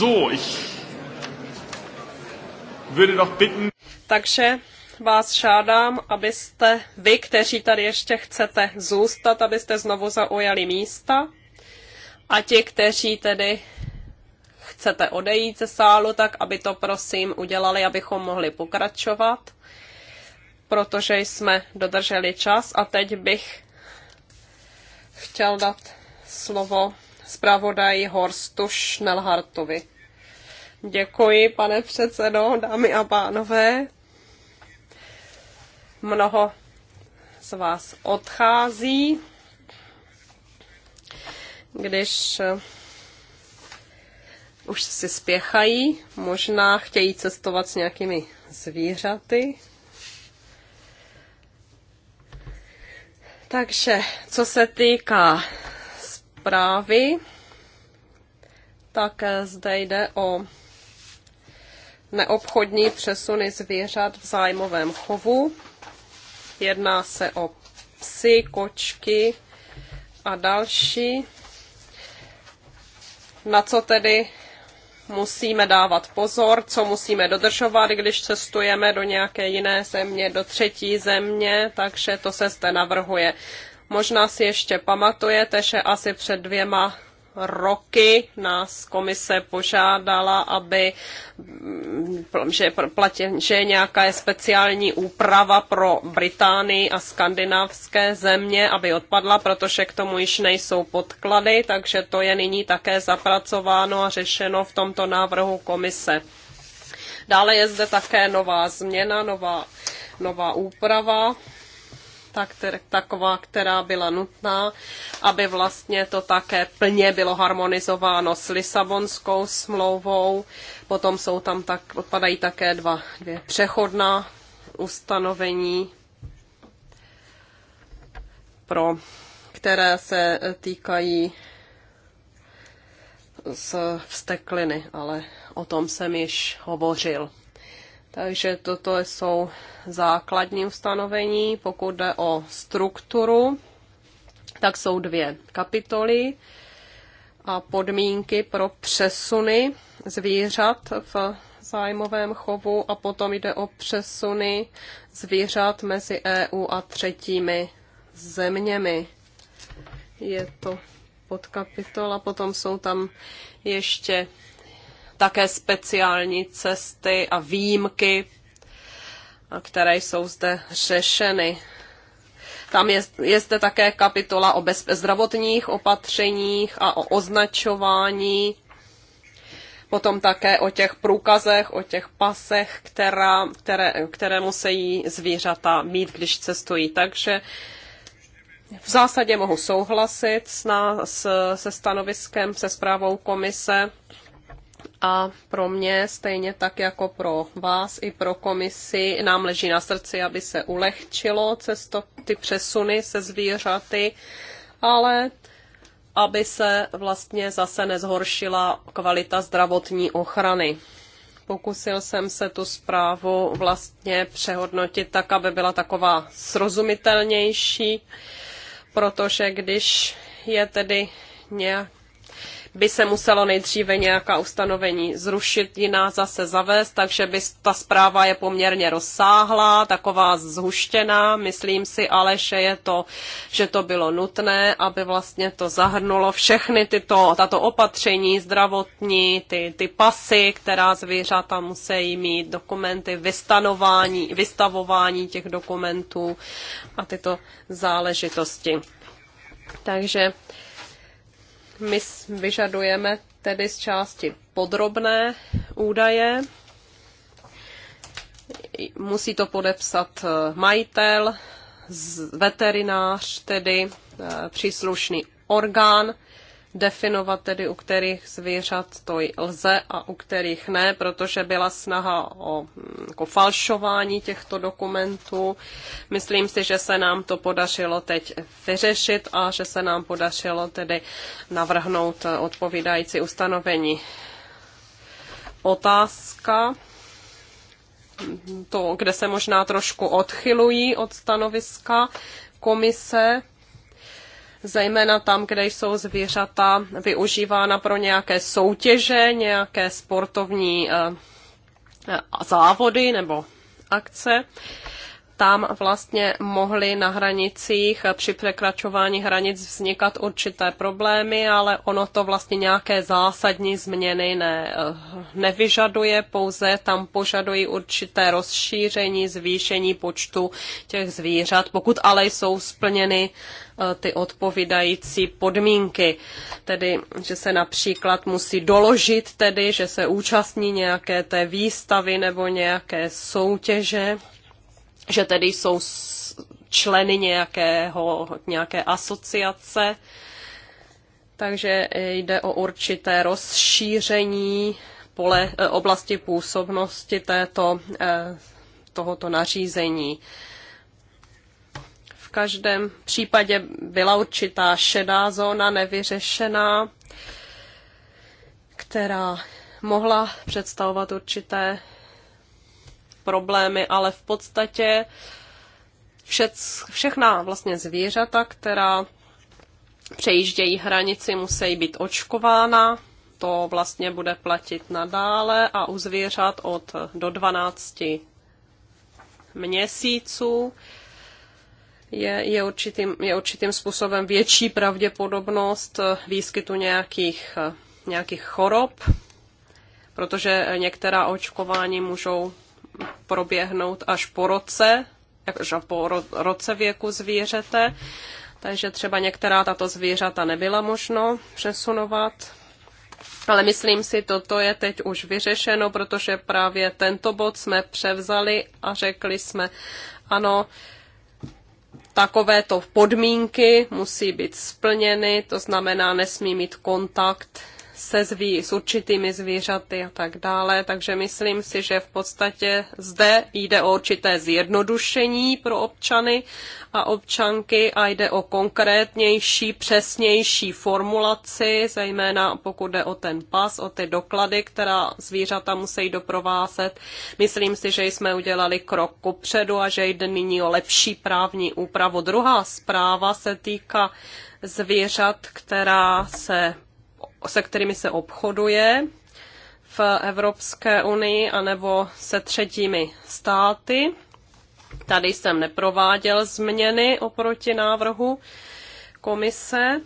So, ich
würde doch bitten.
Takže vás žádám, abyste vy, kteří tady ještě chcete zůstat, abyste znovu zaujali místa. A ti, kteří tedy chcete odejít ze sálu, tak aby to prosím udělali, abychom mohli pokračovat, protože jsme dodrželi čas a teď bych chtěl dát slovo zpravodaji Horstu Schnellhartovi. Děkuji, pane předsedo, dámy a pánové. Mnoho z vás odchází, když už si spěchají, možná chtějí cestovat s nějakými zvířaty. Takže, co se týká zprávy, tak zde jde o neobchodní přesuny zvířat v zájmovém chovu. Jedná se o psy, kočky a další, na co tedy musíme dávat pozor, co musíme dodržovat, když cestujeme do nějaké jiné země, do třetí země, takže to se zde navrhuje. Možná si ještě pamatujete, že asi před dvěma roky nás komise požádala, aby mm, že, platě, že je nějaká speciální úprava pro Británii a skandinávské země, aby odpadla, protože k tomu již nejsou podklady, takže to je nyní také zapracováno a řešeno v tomto návrhu komise. Dále je zde také nová změna, nová, nová úprava ta, kter, taková, která byla nutná, aby vlastně to také plně bylo harmonizováno s Lisabonskou smlouvou. Potom jsou tam tak, odpadají také dva, dvě přechodná ustanovení pro které se týkají z vstekliny, ale o tom jsem již hovořil. Takže toto jsou základní ustanovení. Pokud jde o strukturu, tak jsou dvě kapitoly a podmínky pro přesuny zvířat v zájmovém chovu a potom jde o přesuny zvířat mezi EU a třetími zeměmi. Je to podkapitola, potom jsou tam ještě také speciální cesty a výjimky, které jsou zde řešeny. Tam je, je zde také kapitola o bez, zdravotních opatřeních a o označování, potom také o těch průkazech, o těch pasech, která, které, které musí zvířata mít, když cestují. Takže v zásadě mohu souhlasit s, s se stanoviskem, se zprávou komise. A pro mě, stejně tak jako pro vás i pro komisi, nám leží na srdci, aby se ulehčilo cesto, ty přesuny se zvířaty, ale aby se vlastně zase nezhoršila kvalita zdravotní ochrany. Pokusil jsem se tu zprávu vlastně přehodnotit tak, aby byla taková srozumitelnější, protože když je tedy nějak by se muselo nejdříve nějaká ustanovení zrušit, jiná zase zavést, takže by ta zpráva je poměrně rozsáhlá, taková zhuštěná, myslím si ale, že, je to, že to bylo nutné, aby vlastně to zahrnulo všechny tyto, tato opatření zdravotní, ty, ty pasy, která zvířata musí mít, dokumenty, vystanování, vystavování těch dokumentů a tyto záležitosti. Takže my vyžadujeme tedy z části podrobné údaje. Musí to podepsat eh, majitel, veterinář, tedy eh, příslušný orgán definovat tedy, u kterých zvířat to lze a u kterých ne, protože byla snaha o hm, jako falšování těchto dokumentů. Myslím si, že se nám to podařilo teď vyřešit a že se nám podařilo tedy navrhnout odpovídající ustanovení. Otázka to, kde se možná trošku odchylují od stanoviska komise, zejména tam, kde jsou zvířata využívána pro nějaké soutěže, nějaké sportovní eh, eh, závody nebo akce tam vlastně mohly na hranicích při překračování hranic vznikat určité problémy, ale ono to vlastně nějaké zásadní změny ne, nevyžaduje, pouze tam požadují určité rozšíření, zvýšení počtu těch zvířat, pokud ale jsou splněny eh, ty odpovídající podmínky. Tedy, že se například musí doložit tedy, že se účastní nějaké té výstavy nebo nějaké soutěže že tedy jsou členy nějakého, nějaké asociace, takže jde o určité rozšíření pole, eh, oblasti působnosti této, eh, tohoto nařízení. V každém případě byla určitá šedá zóna nevyřešená, která mohla představovat určité problémy, ale v podstatě všec, všechna vlastně zvířata, která přejíždějí hranici, musí být očkována. To vlastně bude platit nadále a u zvířat od do 12 měsíců je, je, určitým, je určitým způsobem větší pravděpodobnost výskytu nějakých, nějakých chorob, protože některá očkování můžou proběhnout až po roce, jakože po roce věku zvířete, takže třeba některá tato zvířata nebyla možno přesunovat. Ale myslím si, toto je teď už vyřešeno, protože právě tento bod jsme převzali a řekli jsme, ano, takovéto podmínky musí být splněny, to znamená, nesmí mít kontakt se zví, s určitými zvířaty a tak dále, takže myslím si, že v podstatě zde jde o určité zjednodušení pro občany a občanky a jde o konkrétnější, přesnější formulaci, zejména pokud jde o ten pas, o ty doklady, která zvířata musí doprovázet. Myslím si, že jsme udělali krok kupředu a že jde nyní o lepší právní úpravu. Druhá zpráva se týká zvířat, která se se kterými se obchoduje v Evropské unii anebo se třetími státy. Tady jsem neprováděl změny oproti návrhu komise.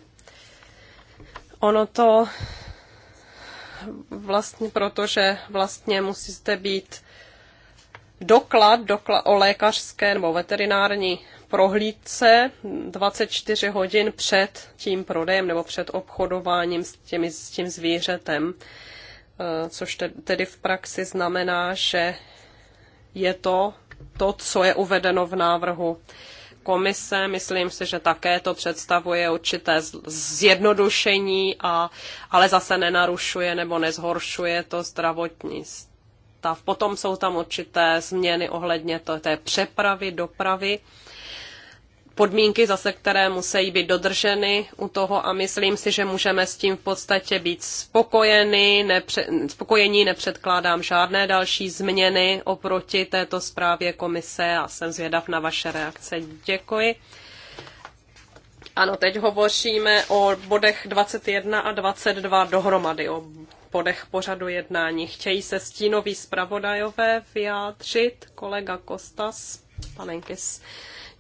Ono to vlastně protože vlastně musíte být doklad, doklad o lékařské nebo veterinární prohlídce 24 hodin před tím prodejem nebo před obchodováním s, těmi, s tím zvířetem, eh, což tedy v praxi znamená, že je to to, co je uvedeno v návrhu komise. Myslím si, že také to představuje určité zjednodušení, a, ale zase nenarušuje nebo nezhoršuje to zdravotní stav. Potom jsou tam určité změny ohledně to, té přepravy, dopravy. Uh, podmínky zase, které musí být dodrženy u toho a myslím si, že můžeme s tím v podstatě být spokojeni, nepře- spokojení, nepředkládám žádné další změny oproti této zprávě komise a jsem zvědav na vaše reakce. Děkuji. Ano, teď hovoříme o bodech 21 a 22 dohromady, o bodech pořadu jednání. Chtějí se stínoví zpravodajové vyjádřit, kolega Kostas, panenkis.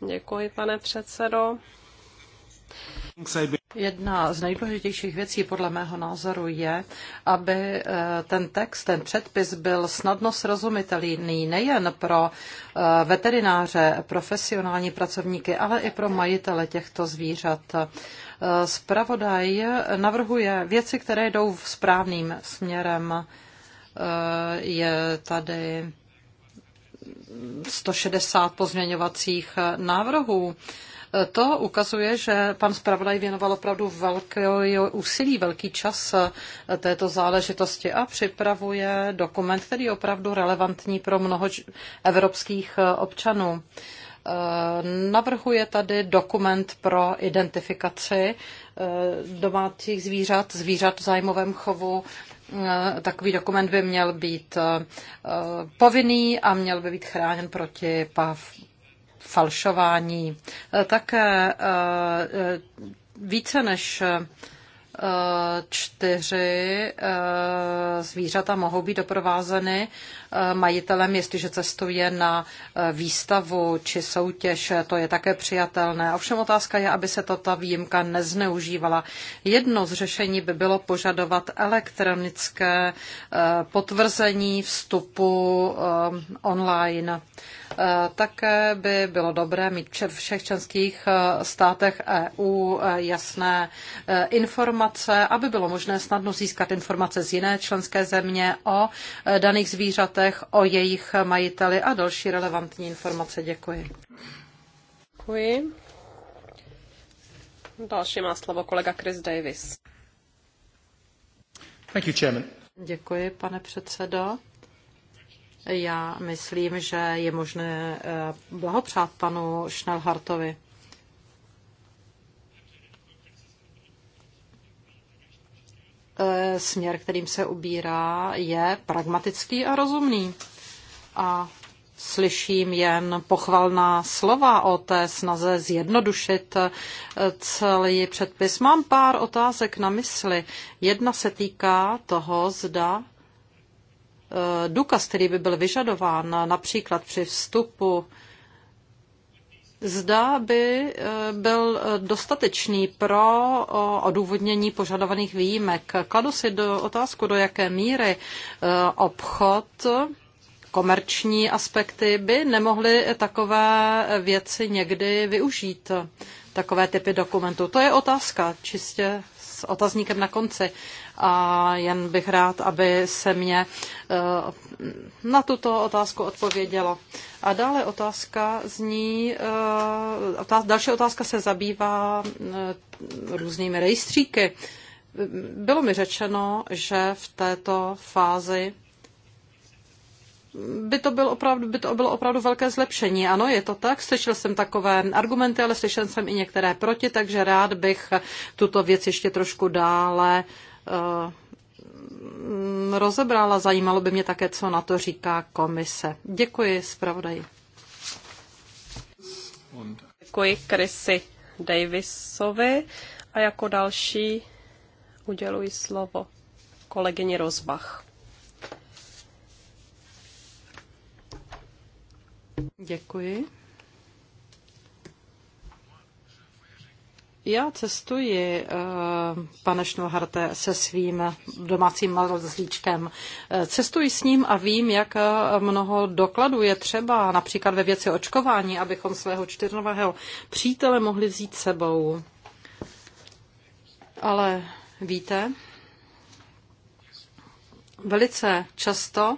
Děkuji, pane předsedo.
Jedna z nejdůležitějších věcí podle mého názoru je, aby eh, ten text, ten předpis byl snadno srozumitelný nejen pro eh, veterináře, profesionální pracovníky, ale i pro majitele těchto zvířat. Spravodaj eh, navrhuje věci, které jdou v správným směrem. Je tady 160 pozměňovacích eh, návrhů. Eh, to ukazuje, že pan zpravodaj věnoval opravdu velké úsilí, velký čas eh, této záležitosti a připravuje dokument, který je opravdu relevantní pro mnoho evropských občanů. Navrhuje tady dokument pro identifikaci domácích zvířat, zvířat v zájmovém chovu, Eh, takový dokument by měl být eh, povinný a měl by být chráněn proti falšování. Eh, také více než čtyři eh, zvířata mohou být doprovázeny eh, majitelem, jestliže cestuje na eh, výstavu či soutěž, to je také přijatelné. Ovšem otázka je, aby se to ta výjimka nezneužívala. Jedno z řešení by bylo požadovat elektronické potvrzení vstupu online. Eh, také by bylo dobré mít v všech členských eh, státech EU eh, jasné informace, aby bylo možné snadno získat informace z jiné členské země o daných zvířatech, o jejich majiteli a další relevantní informace. Děkuji.
Děkuji. Další má slovo kolega Chris Davis.
Thank you, Chairman.
Děkuji, pane předsedo. Já myslím, že je možné eh, blahopřát panu Schnellhartovi. Eh, směr, kterým se ubírá, je pragmatický a rozumný. A slyším jen pochvalná slova o té snaze zjednodušit eh, celý předpis. Mám pár otázek na mysli. Jedna se týká toho, zda Eh, důkaz, který by byl vyžadován například při vstupu, zda by eh, byl dostatečný pro odůvodnění požadovaných výjimek. Kladu si do otázku, do jaké míry eh, obchod komerční aspekty by nemohly takové věci někdy využít, takové typy dokumentů. To je otázka, čistě s otazníkem na konci a jen bych rád, aby se mě eh, na tuto otázku odpovědělo. A dále otázka zní, eh, další otázka se zabývá eh, různými rejstříky. Bylo mi řečeno, že v této fázi by to, bylo opravdu, by to bylo opravdu velké zlepšení. Ano, je to tak. Slyšel jsem takové argumenty, ale slyšel jsem i některé proti, takže rád bych tuto věc ještě trošku dále uh, Eh, rozebrala. Zajímalo by mě také, co na to říká
komise. Děkuji, zpravodaji. Děkuji Chrisi Davisovi a jako další uděluji slovo kolegyni Rozbach. Děkuji.
Já cestuji, eh, pane Šnoharte, se svým domácím mazlíčkem. Eh, cestuji s ním a vím, jak eh, mnoho dokladů je třeba, například ve věci očkování, abychom svého čtyřnového přítele mohli vzít sebou. Ale víte, velice často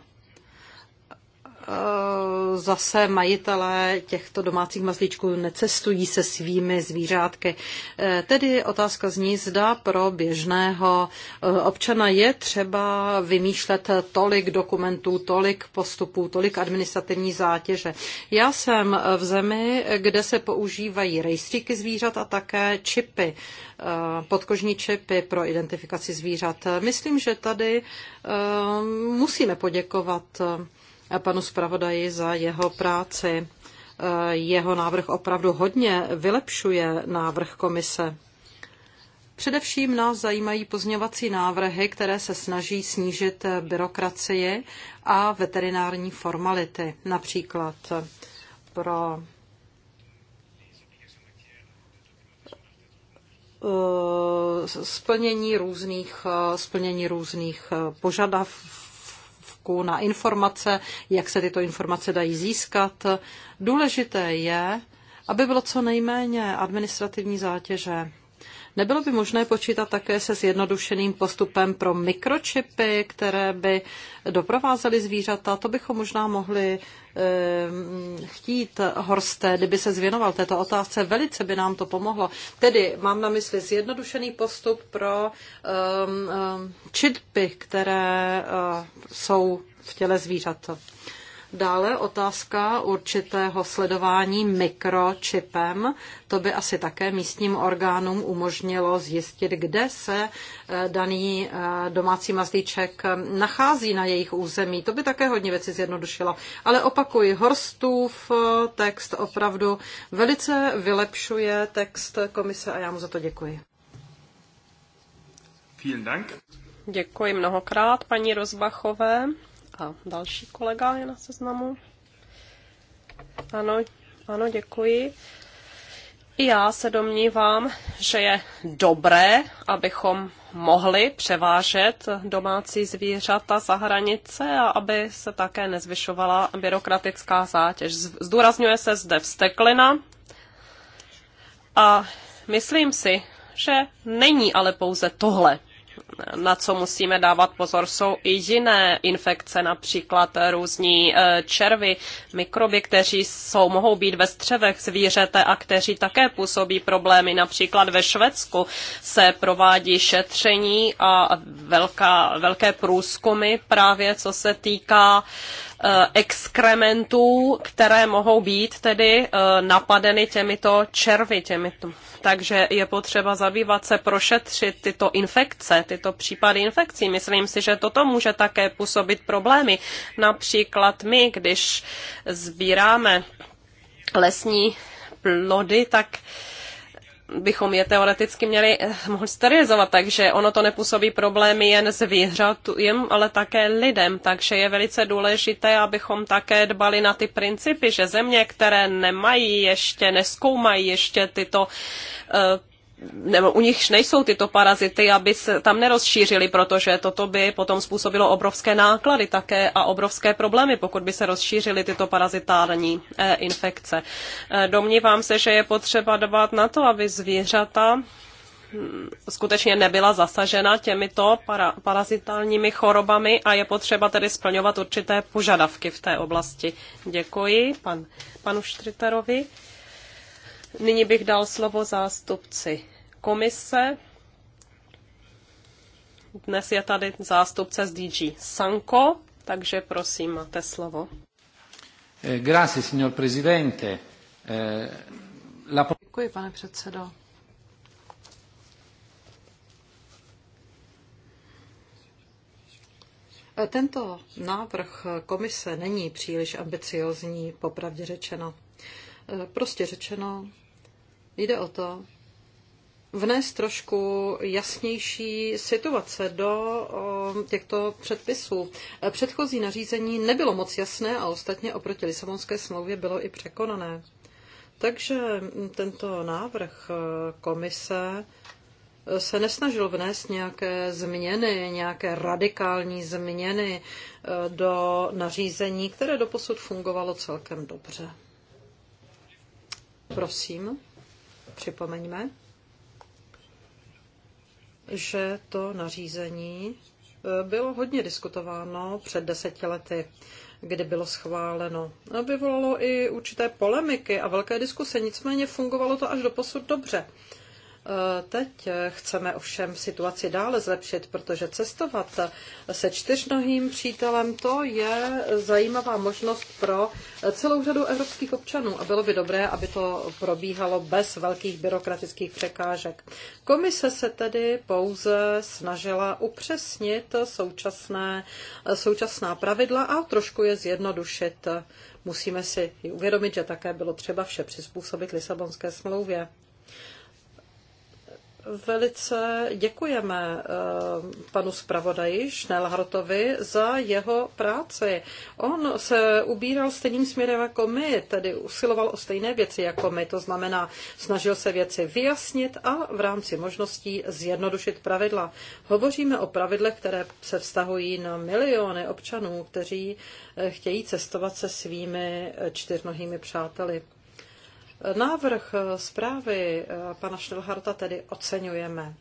Eh, zase majitelé těchto domácích mazlíčků necestují se svými zvířátky. Eh, tedy otázka zní, zda pro běžného eh, občana je třeba vymýšlet tolik dokumentů, tolik postupů, tolik administrativní zátěže. Já jsem v zemi, kde se používají rejstříky zvířat a také čipy, podkožní čipy pro identifikaci zvířat. Myslím, že tady musíme poděkovat panu zpravodaji za jeho práci. E, jeho návrh opravdu hodně vylepšuje návrh komise. Především nás zajímají pozměňovací návrhy, které se snaží snížit byrokracii a veterinární formality, například pro e, splnění různých, splnění různých požadav, požadavků na informace, jak se tyto informace dají získat. Důležité je, aby bylo co nejméně administrativní zátěže Nebylo by možné počítat také se zjednodušeným postupem pro mikročipy, které by doprovázely zvířata? To bychom možná mohli eh, chtít Horste, kdyby se zvěnoval této otázce, velice by nám to pomohlo. Tedy mám na mysli zjednodušený postup pro e, čipy, které e, jsou v těle zvířat. Dále otázka určitého sledování mikročipem. To by asi také místním orgánům umožnilo zjistit, kde se eh, daný eh, domácí mazlíček eh, nachází na jejich území. To by také hodně věci zjednodušilo. Ale opakuji, Horstův text opravdu velice
vylepšuje text komise a já mu za to děkuji. Vielen Dank. Děkuji mnohokrát paní Rozbachové. A další kolega je na seznamu. Ano, ano, děkuji. I já se domnívám, že je dobré, abychom mohli převážet domácí zvířata za hranice a aby se také nezvyšovala byrokratická zátěž. Zdůrazňuje se zde vsteklina a myslím si, že není ale pouze tohle na co musíme dávat pozor, jsou i jiné infekce, například různí e, červy, mikroby, kteří jsou, mohou být ve střevech zvířete a kteří také působí problémy. Například ve Švédsku se provádí šetření a velká, velké průzkumy právě co se týká e, exkrementů, které mohou být tedy e, napadeny těmito červy, těmito takže je potřeba zabývat se, prošetřit tyto infekce, tyto případy infekcí. Myslím si, že toto může také působit problémy. Například my, když sbíráme lesní plody, tak uh, bychom je teoreticky měli eh, mohli sterilizovat, takže ono to nepůsobí problémy jen zvířatům, ale také lidem, takže je velice důležité, abychom také dbali na ty principy, že země, které nemají ještě, neskoumají ještě tyto uh, nebo u nich nejsou tyto parazity, aby se tam nerozšířily, protože toto by potom způsobilo obrovské náklady také a obrovské problémy, pokud by se rozšířily tyto parazitární eh, infekce. Eh, domnívám se, že je potřeba dbát na to, aby zvířata hm, skutečně nebyla zasažena těmito para, parazitálními chorobami a je potřeba tedy splňovat určité požadavky v té oblasti. Děkuji pan, panu Štriterovi. Nyní bych dal slovo zástupci komise. Dnes je tady zástupce z DG Sanko, takže prosím, máte slovo.
Eh, grazie, signor presidente. Eh, la... Děkuji, pane předsedo.
Eh, tento návrh komise není příliš ambiciozní, popravdě řečeno. Prostě řečeno, Jde o to vnést trošku jasnější situace do těchto předpisů. Předchozí nařízení nebylo moc jasné a ostatně oproti Lisabonské smlouvě bylo i překonané. Takže tento návrh komise se nesnažil vnést nějaké změny, nějaké radikální změny e, do nařízení, které doposud fungovalo celkem dobře. Prosím připomeňme, že to nařízení e, bylo hodně diskutováno před deseti lety, kdy bylo schváleno. Vyvolalo i určité polemiky a velké diskuse, nicméně fungovalo to až do posud dobře. Eh, teď eh, chceme ovšem situaci dále zlepšit, protože cestovat eh, se čtyřnohým přítelem, to je zajímavá možnost pro celou řadu evropských občanů a bylo by dobré, aby to probíhalo bez velkých byrokratických překážek. Komise se tedy pouze snažila upřesnit současné, současná pravidla a trošku je zjednodušit. Musíme si uvědomit, že také bylo třeba vše přizpůsobit Lisabonské smlouvě velice děkujeme eh, panu zpravodaji Šnelhartovi za jeho práci. On se ubíral stejným směrem jako my, tedy usiloval o stejné věci jako my, to znamená snažil se věci vyjasnit a v rámci možností zjednodušit pravidla. Hovoříme o pravidlech, které se vztahují na miliony občanů, kteří eh, chtějí cestovat se svými eh, čtyřnohými přáteli. Návrh zprávy eh, pana Štelharta tedy oceňujeme.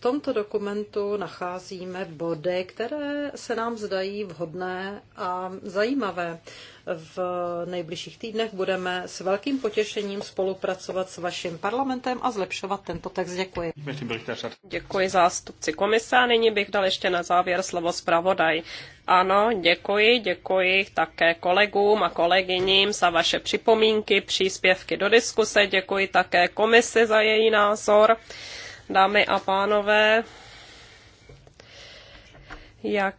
V tomto dokumentu nacházíme body, které se nám zdají vhodné a zajímavé. V nejbližších týdnech budeme s velkým potěšením spolupracovat s
vaším parlamentem a zlepšovat tento text. Děkuji. Děkuji zástupci komise a nyní bych dal ještě na závěr slovo zpravodaj. Ano, děkuji, děkuji také kolegům a kolegyním za vaše připomínky, příspěvky do diskuse, děkuji také komisi za její názor. Dámy a pánové, jak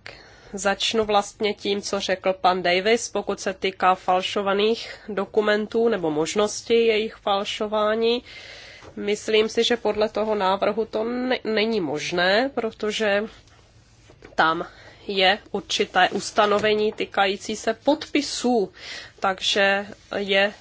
začnu vlastně tím, co řekl pan Davis, pokud se týká falšovaných dokumentů nebo možnosti jejich falšování. Myslím si, že podle toho návrhu to ne- není možné, protože tam je určité ustanovení týkající se podpisů, takže je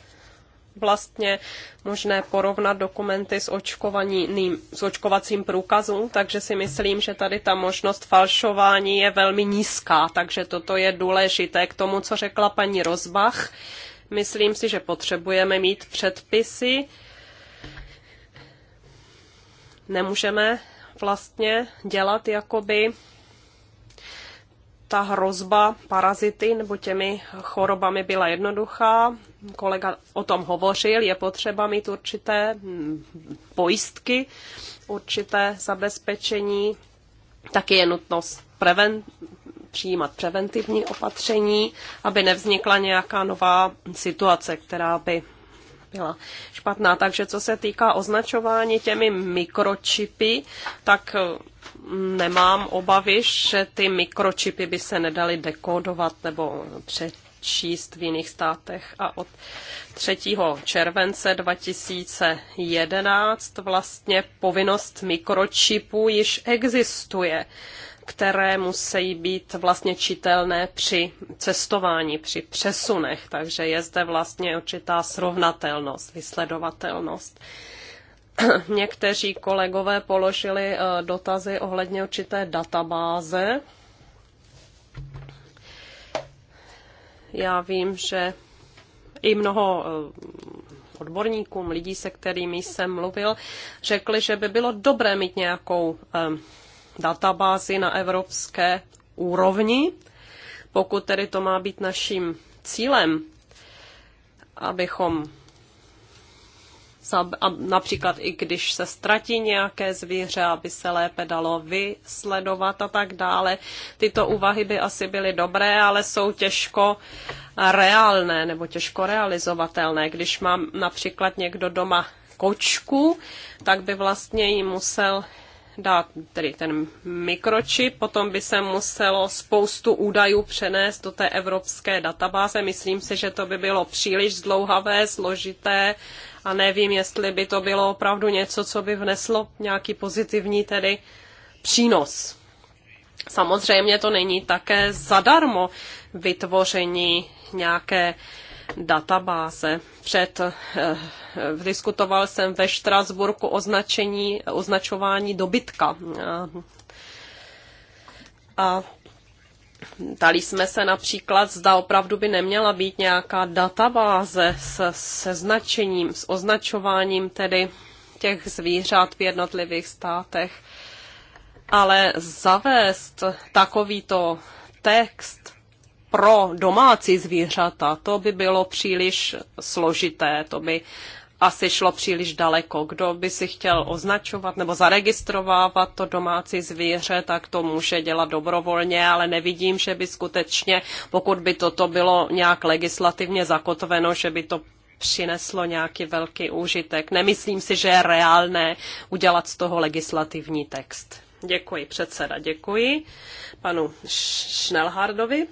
vlastně možné porovnat dokumenty s, očkovaním, s očkovacím průkazem, takže si myslím, že tady ta možnost falšování je velmi nízká, takže toto je důležité k tomu, co řekla paní Rozbach. Myslím si, že potřebujeme mít předpisy. Nemůžeme vlastně dělat jakoby ta hrozba parazity nebo těmi chorobami byla jednoduchá. Kolega o tom hovořil, je potřeba mít určité mm, pojistky, určité zabezpečení. Taky je nutnost preven, přijímat preventivní opatření, aby nevznikla nějaká nová situace, která by byla špatná. Takže co se týká označování těmi mikročipy, tak mm, nemám obavy, že ty mikročipy by se nedaly dekodovat nebo číst v jiných státech. A od 3. července 2011 vlastně povinnost mikročipu již existuje které musí být vlastně čitelné při cestování, při přesunech, takže je zde vlastně určitá srovnatelnost, vysledovatelnost. Někteří kolegové položili eh, dotazy ohledně určité databáze. Já vím, že i mnoho eh, odborníkům, lidí, se kterými jsem mluvil, řekli, že by bylo dobré mít nějakou eh, databázi na evropské úrovni. Pokud tedy to má být naším cílem, abychom například i když se ztratí nějaké zvíře, aby se lépe dalo vysledovat a tak dále. Tyto úvahy by asi byly dobré, ale jsou těžko reálné nebo těžko realizovatelné. Když mám například někdo doma kočku, tak by vlastně ji musel dát tedy ten mikročip, potom by se muselo spoustu údajů přenést do té evropské databáze. Myslím si, že to by bylo příliš zdlouhavé, složité a nevím, jestli by to bylo opravdu něco, co by vneslo nějaký pozitivní tedy přínos. Samozřejmě to není také zadarmo vytvoření nějaké uh, databáze. Před eh, diskutoval jsem ve Štrasburku označení, označování dobytka. A, a dali jsme se například, zda opravdu by neměla být nějaká databáze s značením, s označováním tedy těch zvířat v jednotlivých státech. Ale zavést takovýto text pro domácí zvířata, to by bylo příliš složité, to by asi šlo příliš daleko. Kdo by si chtěl označovat nebo zaregistrovávat to domácí zvíře, tak to může dělat dobrovolně, ale nevidím, že by skutečně, pokud by toto bylo nějak legislativně zakotveno, že by to přineslo nějaký velký úžitek. Nemyslím si, že je reálné udělat z toho legislativní text. Děkuji, předseda, děkuji panu Schnellhardovi.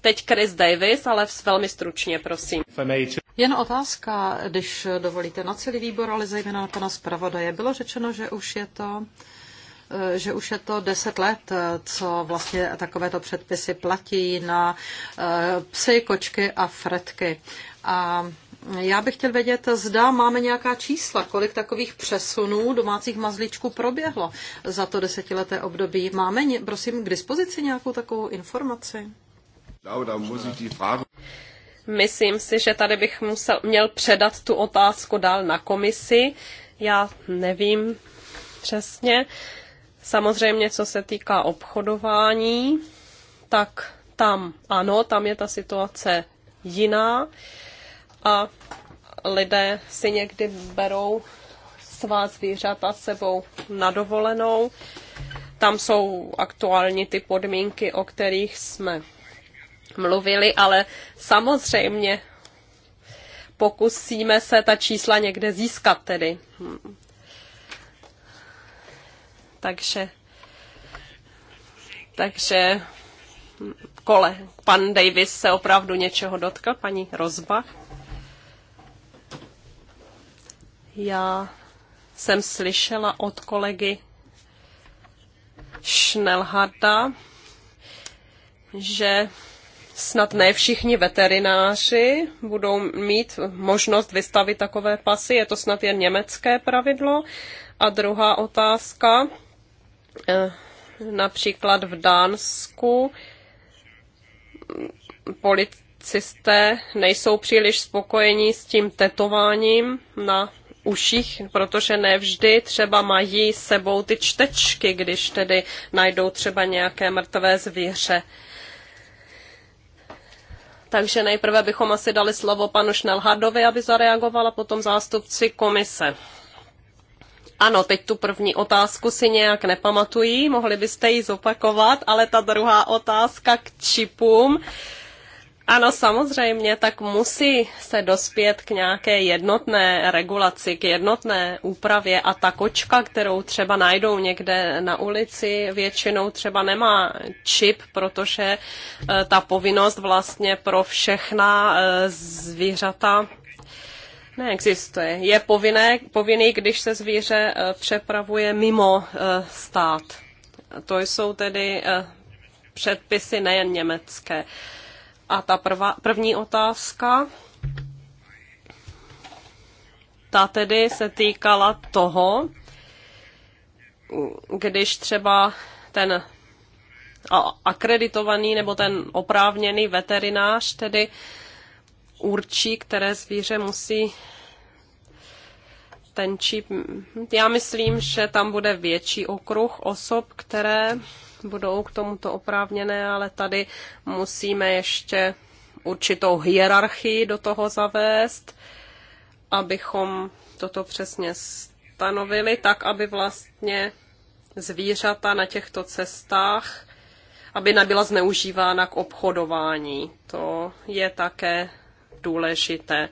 Teď Chris Davis, ale velmi stručně, prosím.
Jen otázka, když dovolíte, na celý výbor, ale zejména na pana zpravodaje. Bylo řečeno, že už je to eh, že už je to deset let, eh, co vlastně takovéto předpisy platí na eh, psy, kočky a fretky. A já bych chtěl vědět, zda máme nějaká čísla, kolik takových přesunů domácích mazlíčků proběhlo za to
desetileté období. Máme, prosím, k dispozici nějakou takovou informaci? Myslím si, že tady bych musel, měl předat tu otázku dál na komisi. Já nevím přesně. Samozřejmě, co se týká obchodování, tak tam ano, tam je ta situace jiná a lidé si někdy berou svá zvířata sebou na dovolenou. Tam jsou aktuální ty podmínky, o kterých jsme mluvili, ale samozřejmě pokusíme se ta čísla někde získat tedy. Hmm. Takže, takže hmm, kole. Pan Davis se opravdu něčeho dotkl, paní Rozba. Já jsem slyšela od kolegy Schnellharda, že snad ne všichni veterináři budou mít možnost vystavit takové pasy, je to snad jen německé pravidlo. A druhá otázka, eh, například v Dánsku policisté nejsou příliš spokojení s tím tetováním na uších, protože nevždy třeba mají sebou ty čtečky, když tedy najdou třeba nějaké mrtvé zvíře. Takže nejprve bychom asi dali slovo panu Šnelhardovi, aby zareagovala, potom zástupci komise. Ano, teď tu první otázku si nějak nepamatují, mohli byste ji zopakovat, ale ta druhá otázka k čipům. Uh, ano, samozřejmě, tak musí se dospět k nějaké jednotné regulaci, k jednotné úpravě a ta kočka, kterou třeba najdou někde na ulici, většinou třeba nemá čip, protože eh, ta povinnost vlastně pro všechna eh, zvířata neexistuje. Je povinné, povinný, když se zvíře eh, přepravuje mimo stát. To jsou tedy předpisy nejen německé. A ta prva, první otázka, ta tedy se týkala toho, když třeba ten akreditovaný nebo ten oprávněný veterinář tedy určí, které zvíře musí ten čip. Já myslím, že tam bude větší okruh osob, které budou k tomuto oprávněné, ale tady musíme ještě určitou hierarchii do toho zavést, abychom toto přesně stanovili, tak aby vlastně zvířata na těchto cestách, aby nebyla zneužívána k obchodování. To je také důležité.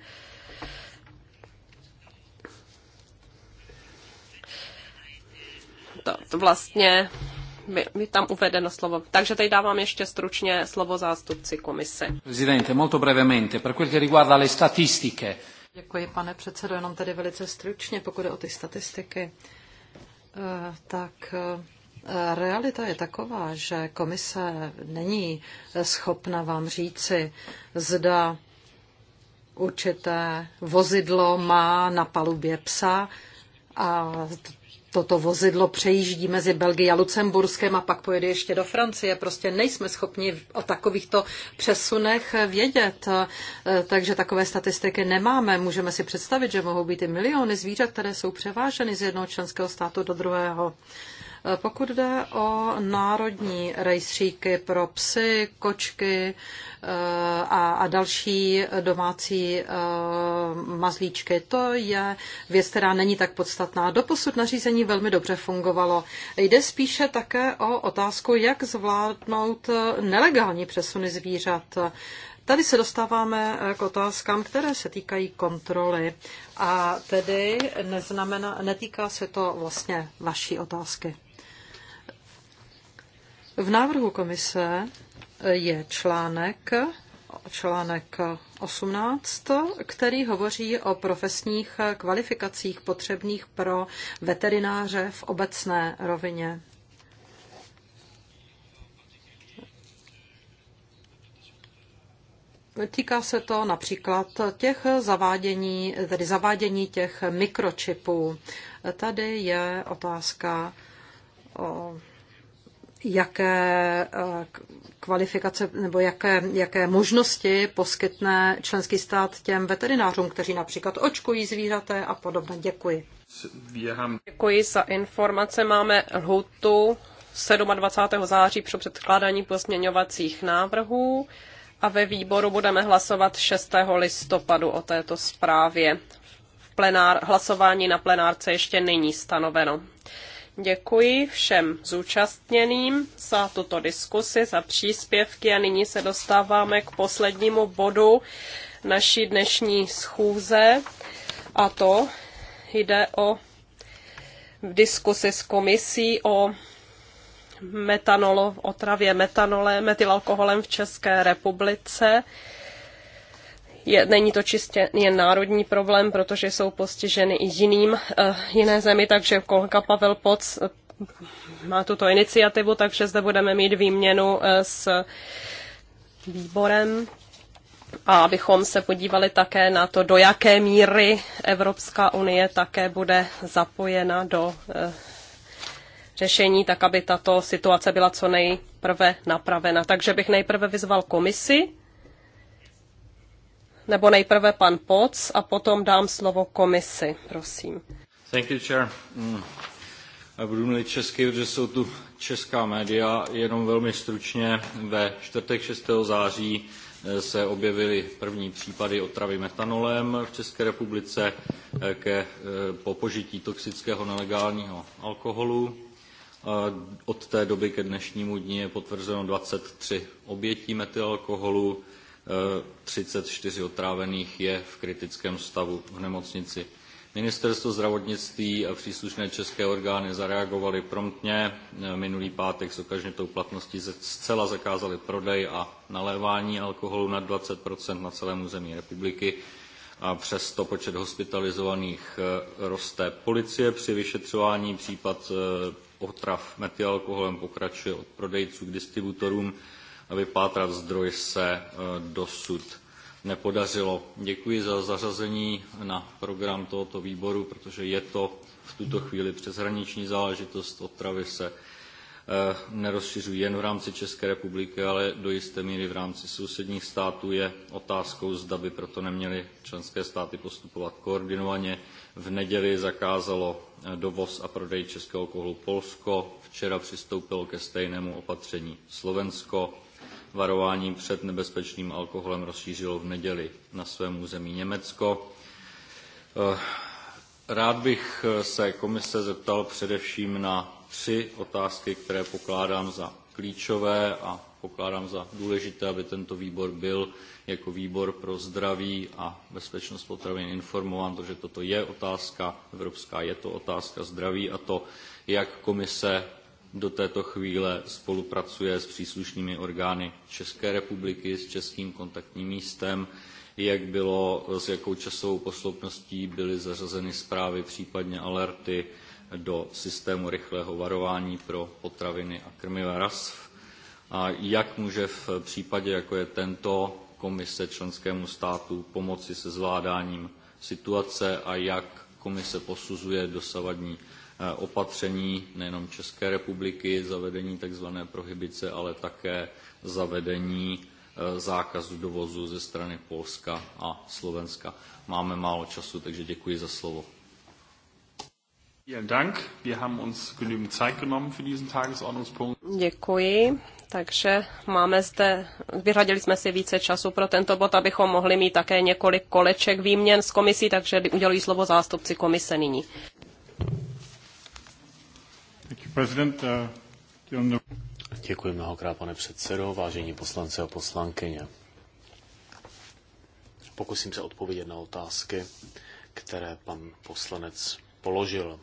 To, to vlastně mi tam uvedeno slovo. Takže teď dávám ještě stručně slovo zástupci komise.
Prezidente, molto brevemente, per quel che riguarda le statistiche.
Děkuji, pane předsedo,
jenom tedy velice stručně, pokud je o ty statistiky. Eh, tak eh, Realita je taková, že komise není schopna vám říci, zda určité vozidlo má na palubě psa a toto vozidlo přejíždí mezi Belgii a Lucemburskem a pak pojede ještě do Francie. Prostě nejsme schopni o takovýchto přesunech vědět, e, takže takové statistiky nemáme. Můžeme si představit, že mohou být i miliony zvířat, které jsou převáženy z jednoho členského státu do druhého. Pokud jde o národní rejstříky pro psy, kočky eh, a, a další domácí eh, mazlíčky, to je věc, která není tak podstatná. Doposud nařízení velmi dobře fungovalo. Jde spíše také o otázku, jak zvládnout eh, nelegální přesuny zvířat. Tady se dostáváme k otázkám, které se týkají kontroly. A tedy neznamená, netýká se to vlastně vaší otázky. V návrhu komise je článek, článek 18, který hovoří o profesních kvalifikacích potřebných pro veterináře v obecné rovině. Týká se to například těch zavádění, tedy zavádění těch mikročipů. Tady je otázka o jaké eh, kvalifikace nebo jaké, jaké možnosti poskytne členský stát těm veterinářům, kteří například očkují zvířata
a podobně. Děkuji. Děkuji za informace. Máme lhutu 27. září pro předkládání pozměňovacích návrhů a ve výboru budeme hlasovat 6. listopadu o této zprávě. Plenár, hlasování na plenárce ještě není stanoveno. Děkuji všem zúčastněným za tuto diskusi, za příspěvky a nyní se dostáváme k poslednímu bodu naší dnešní schůze a to jde o diskusi s komisí o metanolo, otravě metanolem, metylalkoholem v České republice je, není to čistě jen národní problém, protože jsou postiženy i jiným, uh, jiné zemi, takže kolega Pavel Poc eh, má tuto iniciativu, takže zde budeme mít výměnu eh, s výborem a abychom se podívali také na to, do jaké míry Evropská unie také bude zapojena do řešení, tak aby tato situace byla co nejprve napravena. Takže bych nejprve vyzval komisi, nebo nejprve pan Poc a potom dám slovo komisi, prosím.
Thank you, chair. Mm. Já budu mluvit česky, protože jsou tu česká média, jenom velmi stručně. Ve čtvrtek 6. září eh, se objevily první případy otravy metanolem v České republice eh, ke, eh, po požití toxického nelegálního alkoholu. Od té doby ke dnešnímu dni je potvrzeno 23 obětí metylalkoholu, 34 otrávených je v kritickém stavu v nemocnici. Ministerstvo zdravotnictví a příslušné české orgány zareagovaly promptně. Minulý pátek s okažnitou platností zcela zakázali prodej a nalévání alkoholu na 20 na celém území republiky a přesto počet hospitalizovaných eh, roste. Policie při vyšetřování případ eh, otrav metylalkoholem pokračuje od prodejců k distributorům vypátrat zdroj se e, dosud nepodařilo. Děkuji za zařazení na program tohoto výboru, protože je to v tuto chvíli přeshraniční záležitost. Otravy se e, nerozšiřují jen v rámci České republiky, ale do jisté míry v rámci sousedních států je otázkou, zda by proto neměly členské státy postupovat koordinovaně. V neděli zakázalo e, dovoz a prodej českého alkoholu Polsko, včera přistoupilo ke stejnému opatření Slovensko, varování před nebezpečným alkoholem rozšířilo v neděli na svém území Německo. Eh, rád bych eh, se komise zeptal především na tři otázky, které pokládám za klíčové a pokládám za důležité, aby tento výbor byl jako výbor pro zdraví a bezpečnost potravin informován, protože toto je otázka evropská, je to otázka zdraví a to, jak komise do této chvíle spolupracuje s příslušnými orgány České republiky, s Českým kontaktním místem, jak bylo, s jakou časovou posloupností byly zařazeny zprávy, případně alerty do systému rychlého varování pro potraviny a krmiva RASV. A jak může v případě, jako je tento, komise členskému státu pomoci se zvládáním situace a jak komise posuzuje dosavadní Eh, opatření nejenom České republiky, zavedení tzv. prohibice, ale také zavedení eh, zákazu dovozu ze strany Polska a Slovenska. Máme málo času, takže děkuji za slovo.
Děkuji. Takže máme zde, vyhradili jsme si více času pro tento bod, abychom mohli mít také několik koleček výměn s komisí, takže udělují slovo zástupci komise nyní.
Uh,
Děkuji mnohokrát, pane předsedo, vážení poslanci a poslankyně. Pokusím se odpovědět na otázky, které pan poslanec položil.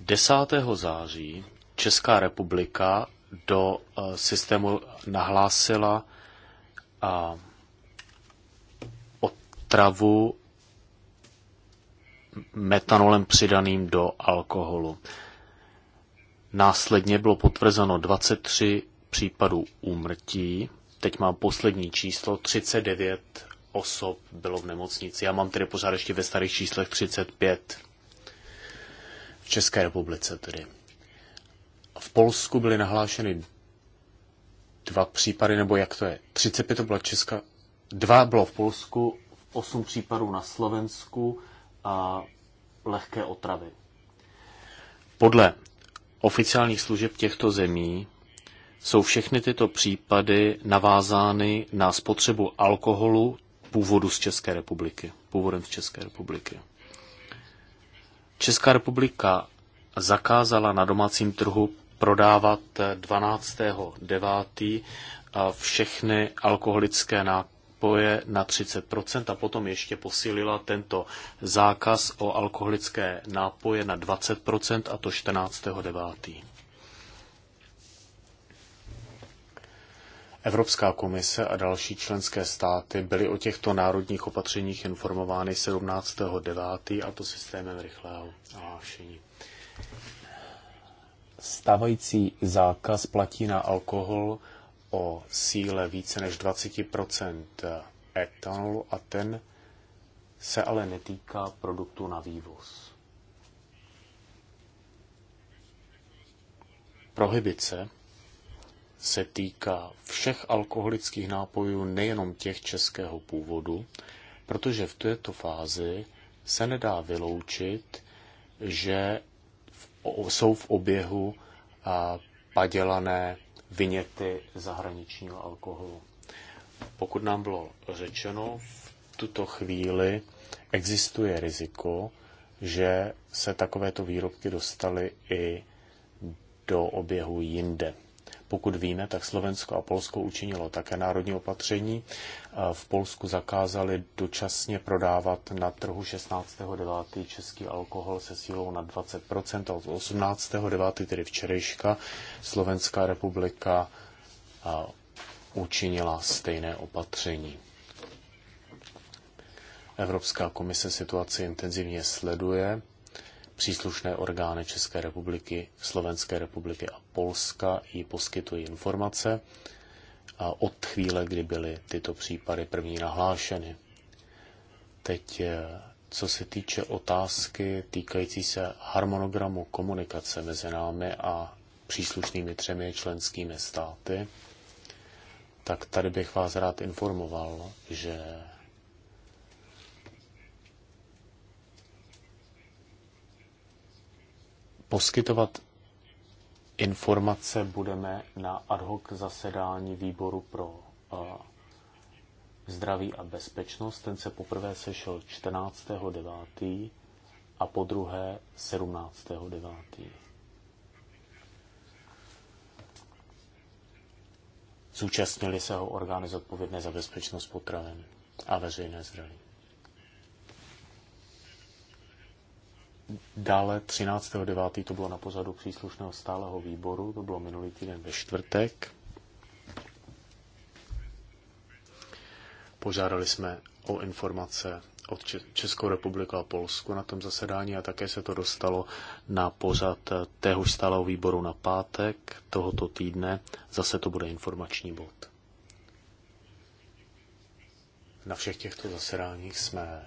10. září Česká republika do uh, systému nahlásila uh, otravu metanolem přidaným do alkoholu. Následně bylo potvrzeno 23 případů úmrtí. Teď mám poslední číslo, 39 osob bylo v nemocnici. Já mám tedy pořád ještě ve starých číslech 35 v České republice tedy. V Polsku byly nahlášeny dva případy, nebo jak to je? 35 to byla Česka, dva bylo v Polsku, 8 případů na Slovensku a lehké otravy. Podle oficiálních služeb těchto zemí jsou všechny tyto případy navázány na spotřebu alkoholu původu z České republiky, původem z České republiky. Česká republika zakázala na domácím trhu prodávat 12.9. Eh, všechny alkoholické nápoje na 30% a potom ještě posílila tento zákaz o alkoholické nápoje na 20% a to 14.9. Evropská komise a další členské státy byly o těchto národních opatřeních informovány 17.9. a to systémem rychlého hlášení. Stávající zákaz platí na alkohol o síle více než 20 etanolu a ten se ale netýká produktu na vývoz. Prohibice se týká všech alkoholických nápojů, nejenom těch českého původu, protože v této fázi se nedá vyloučit, že jsou v oběhu padělané vyněty zahraničního alkoholu. Pokud nám bylo řečeno, v tuto chvíli existuje riziko, že se takovéto výrobky dostaly i do oběhu jinde. Pokud víme, tak Slovensko a Polsko učinilo také národní opatření. V Polsku zakázali dočasně prodávat na trhu 16.9. český alkohol se sílou na 20% a od 18.9., tedy včerejška, Slovenská republika učinila stejné opatření. Evropská komise situaci intenzivně sleduje Příslušné orgány České republiky, Slovenské republiky a Polska jí poskytují informace a od chvíle, kdy byly tyto případy první nahlášeny. Teď, eh, co se týče otázky týkající se harmonogramu komunikace mezi námi a příslušnými třemi členskými státy, tak tady bych vás rád informoval, že poskytovat informace budeme na ad hoc zasedání výboru pro eh, zdraví a bezpečnost. Ten se poprvé sešel 14.9. a po druhé 17.9. Zúčastnili se ho orgány zodpovědné za bezpečnost potravin a veřejné zdraví. Dále 13.9. to bylo na pozadu příslušného stáleho výboru, to bylo minulý týden ve čtvrtek. Požádali jsme o informace od Českou republiku a Polsku na tom zasedání a také se to dostalo na pořad téhož stáleho výboru na pátek tohoto týdne. Zase to bude informační bod. Na všech těchto zasedáních jsme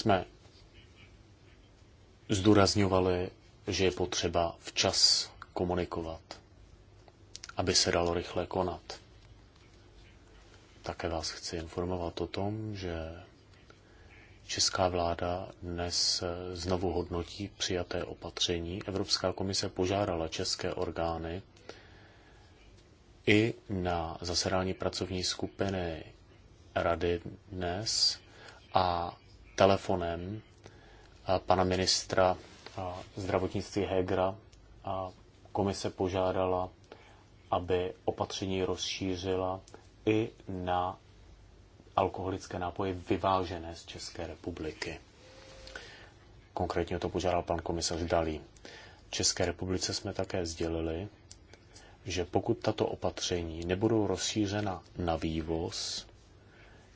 jsme zdůrazňovali, že je potřeba včas komunikovat, aby se dalo rychle konat. Také vás chci informovat o tom, že česká vláda dnes znovu hodnotí přijaté opatření. Evropská komise požádala české orgány i na zasedání pracovní skupiny rady dnes a telefonem pana ministra zdravotnictví Hegra a komise požádala, aby opatření rozšířila i na alkoholické nápoje vyvážené z České republiky. Konkrétně to požádal pan komisař Dalí. České republice jsme také sdělili, že pokud tato opatření nebudou rozšířena na vývoz,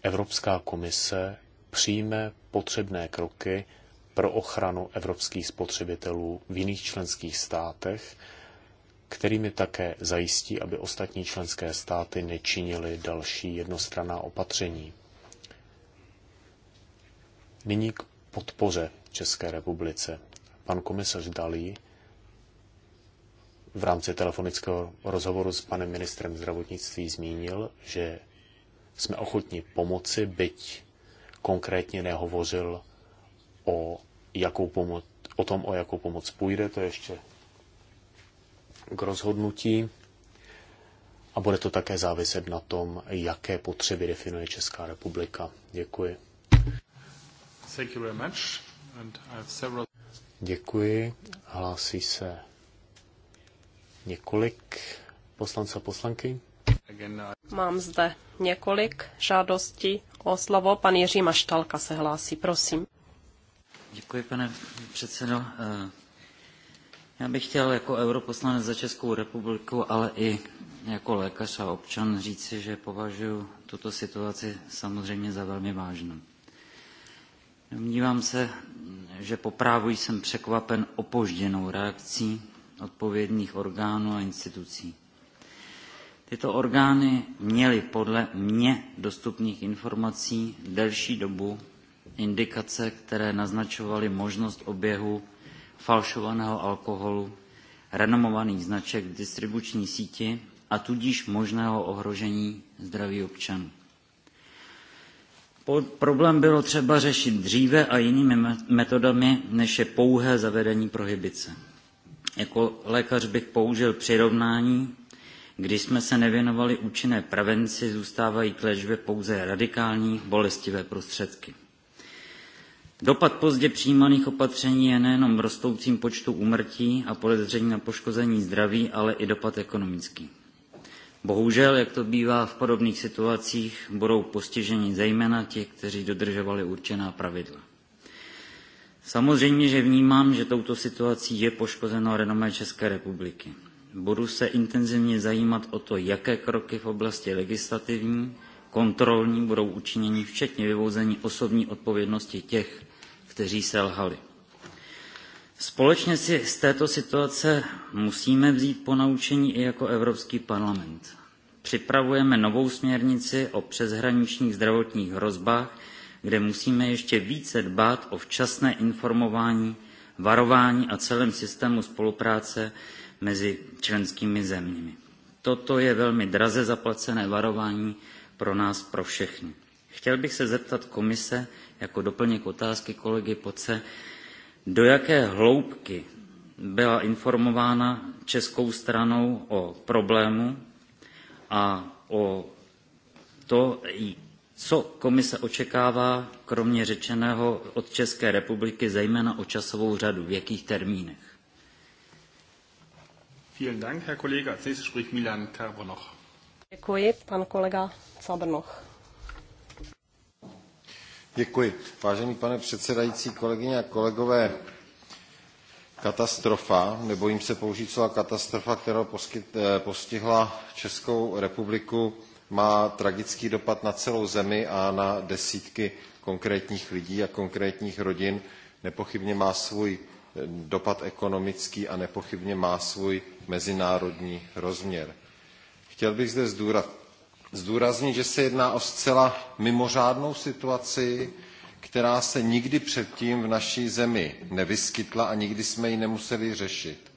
Evropská komise přijme potřebné kroky pro ochranu evropských spotřebitelů v jiných členských státech, kterými také zajistí, aby ostatní členské státy nečinily další jednostranná opatření. Nyní k podpoře České republice. Pan komisař Dalí v rámci telefonického rozhovoru s panem ministrem zdravotnictví zmínil, že jsme ochotni pomoci, byť konkrétně nehovořil o, jakou pomoc, o tom, o jakou pomoc půjde, to ještě k rozhodnutí. A bude to také záviset na tom, jaké potřeby definuje Česká republika. Děkuji. Thank you very much. And I have several... Děkuji. Hlásí se několik poslanců a poslanky.
Mám zde několik žádostí o slovo. Pan Jiří Maštalka se hlásí,
prosím. Děkuji, pane předsedo. Eh, já bych chtěl jako europoslanec za Českou republiku, ale i jako lékař a občan říci, že považuji tuto situaci samozřejmě za velmi vážnou. Domnívám se, že po právu jsem překvapen opožděnou reakcí odpovědných orgánů a institucí. Tyto orgány měly podle mně dostupných informací delší dobu indikace, které naznačovaly možnost oběhu falšovaného alkoholu, renomovaných značek v distribuční síti a tudíž možného ohrožení zdraví občanů. Problém bylo třeba řešit dříve a jinými metodami, než je pouhé zavedení prohibice. Jako lékař bych použil přirovnání, když jsme se nevěnovali účinné prevenci, zůstávají k léčbě pouze radikální bolestivé prostředky. Dopad pozdě přijímaných opatření je nejenom v rostoucím počtu úmrtí a podezření na poškození zdraví, ale i dopad ekonomický. Bohužel, jak to bývá v podobných situacích, budou postiženi zejména ti, kteří dodržovali určená pravidla. Samozřejmě, že vnímám, že touto situací je poškozeno renomé České republiky budu se intenzivně zajímat o to, jaké kroky v oblasti legislativní, kontrolní budou učiněni, včetně vyvození osobní odpovědnosti těch, kteří selhali. Společně si z této situace musíme vzít po naučení i jako Evropský parlament. Připravujeme novou směrnici o přeshraničních zdravotních hrozbách, kde musíme ještě více dbát o včasné informování, varování a celém systému spolupráce mezi členskými zeměmi. Toto je velmi draze zaplacené varování pro nás, pro všechny. Chtěl bych se zeptat komise, jako doplněk otázky kolegy Poce, do jaké hloubky byla informována českou stranou o problému a o to, co komise očekává, kromě řečeného od České republiky, zejména o časovou řadu, v jakých termínech?
Vielen Dank, Herr Kollege. Als nächstes spricht Milan
Děkuji, pan kolega Cabrnoch.
Děkuji. Vážený pane předsedající, kolegyně a kolegové, katastrofa, nebojím se použít slova katastrofa, která eh, postihla Českou republiku, má tragický dopad na celou zemi a na desítky konkrétních lidí a konkrétních rodin. Nepochybně má svůj eh, dopad ekonomický a nepochybně má svůj mezinárodní rozměr. Chtěl bych zde zdůraznit, že se jedná o zcela mimořádnou situaci, která se nikdy předtím v naší zemi nevyskytla a nikdy jsme ji nemuseli řešit.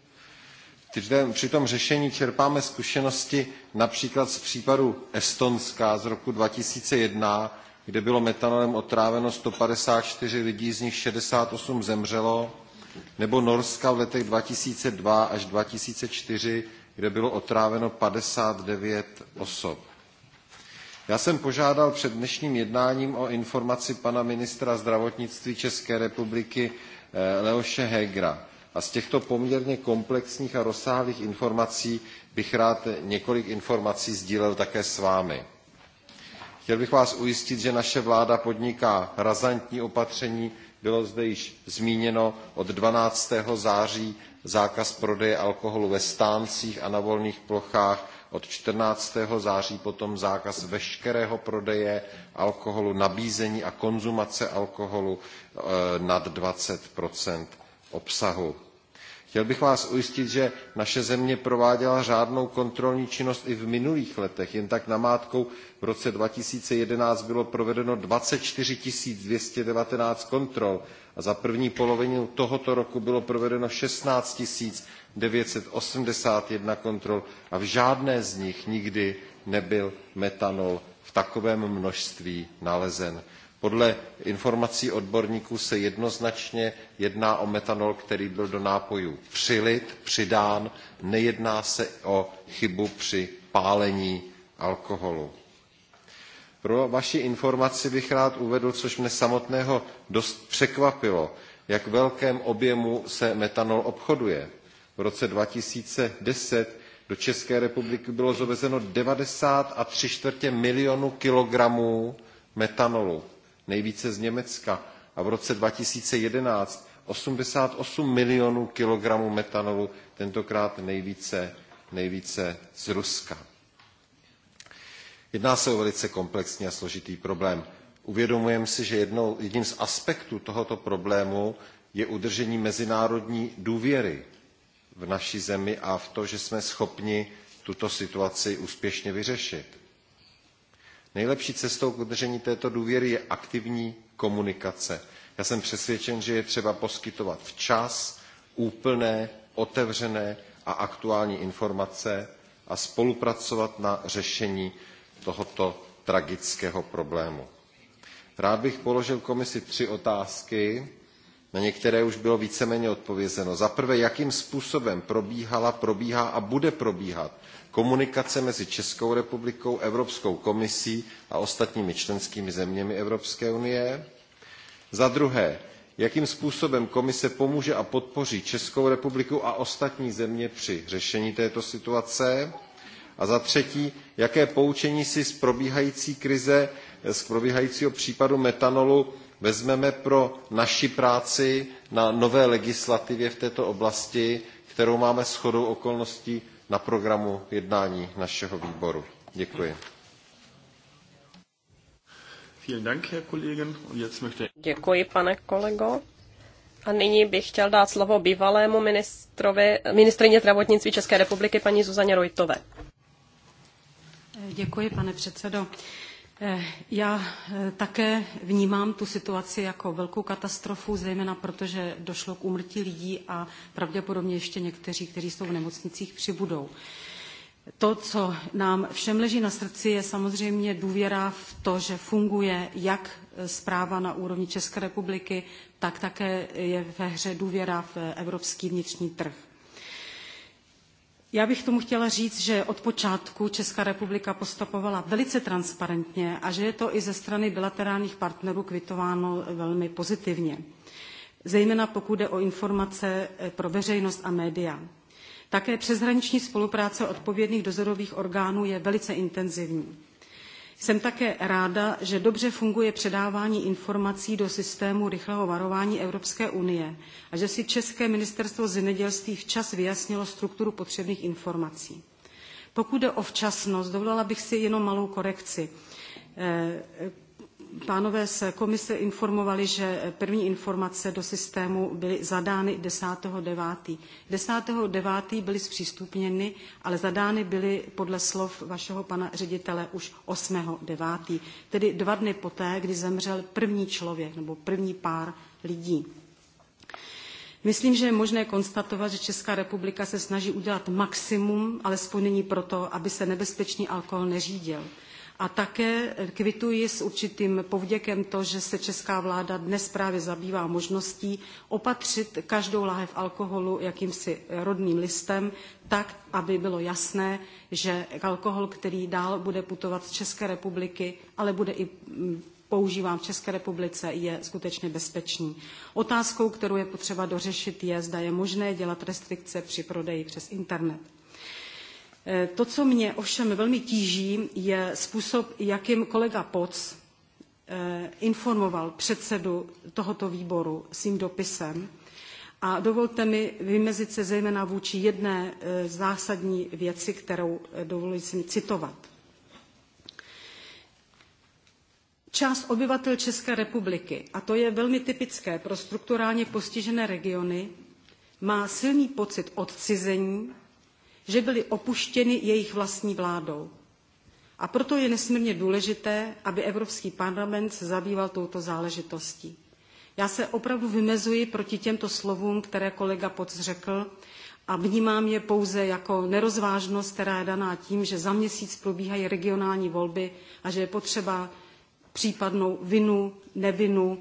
Při tom řešení čerpáme zkušenosti například z případu Estonska z roku 2001, kde bylo metanolem otráveno 154 lidí, z nich 68 zemřelo nebo Norska v letech 2002 až 2004, kde bylo otráveno 59 osob. Já jsem požádal před dnešním jednáním o informaci pana ministra zdravotnictví České republiky eh, Leoše Hegra. A z těchto poměrně komplexních a rozsáhlých informací bych rád několik informací sdílel také s vámi. Chtěl bych vás ujistit, že naše vláda podniká razantní opatření bylo zde již zmíněno od 12. září zákaz prodeje alkoholu ve stáncích a na volných plochách, od 14. září potom zákaz veškerého prodeje alkoholu, nabízení a konzumace alkoholu eh, nad 20 obsahu. Chtěl bych vás ujistit, že naše země prováděla řádnou kontrolní činnost i v minulých letech. Jen tak namátkou v roce 2011 bylo provedeno 24 219 kontrol a za první polovinu tohoto roku bylo provedeno 16 981 kontrol a v žádné z nich nikdy nebyl metanol v takovém množství nalezen. Podle informací odborníků se jednoznačně jedná o metanol, který byl do nápojů přilit, přidán, nejedná se o chybu při pálení alkoholu. Pro vaši informaci bych rád uvedl, což mne samotného dost překvapilo, jak velkém objemu se metanol obchoduje. V roce 2010 do České republiky bylo dovezeno 90 a tři čtvrtě milionu kilogramů metanolu nejvíce z Německa a v roce 2011 88 milionů kilogramů metanolu, tentokrát nejvíce, nejvíce z Ruska. Jedná se o velice komplexní a složitý problém. Uvědomujeme si, že jednou, jedním z aspektů tohoto problému je udržení mezinárodní důvěry v naší zemi a v to, že jsme schopni tuto situaci úspěšně vyřešit. Nejlepší cestou k udržení této důvěry je aktivní komunikace. Já jsem přesvědčen, že je třeba poskytovat včas, úplné, otevřené a aktuální informace a spolupracovat na řešení tohoto tragického problému. Rád bych položil komisi tři otázky, na některé už bylo víceméně odpovězeno. Za prvé, jakým způsobem probíhala, probíhá a bude probíhat komunikace mezi Českou republikou, Evropskou komisí a ostatními členskými zeměmi Evropské unie. Za druhé, jakým způsobem komise pomůže a podpoří Českou republiku a ostatní země při řešení této situace. A za třetí, jaké poučení si z probíhající krize, z probíhajícího případu metanolu vezmeme pro naši práci na nové legislativě v této oblasti, kterou máme shodou okolností na programu jednání našeho výboru. Děkuji.
Děkuji,
pane kolego. A nyní bych chtěl dát slovo bývalému ministrovi, ministrině zdravotnictví České republiky paní Zuzaně Rojtové.
Děkuji, pane předsedo. Eh, já eh, také vnímám tu situaci jako velkou katastrofu, zejména protože došlo k úmrtí lidí a pravděpodobně ještě někteří, kteří jsou v nemocnicích, přibudou. To, co nám všem leží na srdci, je samozřejmě důvěra v to, že funguje jak zpráva na úrovni České republiky, tak také je ve hře důvěra v evropský vnitřní trh. Já bych tomu chtěla říct, že od počátku Česká republika postupovala velice transparentně a že je to i ze strany bilaterálních partnerů kvitováno velmi pozitivně, zejména pokud jde o informace eh, pro veřejnost a média. Také přeshraniční spolupráce odpovědných dozorových orgánů je velice intenzivní. Jsem také ráda, že dobře funguje předávání informací do systému rychlého varování Evropské unie a že si České ministerstvo zemědělství včas vyjasnilo strukturu potřebných informací. Pokud jde o včasnost, dovolila bych si jenom malou korekci. Eh, pánové z komise informovali, že první informace do systému byly zadány 10.9. 10.9. byly zpřístupněny, ale zadány byly podle slov vašeho pana ředitele už 8.9., tedy dva dny poté, kdy zemřel první člověk nebo první pár lidí. Myslím, že je možné konstatovat, že Česká republika se snaží udělat maximum, alespoň nyní proto, aby se nebezpečný alkohol neřídil. A také kvituji s určitým povděkem to, že se česká vláda dnes právě zabývá možností opatřit každou láhev alkoholu jakýmsi rodným listem, tak, aby bylo jasné, že alkohol, který dál bude putovat z České republiky, ale bude i mm, používán v České republice, je skutečně bezpečný. Otázkou, kterou je potřeba dořešit, je, zda je možné dělat restrikce při prodeji přes internet. To, co mě ovšem velmi tíží, je způsob, jakým kolega Poc eh, informoval předsedu tohoto výboru svým dopisem. A dovolte mi vymezit se zejména vůči jedné eh, zásadní věci, kterou eh, dovoluji si citovat. Část obyvatel České republiky, a to je velmi typické pro strukturálně postižené regiony, má silný pocit odcizení že byly opuštěny jejich vlastní vládou. A proto je nesmírně důležité, aby Evropský parlament se zabýval touto záležitostí. Já se opravdu vymezuji proti těmto slovům, které kolega Poc řekl, a vnímám je pouze jako nerozvážnost, která je daná tím, že za měsíc probíhají regionální volby a že je potřeba případnou vinu, nevinu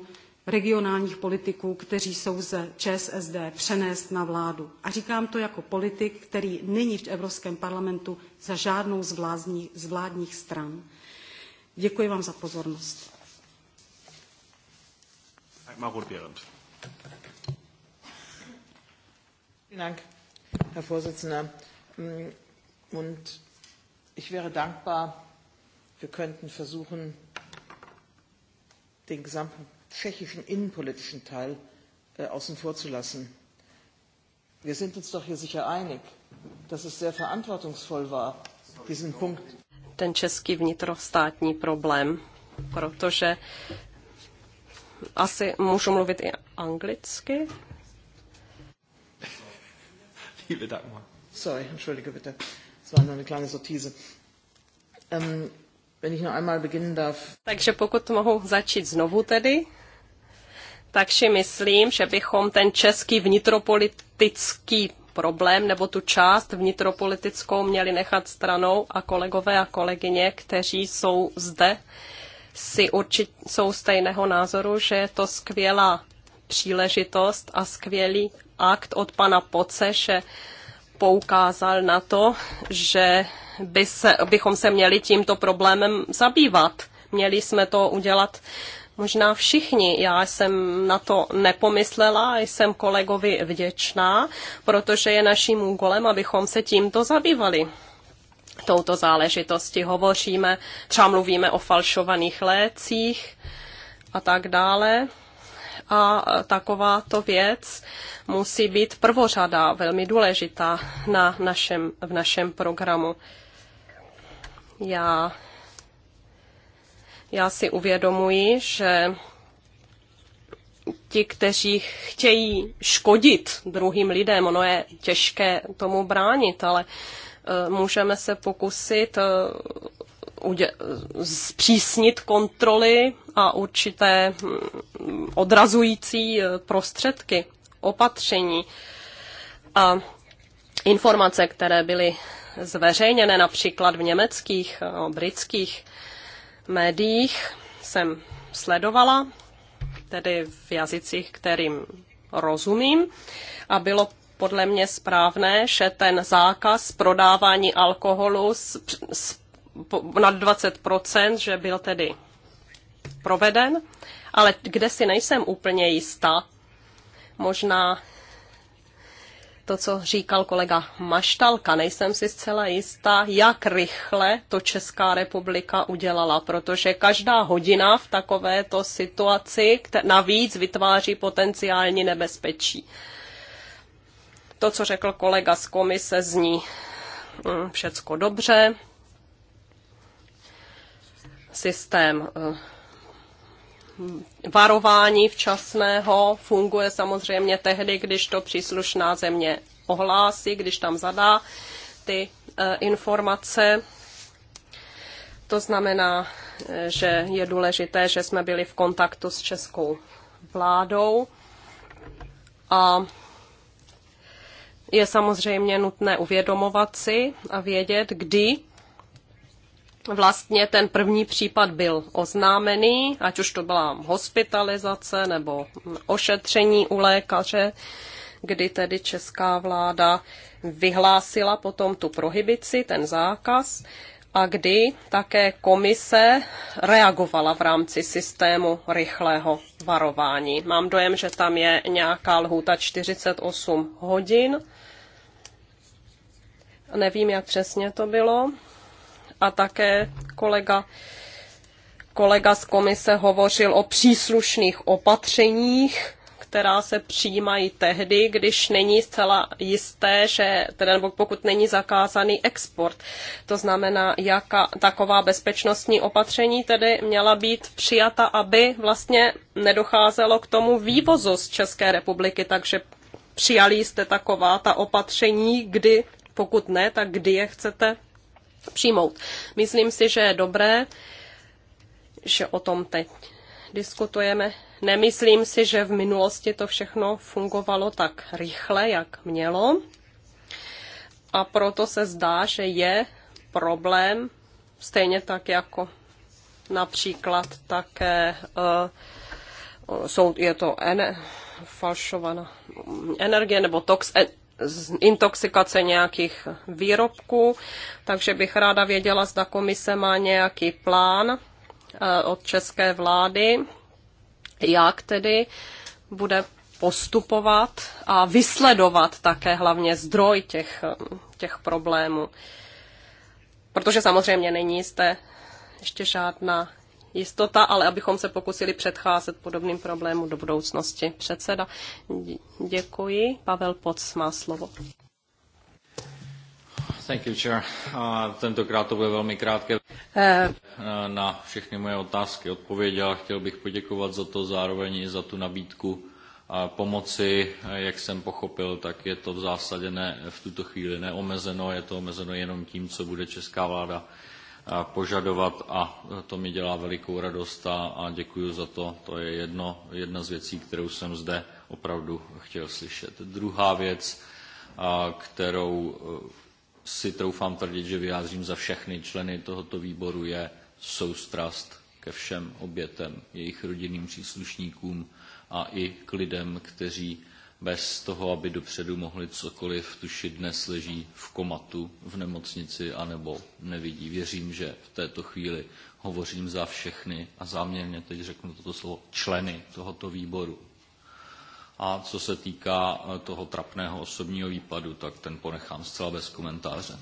regionálních politiků, kteří jsou ze ČSSD, přenést na vládu. A říkám to jako politik, který není v Evropském parlamentu za žádnou z, vládní, z vládních stran. Děkuji vám za pozornost. Dank,
Herr Vorsitzender. Mm, und ich wäre dankbar, wir könnten versuchen, den gesamten tschechischen innenpolitischen Teil äh, außen vor zu lassen. Wir sind uns doch hier sicher
einig, dass es sehr verantwortungsvoll war, diesen Punkt. Ten český vnitrostátní problém, protože asi můžu mluvit i anglicky.
Liebe Dagmar. Sorry, entschuldige bitte. Das war nur eine kleine Sortise. Ähm,
wenn ich noch einmal beginnen darf. Takže pokud mohu začít znovu tedy tak si myslím, že bychom ten český vnitropolitický problém nebo tu část vnitropolitickou měli nechat stranou a kolegové a kolegyně, kteří jsou zde, si určitě jsou stejného názoru, že je to skvělá příležitost a skvělý akt od pana Poce, že poukázal na to, že by se, bychom se měli tímto problémem zabývat. Měli jsme to udělat Možná všichni, já jsem na to nepomyslela, jsem kolegovi vděčná, protože je naším úkolem, abychom se tímto zabývali touto záležitosti. Hovoříme, třeba mluvíme o falšovaných lécích a tak dále. A takováto věc musí být prvořada, velmi důležitá na našem, v našem programu. Já já si uvědomuji, že ti, kteří chtějí škodit druhým lidem, ono je těžké tomu bránit, ale eh, můžeme se pokusit eh, zpřísnit kontroly a určité hm, odrazující eh, prostředky, opatření. A informace, které byly zveřejněné například v německých a britských médiích jsem sledovala, tedy v jazycích, kterým rozumím, a bylo podle mě správné, že ten zákaz prodávání alkoholu s, s, nad 20%, že byl tedy proveden, ale kde si nejsem úplně jistá, možná to, co říkal kolega Maštalka. Nejsem si zcela jistá, jak rychle to Česká republika udělala, protože každá hodina v takovéto situaci navíc vytváří potenciální nebezpečí. To, co řekl kolega z komise, zní mm, všecko dobře. Systém eh, varování včasného funguje samozřejmě tehdy, když to příslušná země ohlásí, když tam zadá ty eh, informace. To znamená, eh, že je důležité, že jsme byli v kontaktu s českou vládou a je samozřejmě nutné uvědomovat si a vědět, kdy Vlastně ten první případ byl oznámený, ať už to byla hospitalizace nebo ošetření u lékaře, kdy tedy česká vláda vyhlásila potom tu prohibici, ten zákaz, a kdy také komise reagovala v rámci systému rychlého varování. Mám dojem, že tam je nějaká lhůta 48 hodin. Nevím, jak přesně to bylo a také kolega kolega z komise hovořil o příslušných opatřeních, která se přijímají tehdy, když není zcela jisté, že, teda nebo pokud není zakázaný export. To znamená, jaká taková bezpečnostní opatření tedy měla být přijata, aby vlastně nedocházelo k tomu vývozu z České republiky. Takže přijali jste taková ta opatření, kdy, pokud ne, tak kdy je chcete přijmout. Myslím si, že je dobré, že o tom teď diskutujeme. Nemyslím si, že v minulosti to všechno fungovalo tak rychle, jak mělo. A proto se zdá, že je problém, stejně tak jako například také uh, jsou, je to ene, falšovaná energie nebo tox, intoxikace nějakých výrobků, takže bych ráda věděla, zda komise má nějaký plán eh, od české vlády, jak tedy bude postupovat a vysledovat také hlavně zdroj těch, těch problémů. Protože samozřejmě není zde ještě žádná jistota, ale abychom se pokusili předcházet podobným problémům do budoucnosti. Předseda, děkuji. Pavel Poc má slovo.
Thank you, chair. A tentokrát to bude velmi krátké. Eh. Eh, na všechny moje otázky odpověděl. Chtěl bych poděkovat za to zároveň i za tu nabídku pomoci, eh, jak jsem pochopil, tak je to v zásadě ne, v tuto chvíli neomezeno, je to omezeno jenom tím, co bude česká vláda požadovat a to mi dělá velikou radost a, a děkuji za to. To je jedno, jedna z věcí, kterou jsem zde opravdu chtěl slyšet. Druhá věc, a, kterou e, si troufám tvrdit, že vyjádřím za všechny členy tohoto výboru, je soustrast ke všem obětem, jejich rodinným příslušníkům a i k lidem, kteří bez toho, aby dopředu mohli cokoliv tušit, dnes leží v komatu v nemocnici anebo nevidí. Věřím, že v této chvíli hovořím za všechny a záměrně teď řeknu toto slovo členy tohoto výboru. A co se týká eh, toho trapného osobního výpadu, tak ten ponechám zcela bez komentáře.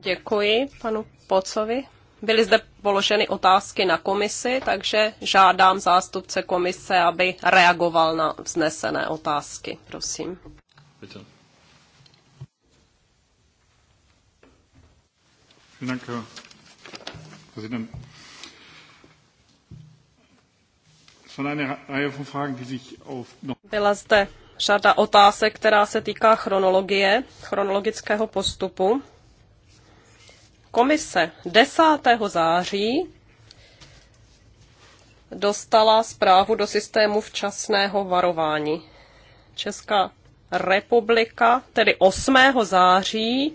Děkuji panu Pocovi. Byly zde položeny otázky na komisi, takže žádám zástupce komise, aby reagoval na vznesené otázky. Prosím.
Bitte. Eh,
no.
Byla zde řada otázek, která se týká chronologie, chronologického postupu. Komise 10. září dostala zprávu do systému včasného varování. Česká republika, tedy 8. září,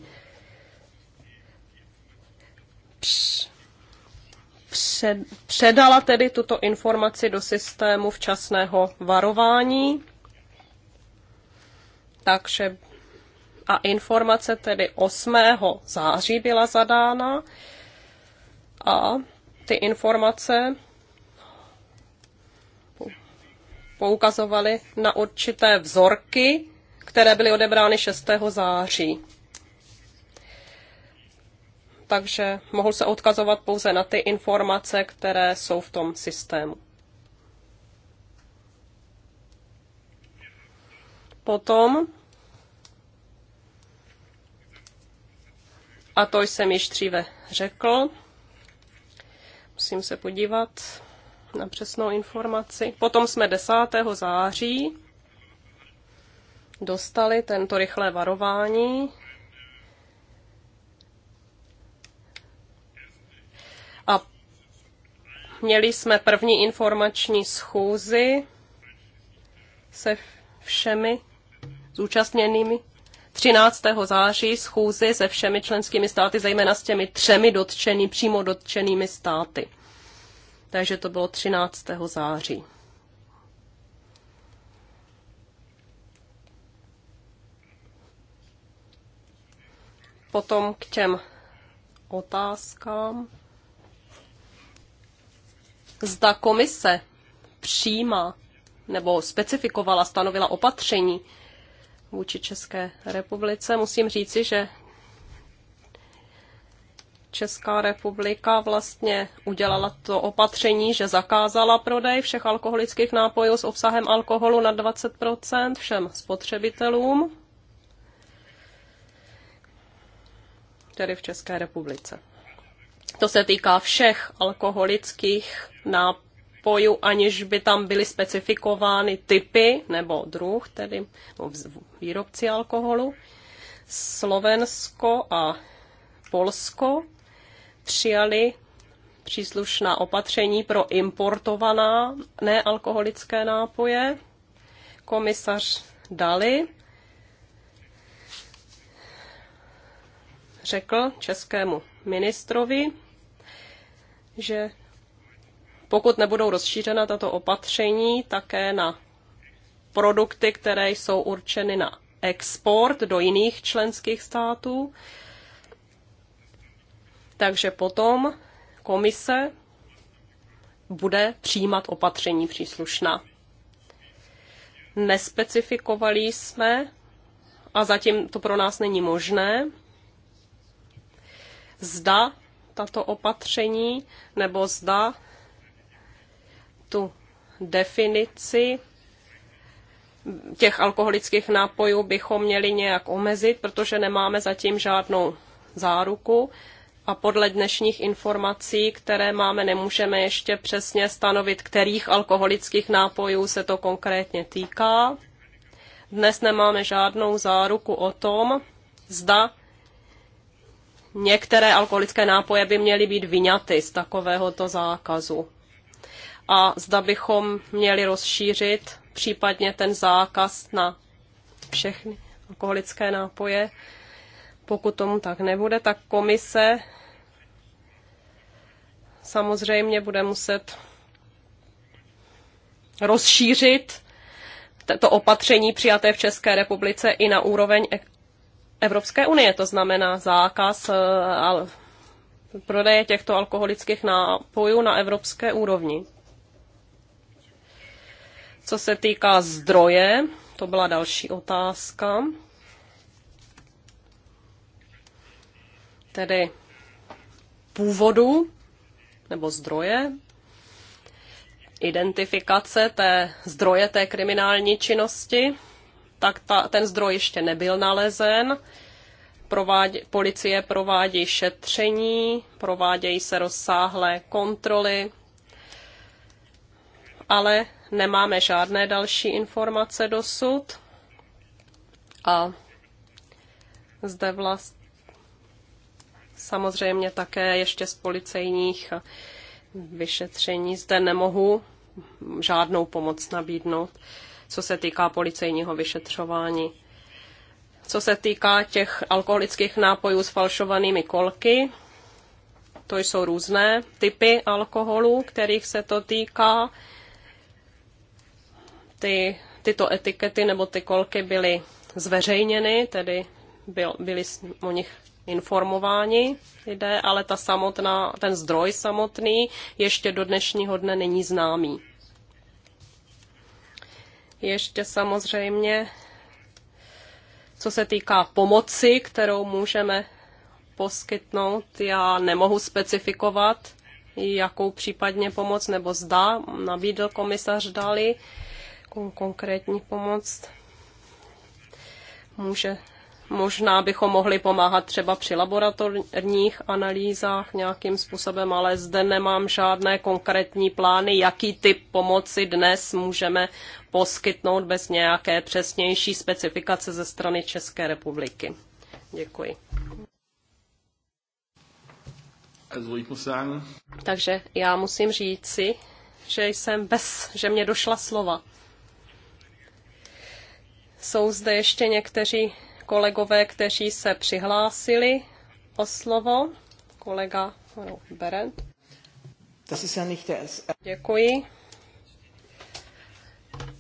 předala tedy tuto informaci do systému včasného varování, takže a informace tedy 8. září byla zadána a ty informace poukazovaly na určité vzorky, které byly odebrány 6. září. Takže mohl se odkazovat pouze na ty informace, které jsou v tom systému. Potom A to jsem již dříve řekl. Musím se podívat na přesnou informaci. Potom jsme 10. září dostali tento rychlé varování. A měli jsme první informační schůzi se všemi zúčastněnými 13. září schůzi se všemi členskými státy, zejména s těmi třemi dotčenými, přímo dotčenými státy. Takže to bylo 13. září. Potom k těm otázkám. Zda komise přijímá nebo specifikovala, stanovila opatření, vůči České republice. Musím říci, že Česká republika vlastně udělala to opatření, že zakázala prodej všech alkoholických nápojů s obsahem alkoholu na 20% všem spotřebitelům, tedy v České republice. To se týká všech alkoholických nápojů pojů, aniž by tam byly specifikovány typy nebo druh, tedy no, výrobci alkoholu. Slovensko a Polsko přijali příslušná opatření pro importovaná nealkoholické nápoje. Komisař Dali řekl českému ministrovi, že pokud nebudou rozšířena tato opatření také na produkty, které jsou určeny na export do jiných členských států. Takže potom komise bude přijímat opatření příslušná. Nespecifikovali jsme, a zatím to pro nás není možné, zda tato opatření nebo zda tu definici těch alkoholických nápojů bychom měli nějak omezit, protože nemáme zatím žádnou záruku a podle dnešních informací, které máme, nemůžeme ještě přesně stanovit, kterých alkoholických nápojů se to konkrétně týká. Dnes nemáme žádnou záruku o tom, zda některé alkoholické nápoje by měly být vyňaty z takovéhoto zákazu a zda bychom měli rozšířit případně ten zákaz na všechny alkoholické nápoje. Pokud tomu tak nebude, tak komise samozřejmě bude muset rozšířit to opatření přijaté v České republice i na úroveň e- Evropské unie, to znamená zákaz e, prodeje těchto alkoholických nápojů na evropské úrovni. Co se týká zdroje, to byla další otázka. Tedy původu nebo zdroje, identifikace té zdroje té kriminální činnosti, tak ta, ten zdroj ještě nebyl nalezen. Provádě, policie provádí šetření, provádějí se rozsáhlé kontroly ale nemáme žádné další informace dosud. A zde vlast samozřejmě také ještě z policejních vyšetření zde nemohu žádnou pomoc nabídnout, co se týká policejního vyšetřování. Co se týká těch alkoholických nápojů s falšovanými kolky, to jsou různé typy alkoholu, kterých se to týká ty, tyto etikety nebo ty kolky byly zveřejněny, tedy byl, byli o nich informováni lidé, ale ta samotná, ten zdroj samotný ještě do dnešního dne není známý. Ještě samozřejmě, co se týká pomoci, kterou můžeme poskytnout, já nemohu specifikovat, jakou případně pomoc nebo zda nabídl komisař Dali takovou konkrétní pomoc. Může, možná bychom mohli pomáhat třeba při laboratorních analýzách nějakým způsobem, ale zde nemám žádné konkrétní plány, jaký typ pomoci dnes můžeme poskytnout bez nějaké přesnější specifikace ze strany České republiky. Děkuji. Takže já musím říci, že jsem bez, že mě došla slova. Jsou zde ještě někteří kolegové, kteří se přihlásili o slovo. Kolega no, Berend. Děkuji.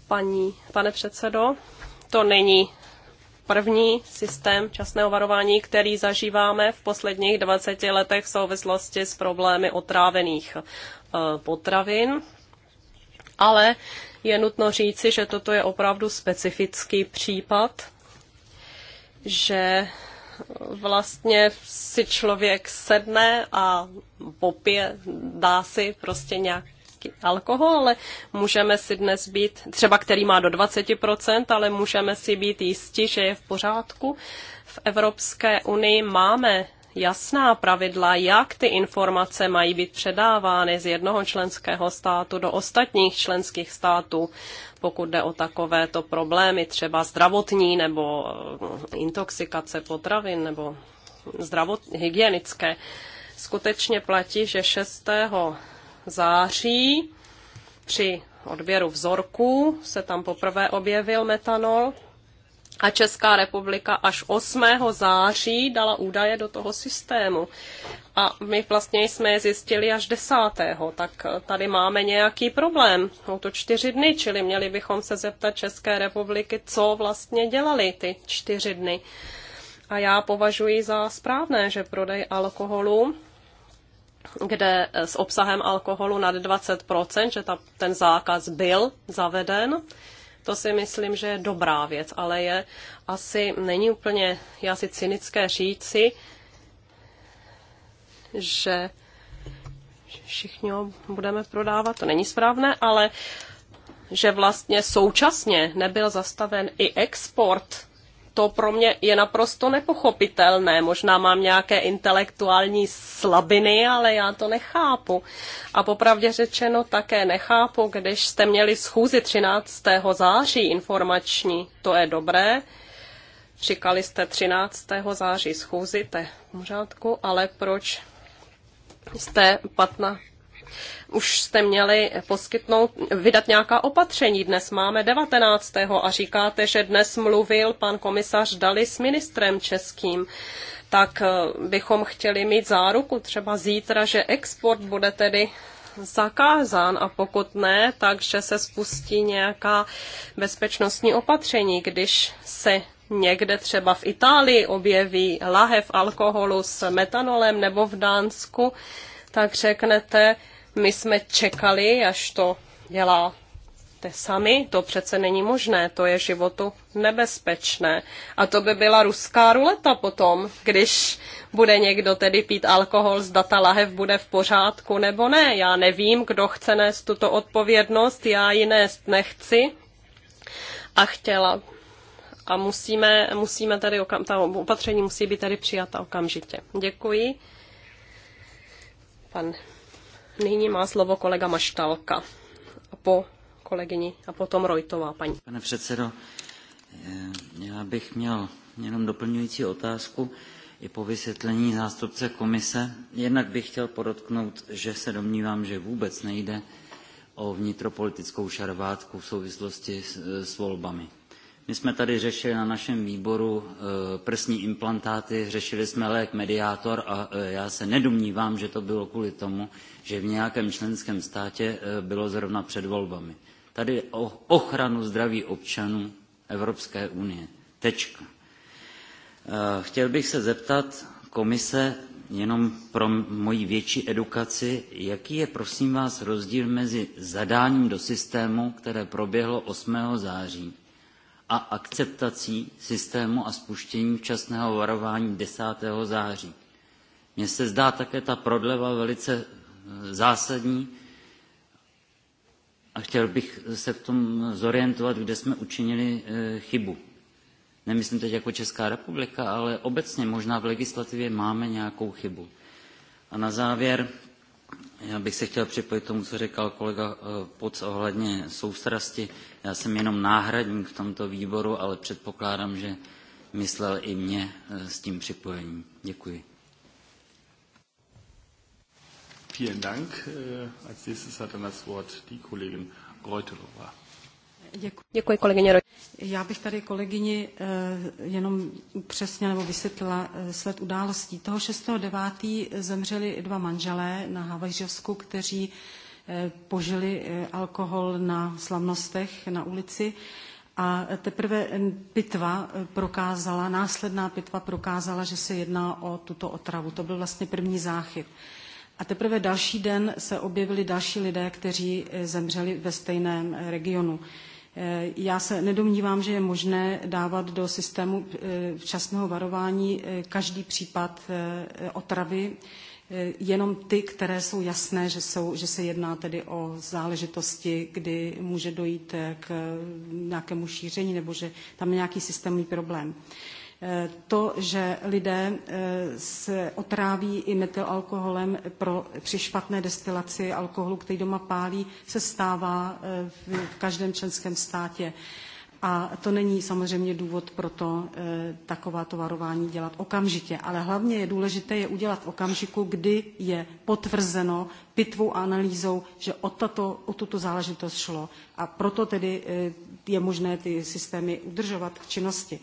Paní, pane předsedo, to není první systém časného varování, který zažíváme v posledních 20 letech v souvislosti s problémy otrávených eh, potravin ale je nutno říci, že toto je opravdu specifický případ, že vlastně si člověk sedne a popije, dá si prostě nějak alkohol, ale můžeme si dnes být, třeba který má do 20%, ale můžeme si být jistí, že je v pořádku. V Evropské unii máme jasná pravidla, jak ty informace mají být předávány z jednoho členského státu do ostatních členských států, pokud jde o takovéto problémy, třeba zdravotní nebo eh, intoxikace potravin nebo zdravot, hygienické. Skutečně platí, že 6. září při odběru vzorků se tam poprvé objevil metanol a Česká republika až 8. září dala údaje do toho systému. A my vlastně jsme je zjistili až 10. Tak tady máme nějaký problém. Jsou to čtyři dny, čili měli bychom se zeptat České republiky, co vlastně dělali ty čtyři dny. A já považuji za správné, že prodej alkoholu kde s obsahem alkoholu nad 20%, že ta, ten zákaz byl zaveden, to si myslím, že je dobrá věc, ale je asi, není úplně, je asi cynické říci, že všichni ho budeme prodávat, to není správné, ale že vlastně současně nebyl zastaven i export to pro mě je naprosto nepochopitelné. Možná mám nějaké intelektuální slabiny, ale já to nechápu. A popravdě řečeno také nechápu, když jste měli schůzi 13. září informační, to je dobré, Říkali jste 13. září schůzi, to je v pořádku, ale proč jste 15 už jste měli poskytnout, vydat nějaká opatření. Dnes máme 19. a říkáte, že dnes mluvil pan komisař Dali s ministrem českým tak eh, bychom chtěli mít záruku třeba zítra, že export bude tedy zakázán a pokud ne, takže se spustí nějaká bezpečnostní opatření, když se někde třeba v Itálii objeví lahev alkoholu s metanolem nebo v Dánsku, tak řeknete, my jsme čekali, až to dělá te sami, to přece není možné, to je životu nebezpečné. A to by byla ruská ruleta potom, když bude někdo tedy pít alkohol, z data lahev bude v pořádku nebo ne. Já nevím, kdo chce nést tuto odpovědnost, já ji nést nechci. A chtěla. A musíme, musíme tady, okam, ta opatření musí být tady přijata okamžitě. Děkuji. Pan Nyní má slovo kolega Maštalka a po kolegyni a
potom Rojtová paní. Pane předsedo, eh, já bych měl jenom doplňující otázku i po vysvětlení zástupce komise. Jednak bych chtěl podotknout, že se domnívám, že vůbec nejde o vnitropolitickou šarvátku v souvislosti s, s volbami my jsme tady řešili na našem výboru eh, prsní implantáty, řešili jsme lék mediátor a eh, já se nedomnívám, že to bylo kvůli tomu, že v nějakém členském státě eh, bylo zrovna před volbami. Tady o ochranu zdraví občanů Evropské unie. Tečka. Chtěl bych se zeptat komise, jenom pro moji větší edukaci, jaký je, prosím vás, rozdíl mezi zadáním do systému, které proběhlo 8. září a akceptací systému a spuštění včasného varování 10. září. Mně se zdá také ta prodleva velice eh, zásadní a chtěl bych se v tom zorientovat, kde jsme učinili eh, chybu. Nemyslím teď jako Česká republika, ale obecně možná v legislativě máme nějakou chybu. A na závěr já bych se chtěl připojit k tomu, co říkal kolega eh, Poc ohledně soustrasti. Já jsem jenom náhradník v tomto výboru, ale předpokládám, že myslel i mě eh, s tím připojením. Děkuji. Vielen Dank. Äh, als nächstes hat dann er das Wort die Kollegin Reutelowa.
Děkuji, kolegyně Reutelová. Já bych tady kolegyni eh, jenom přesně nebo vysvětlila eh, sled událostí. Toho 6.9. zemřeli dva manželé na Havajžovsku, kteří eh, požili alkohol na slavnostech na ulici. A teprve pitva prokázala, následná pitva prokázala, že se jedná o tuto otravu. To byl vlastně první záchyt. A teprve další den se objevili další lidé, kteří zemřeli ve stejném regionu. Eh, já se nedomnívám, že je možné dávat do systému eh, včasného varování eh, každý případ otravy, jenom ty, které jsou jasné, že, jsou, že se jedná tedy o záležitosti, kdy může dojít k nějakému šíření nebo že tam je nějaký systémový problém. To, že lidé eh, se otráví i metylalkoholem pro, při špatné destilaci alkoholu, který doma pálí, se stává eh, v každém členském státě. A to není samozřejmě důvod pro to e, eh, takováto varování dělat okamžitě. Ale hlavně je důležité je udělat v okamžiku, kdy je potvrzeno pitvou a analýzou, že o, tato, o tuto záležitost šlo. A proto tedy e, je možné ty systémy udržovat v činnosti.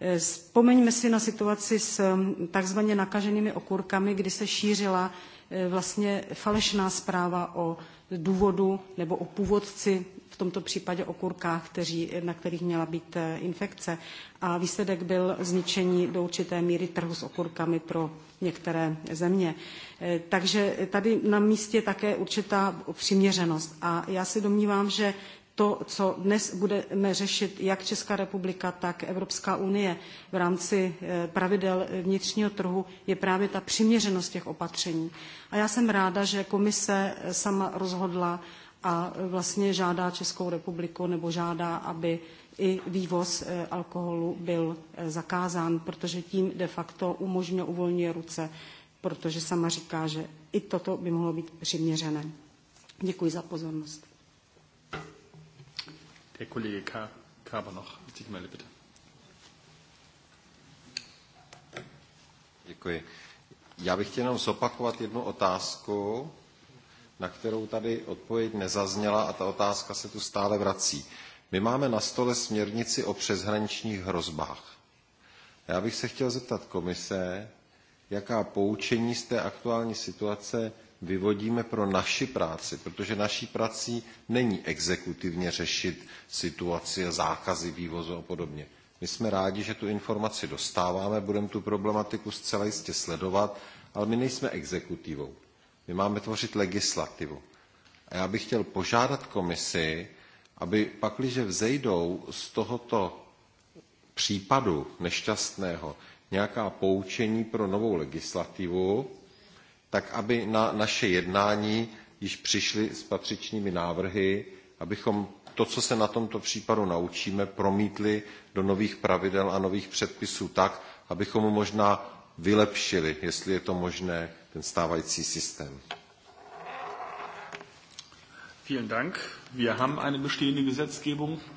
Eh, vzpomeňme si na situaci s mm, takzvaně nakaženými okurkami, kdy se šířila eh, vlastně falešná zpráva o důvodu nebo o původci, v tomto případě o kurkách, kteří, eh, na kterých měla být infekce. A výsledek byl zničení do určité míry trhu s okurkami pro některé země. Takže tady na místě také určitá přiměřenost. A já se domnívám, že to, co dnes budeme řešit jak Česká republika, tak Evropská unie v rámci eh, pravidel vnitřního trhu, je právě ta přiměřenost těch opatření. A já jsem ráda, že komise eh, sama rozhodla a eh, vlastně žádá Českou republiku nebo žádá, aby i vývoz alkoholu byl zakázán, protože tím de facto umožňuje, uvolňuje ruce, protože sama říká, že i toto by mohlo být přiměřené. Děkuji za pozornost.
Der Kollege Kaber noch. Siegmelde, bitte.
Děkuji. Já bych chtěl jenom zopakovat jednu otázku, na kterou tady odpověď nezazněla a ta otázka se tu stále vrací. My máme na stole směrnici o přeshraničních hrozbách. Já bych se chtěl zeptat komise, jaká poučení z té aktuální situace vyvodíme pro naši práci, protože naší prací není exekutivně řešit situaci a zákazy vývozu a podobně. My jsme rádi, že tu informaci dostáváme, budeme tu problematiku zcela jistě sledovat, ale my nejsme exekutivou. My máme tvořit legislativu. A já bych chtěl požádat komisi, aby pakliže vzejdou z tohoto případu nešťastného nějaká poučení pro novou legislativu, tak aby na naše jednání již přišli s patřičnými návrhy, abychom to, co se na tomto případu naučíme, promítli do nových pravidel a nových předpisů tak, abychom možná vylepšili, jestli je to možné, ten stávající systém.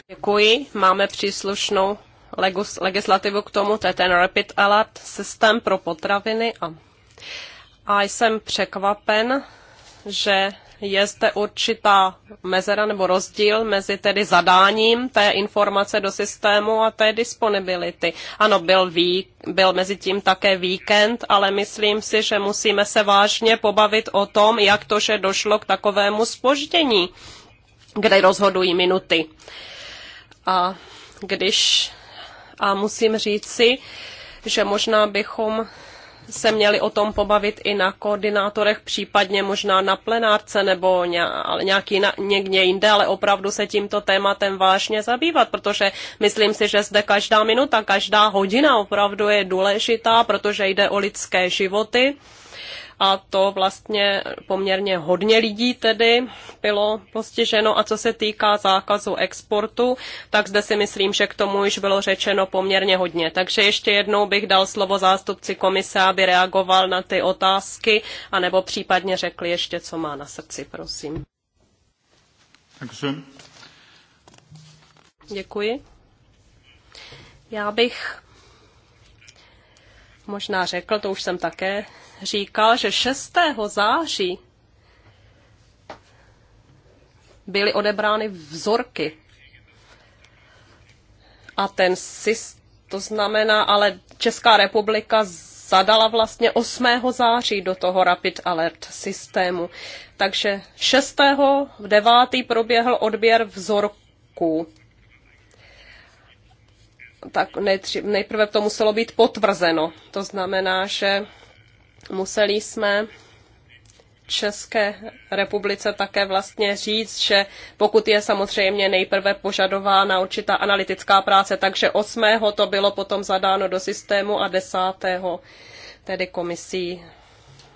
Děkuji. Máme příslušnou legislativu k tomu, to je ten Rapid Alert systém pro potraviny a a jsem překvapen, že je zde určitá mezera nebo rozdíl mezi tedy zadáním té informace do systému a té disponibility. Ano, byl, ví, byl mezi tím také víkend, ale myslím si, že musíme se vážně pobavit o tom, jak to, že došlo k takovému spoždění, kde rozhodují minuty. A když, a musím říci, že možná bychom se měli o tom pobavit i na koordinátorech, případně možná na plenárce nebo nějaký na, někde jinde, ale opravdu se tímto tématem vážně zabývat, protože myslím si, že zde každá minuta, každá hodina opravdu je důležitá, protože jde o lidské životy a to vlastně poměrně hodně lidí tedy bylo postiženo. A co se týká zákazu exportu, tak zde si myslím, že k tomu již bylo řečeno poměrně hodně. Takže ještě jednou bych dal slovo zástupci komise, aby reagoval na ty otázky, anebo případně řekl ještě, co má na srdci, prosím. Děkuji. Já bych možná řekl, to už jsem také říkal, že 6. září byly odebrány vzorky. A ten SIS, to znamená, ale Česká republika zadala vlastně 8. září do toho Rapid Alert systému. Takže 6. v 9. proběhl odběr vzorků. Tak nejprve to muselo být potvrzeno. To znamená, že museli jsme České republice také vlastně říct, že pokud je samozřejmě nejprve požadována určitá analytická práce, takže 8. to bylo potom zadáno do systému a 10. tedy komisí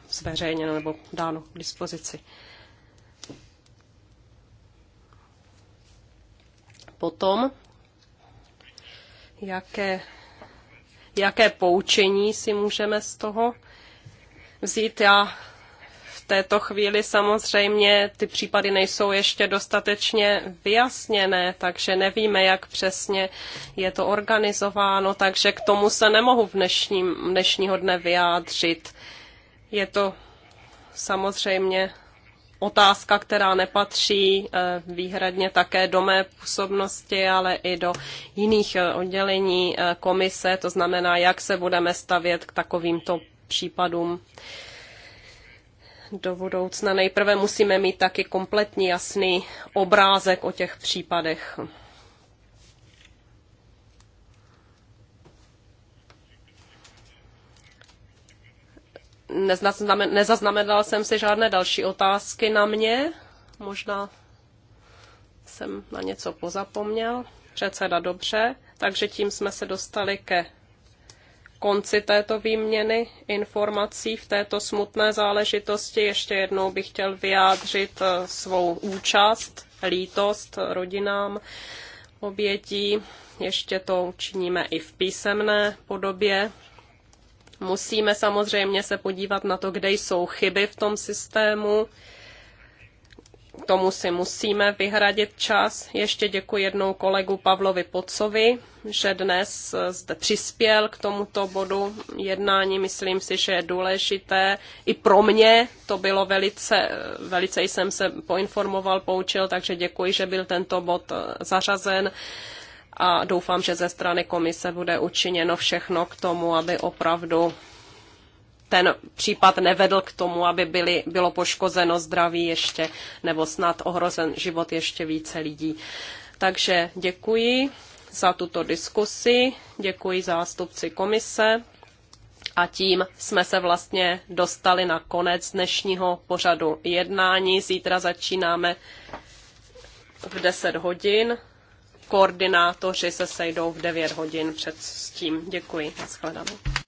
zveřejněno nebo dáno k dispozici. Potom, jaké, jaké poučení si můžeme z toho vzít. Já v této chvíli samozřejmě ty případy nejsou ještě dostatečně vyjasněné, takže nevíme, jak přesně je to organizováno, takže k tomu se nemohu v dnešním, dnešního dne vyjádřit. Je to samozřejmě otázka, která nepatří eh, výhradně také do mé působnosti, ale i do jiných eh, oddělení eh, komise, to znamená, jak se budeme stavět k takovýmto případům do budoucna. Nejprve musíme mít taky kompletní jasný obrázek o těch případech. Nezaznamenal jsem si žádné další otázky na mě. Možná jsem na něco pozapomněl. Předseda dobře. Takže tím jsme se dostali ke konci této výměny informací v této smutné záležitosti ještě jednou bych chtěl vyjádřit eh, svou účast, lítost rodinám obětí. Ještě to učiníme i v písemné podobě. Musíme samozřejmě se podívat na to, kde jsou chyby v tom systému tomu si musíme vyhradit čas. Ještě děkuji jednou kolegu Pavlovi Pocovi, že dnes eh, zde přispěl k tomuto bodu jednání. Myslím si, že je důležité. I pro mě to bylo velice, eh, velice jsem se poinformoval, poučil, takže děkuji, že byl tento bod eh, zařazen a doufám, že ze strany komise bude učiněno všechno k tomu, aby opravdu ten případ nevedl k tomu, aby byly, bylo poškozeno zdraví ještě nebo snad ohrozen život ještě více lidí. Takže děkuji za tuto diskusi, děkuji zástupci komise a tím jsme se vlastně dostali na konec dnešního pořadu jednání. Zítra začínáme v 10 hodin. Koordinátoři se sejdou v 9 hodin před tím. Děkuji. Shledanou.